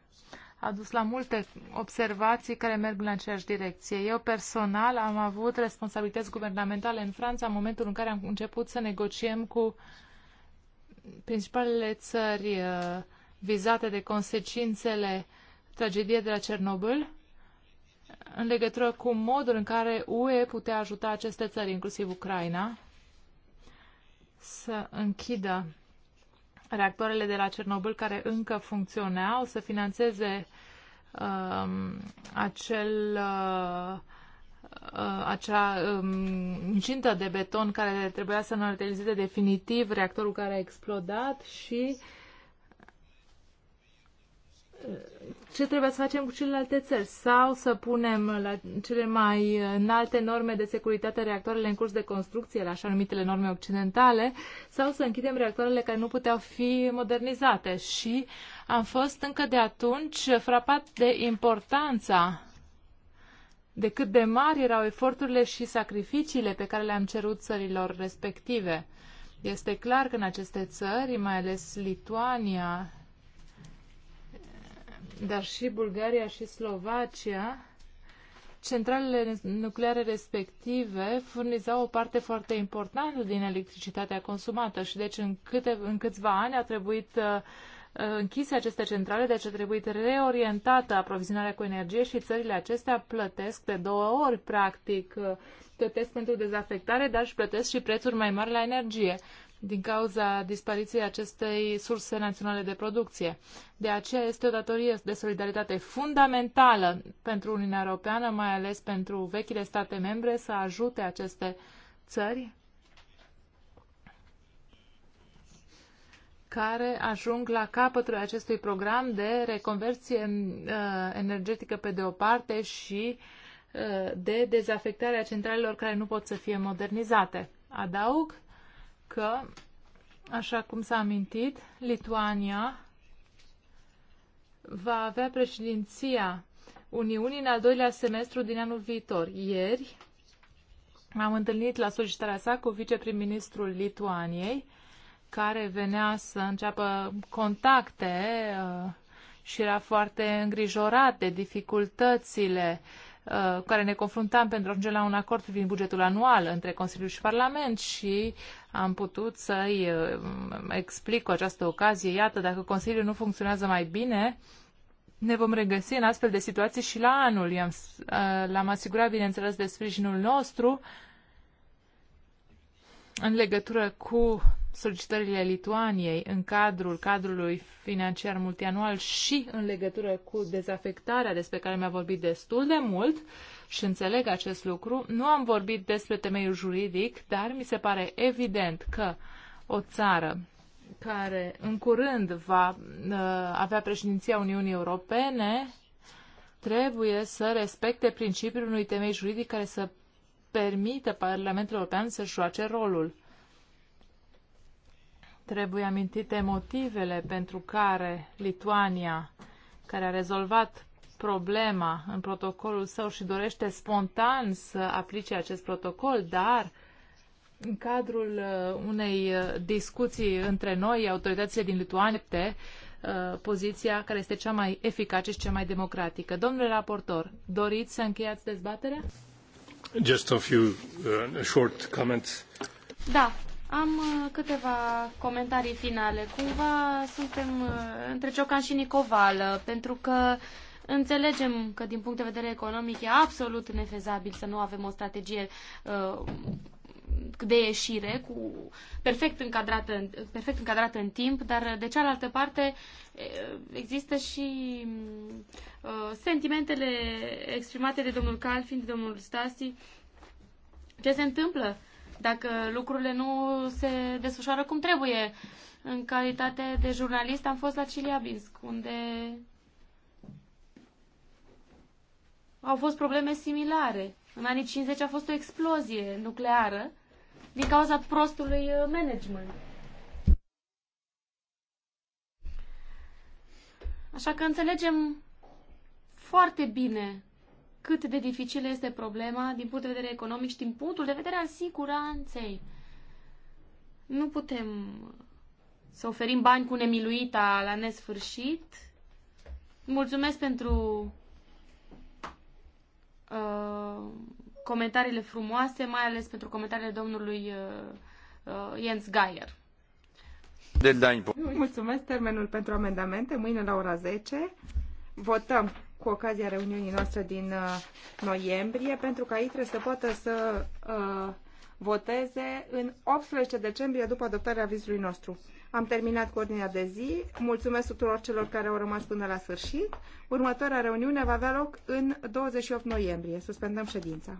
a dus la multe observații care merg în aceeași direcție. Eu personal am avut responsabilități guvernamentale în Franța în momentul în care am început să negociem cu principalele țări uh, vizate de consecințele tragediei de la Cernobâl în legătură cu modul în care UE putea ajuta aceste țări, inclusiv Ucraina, să închidă reactoarele de la Cernobâl care încă funcționeau, să financeze um, acel, uh, uh, acea um, incintă de beton care trebuia să înăltezeze definitiv reactorul care a explodat și uh, ce trebuie să facem cu celelalte țări sau să punem la cele mai înalte norme de securitate reactoarele în curs de construcție, la așa numitele norme occidentale, sau să închidem reactoarele care nu puteau fi modernizate. Și am fost încă de atunci frapat de importanța de cât de mari erau eforturile și sacrificiile pe care le-am cerut țărilor respective. Este clar că în aceste țări, mai ales Lituania dar și Bulgaria și Slovacia, centralele nucleare respective furnizau o parte foarte importantă din electricitatea consumată și deci în, câte, în câțiva ani a trebuit uh, uh, închise aceste centrale, deci a trebuit reorientată aprovizionarea cu energie și țările acestea plătesc de două ori, practic, uh, plătesc pentru dezafectare, dar și plătesc și prețuri mai mari la energie din cauza dispariției acestei surse naționale de producție. De aceea este o datorie de solidaritate fundamentală pentru Uniunea Europeană, mai ales pentru vechile state membre, să ajute aceste țări care ajung la capătul acestui program de reconversie uh, energetică pe de o parte și uh, de dezafectarea centralelor care nu pot să fie modernizate. Adaug că, așa cum s-a amintit, Lituania va avea președinția Uniunii în al doilea semestru din anul viitor. Ieri am întâlnit la solicitarea sa cu viceprim-ministrul Lituaniei, care venea să înceapă contacte uh, și era foarte îngrijorat de dificultățile uh, Uh, care ne confruntam pentru a ajunge la un acord privind bugetul anual între Consiliu și Parlament și am putut să-i uh, explic cu această ocazie, iată, dacă Consiliul nu funcționează mai bine, ne vom regăsi în astfel de situații și la anul. I-am, uh, l-am asigurat, bineînțeles, de sprijinul nostru în legătură cu solicitările Lituaniei în cadrul cadrului financiar multianual și în legătură cu dezafectarea despre care mi-a vorbit destul de mult și înțeleg acest lucru, nu am vorbit despre temeiul juridic, dar mi se pare evident că o țară care în curând va uh, avea președinția Uniunii Europene trebuie să respecte principiul unui temei juridic care să permite Parlamentul European să joace rolul. Trebuie amintite motivele pentru care Lituania, care a rezolvat problema în protocolul său și dorește spontan să aplice acest protocol, dar în cadrul uh, unei uh, discuții între noi, autoritățile din Lituania, uh, poziția care este cea mai eficace și cea mai democratică. Domnule raportor, doriți să încheiați dezbaterea? Just a few uh, short comments. Da, am uh, câteva comentarii finale. Cumva suntem uh, între Ciocan și Nicovală, pentru că înțelegem că din punct de vedere economic e absolut nefezabil să nu avem o strategie uh, de ieșire, cu, perfect, încadrată, perfect încadrată în timp, dar de cealaltă parte există și uh, sentimentele exprimate de domnul Calfin, de domnul Stasi. Ce se întâmplă dacă lucrurile nu se desfășoară cum trebuie? În calitate de jurnalist am fost la Ciliabinsk, unde au fost probleme similare. În anii 50 a fost o explozie nucleară din cauza prostului uh, management. Așa că înțelegem foarte bine cât de dificilă este problema din punct de vedere economic și din punctul de vedere al siguranței. Nu putem să oferim bani cu nemiluita la nesfârșit. Mulțumesc pentru Uh, comentariile frumoase, mai ales pentru comentariile domnului uh, uh Jens Geier. Deadline. Mulțumesc. Termenul pentru amendamente mâine la ora 10. Votăm cu ocazia reuniunii noastre din uh, noiembrie pentru ca ei trebuie să poată să uh, voteze în 18 decembrie după adoptarea avizului nostru. Am terminat cu ordinea de zi. Mulțumesc tuturor celor care au rămas până la sfârșit. Următoarea reuniune va avea loc în 28 noiembrie. Suspendăm ședința.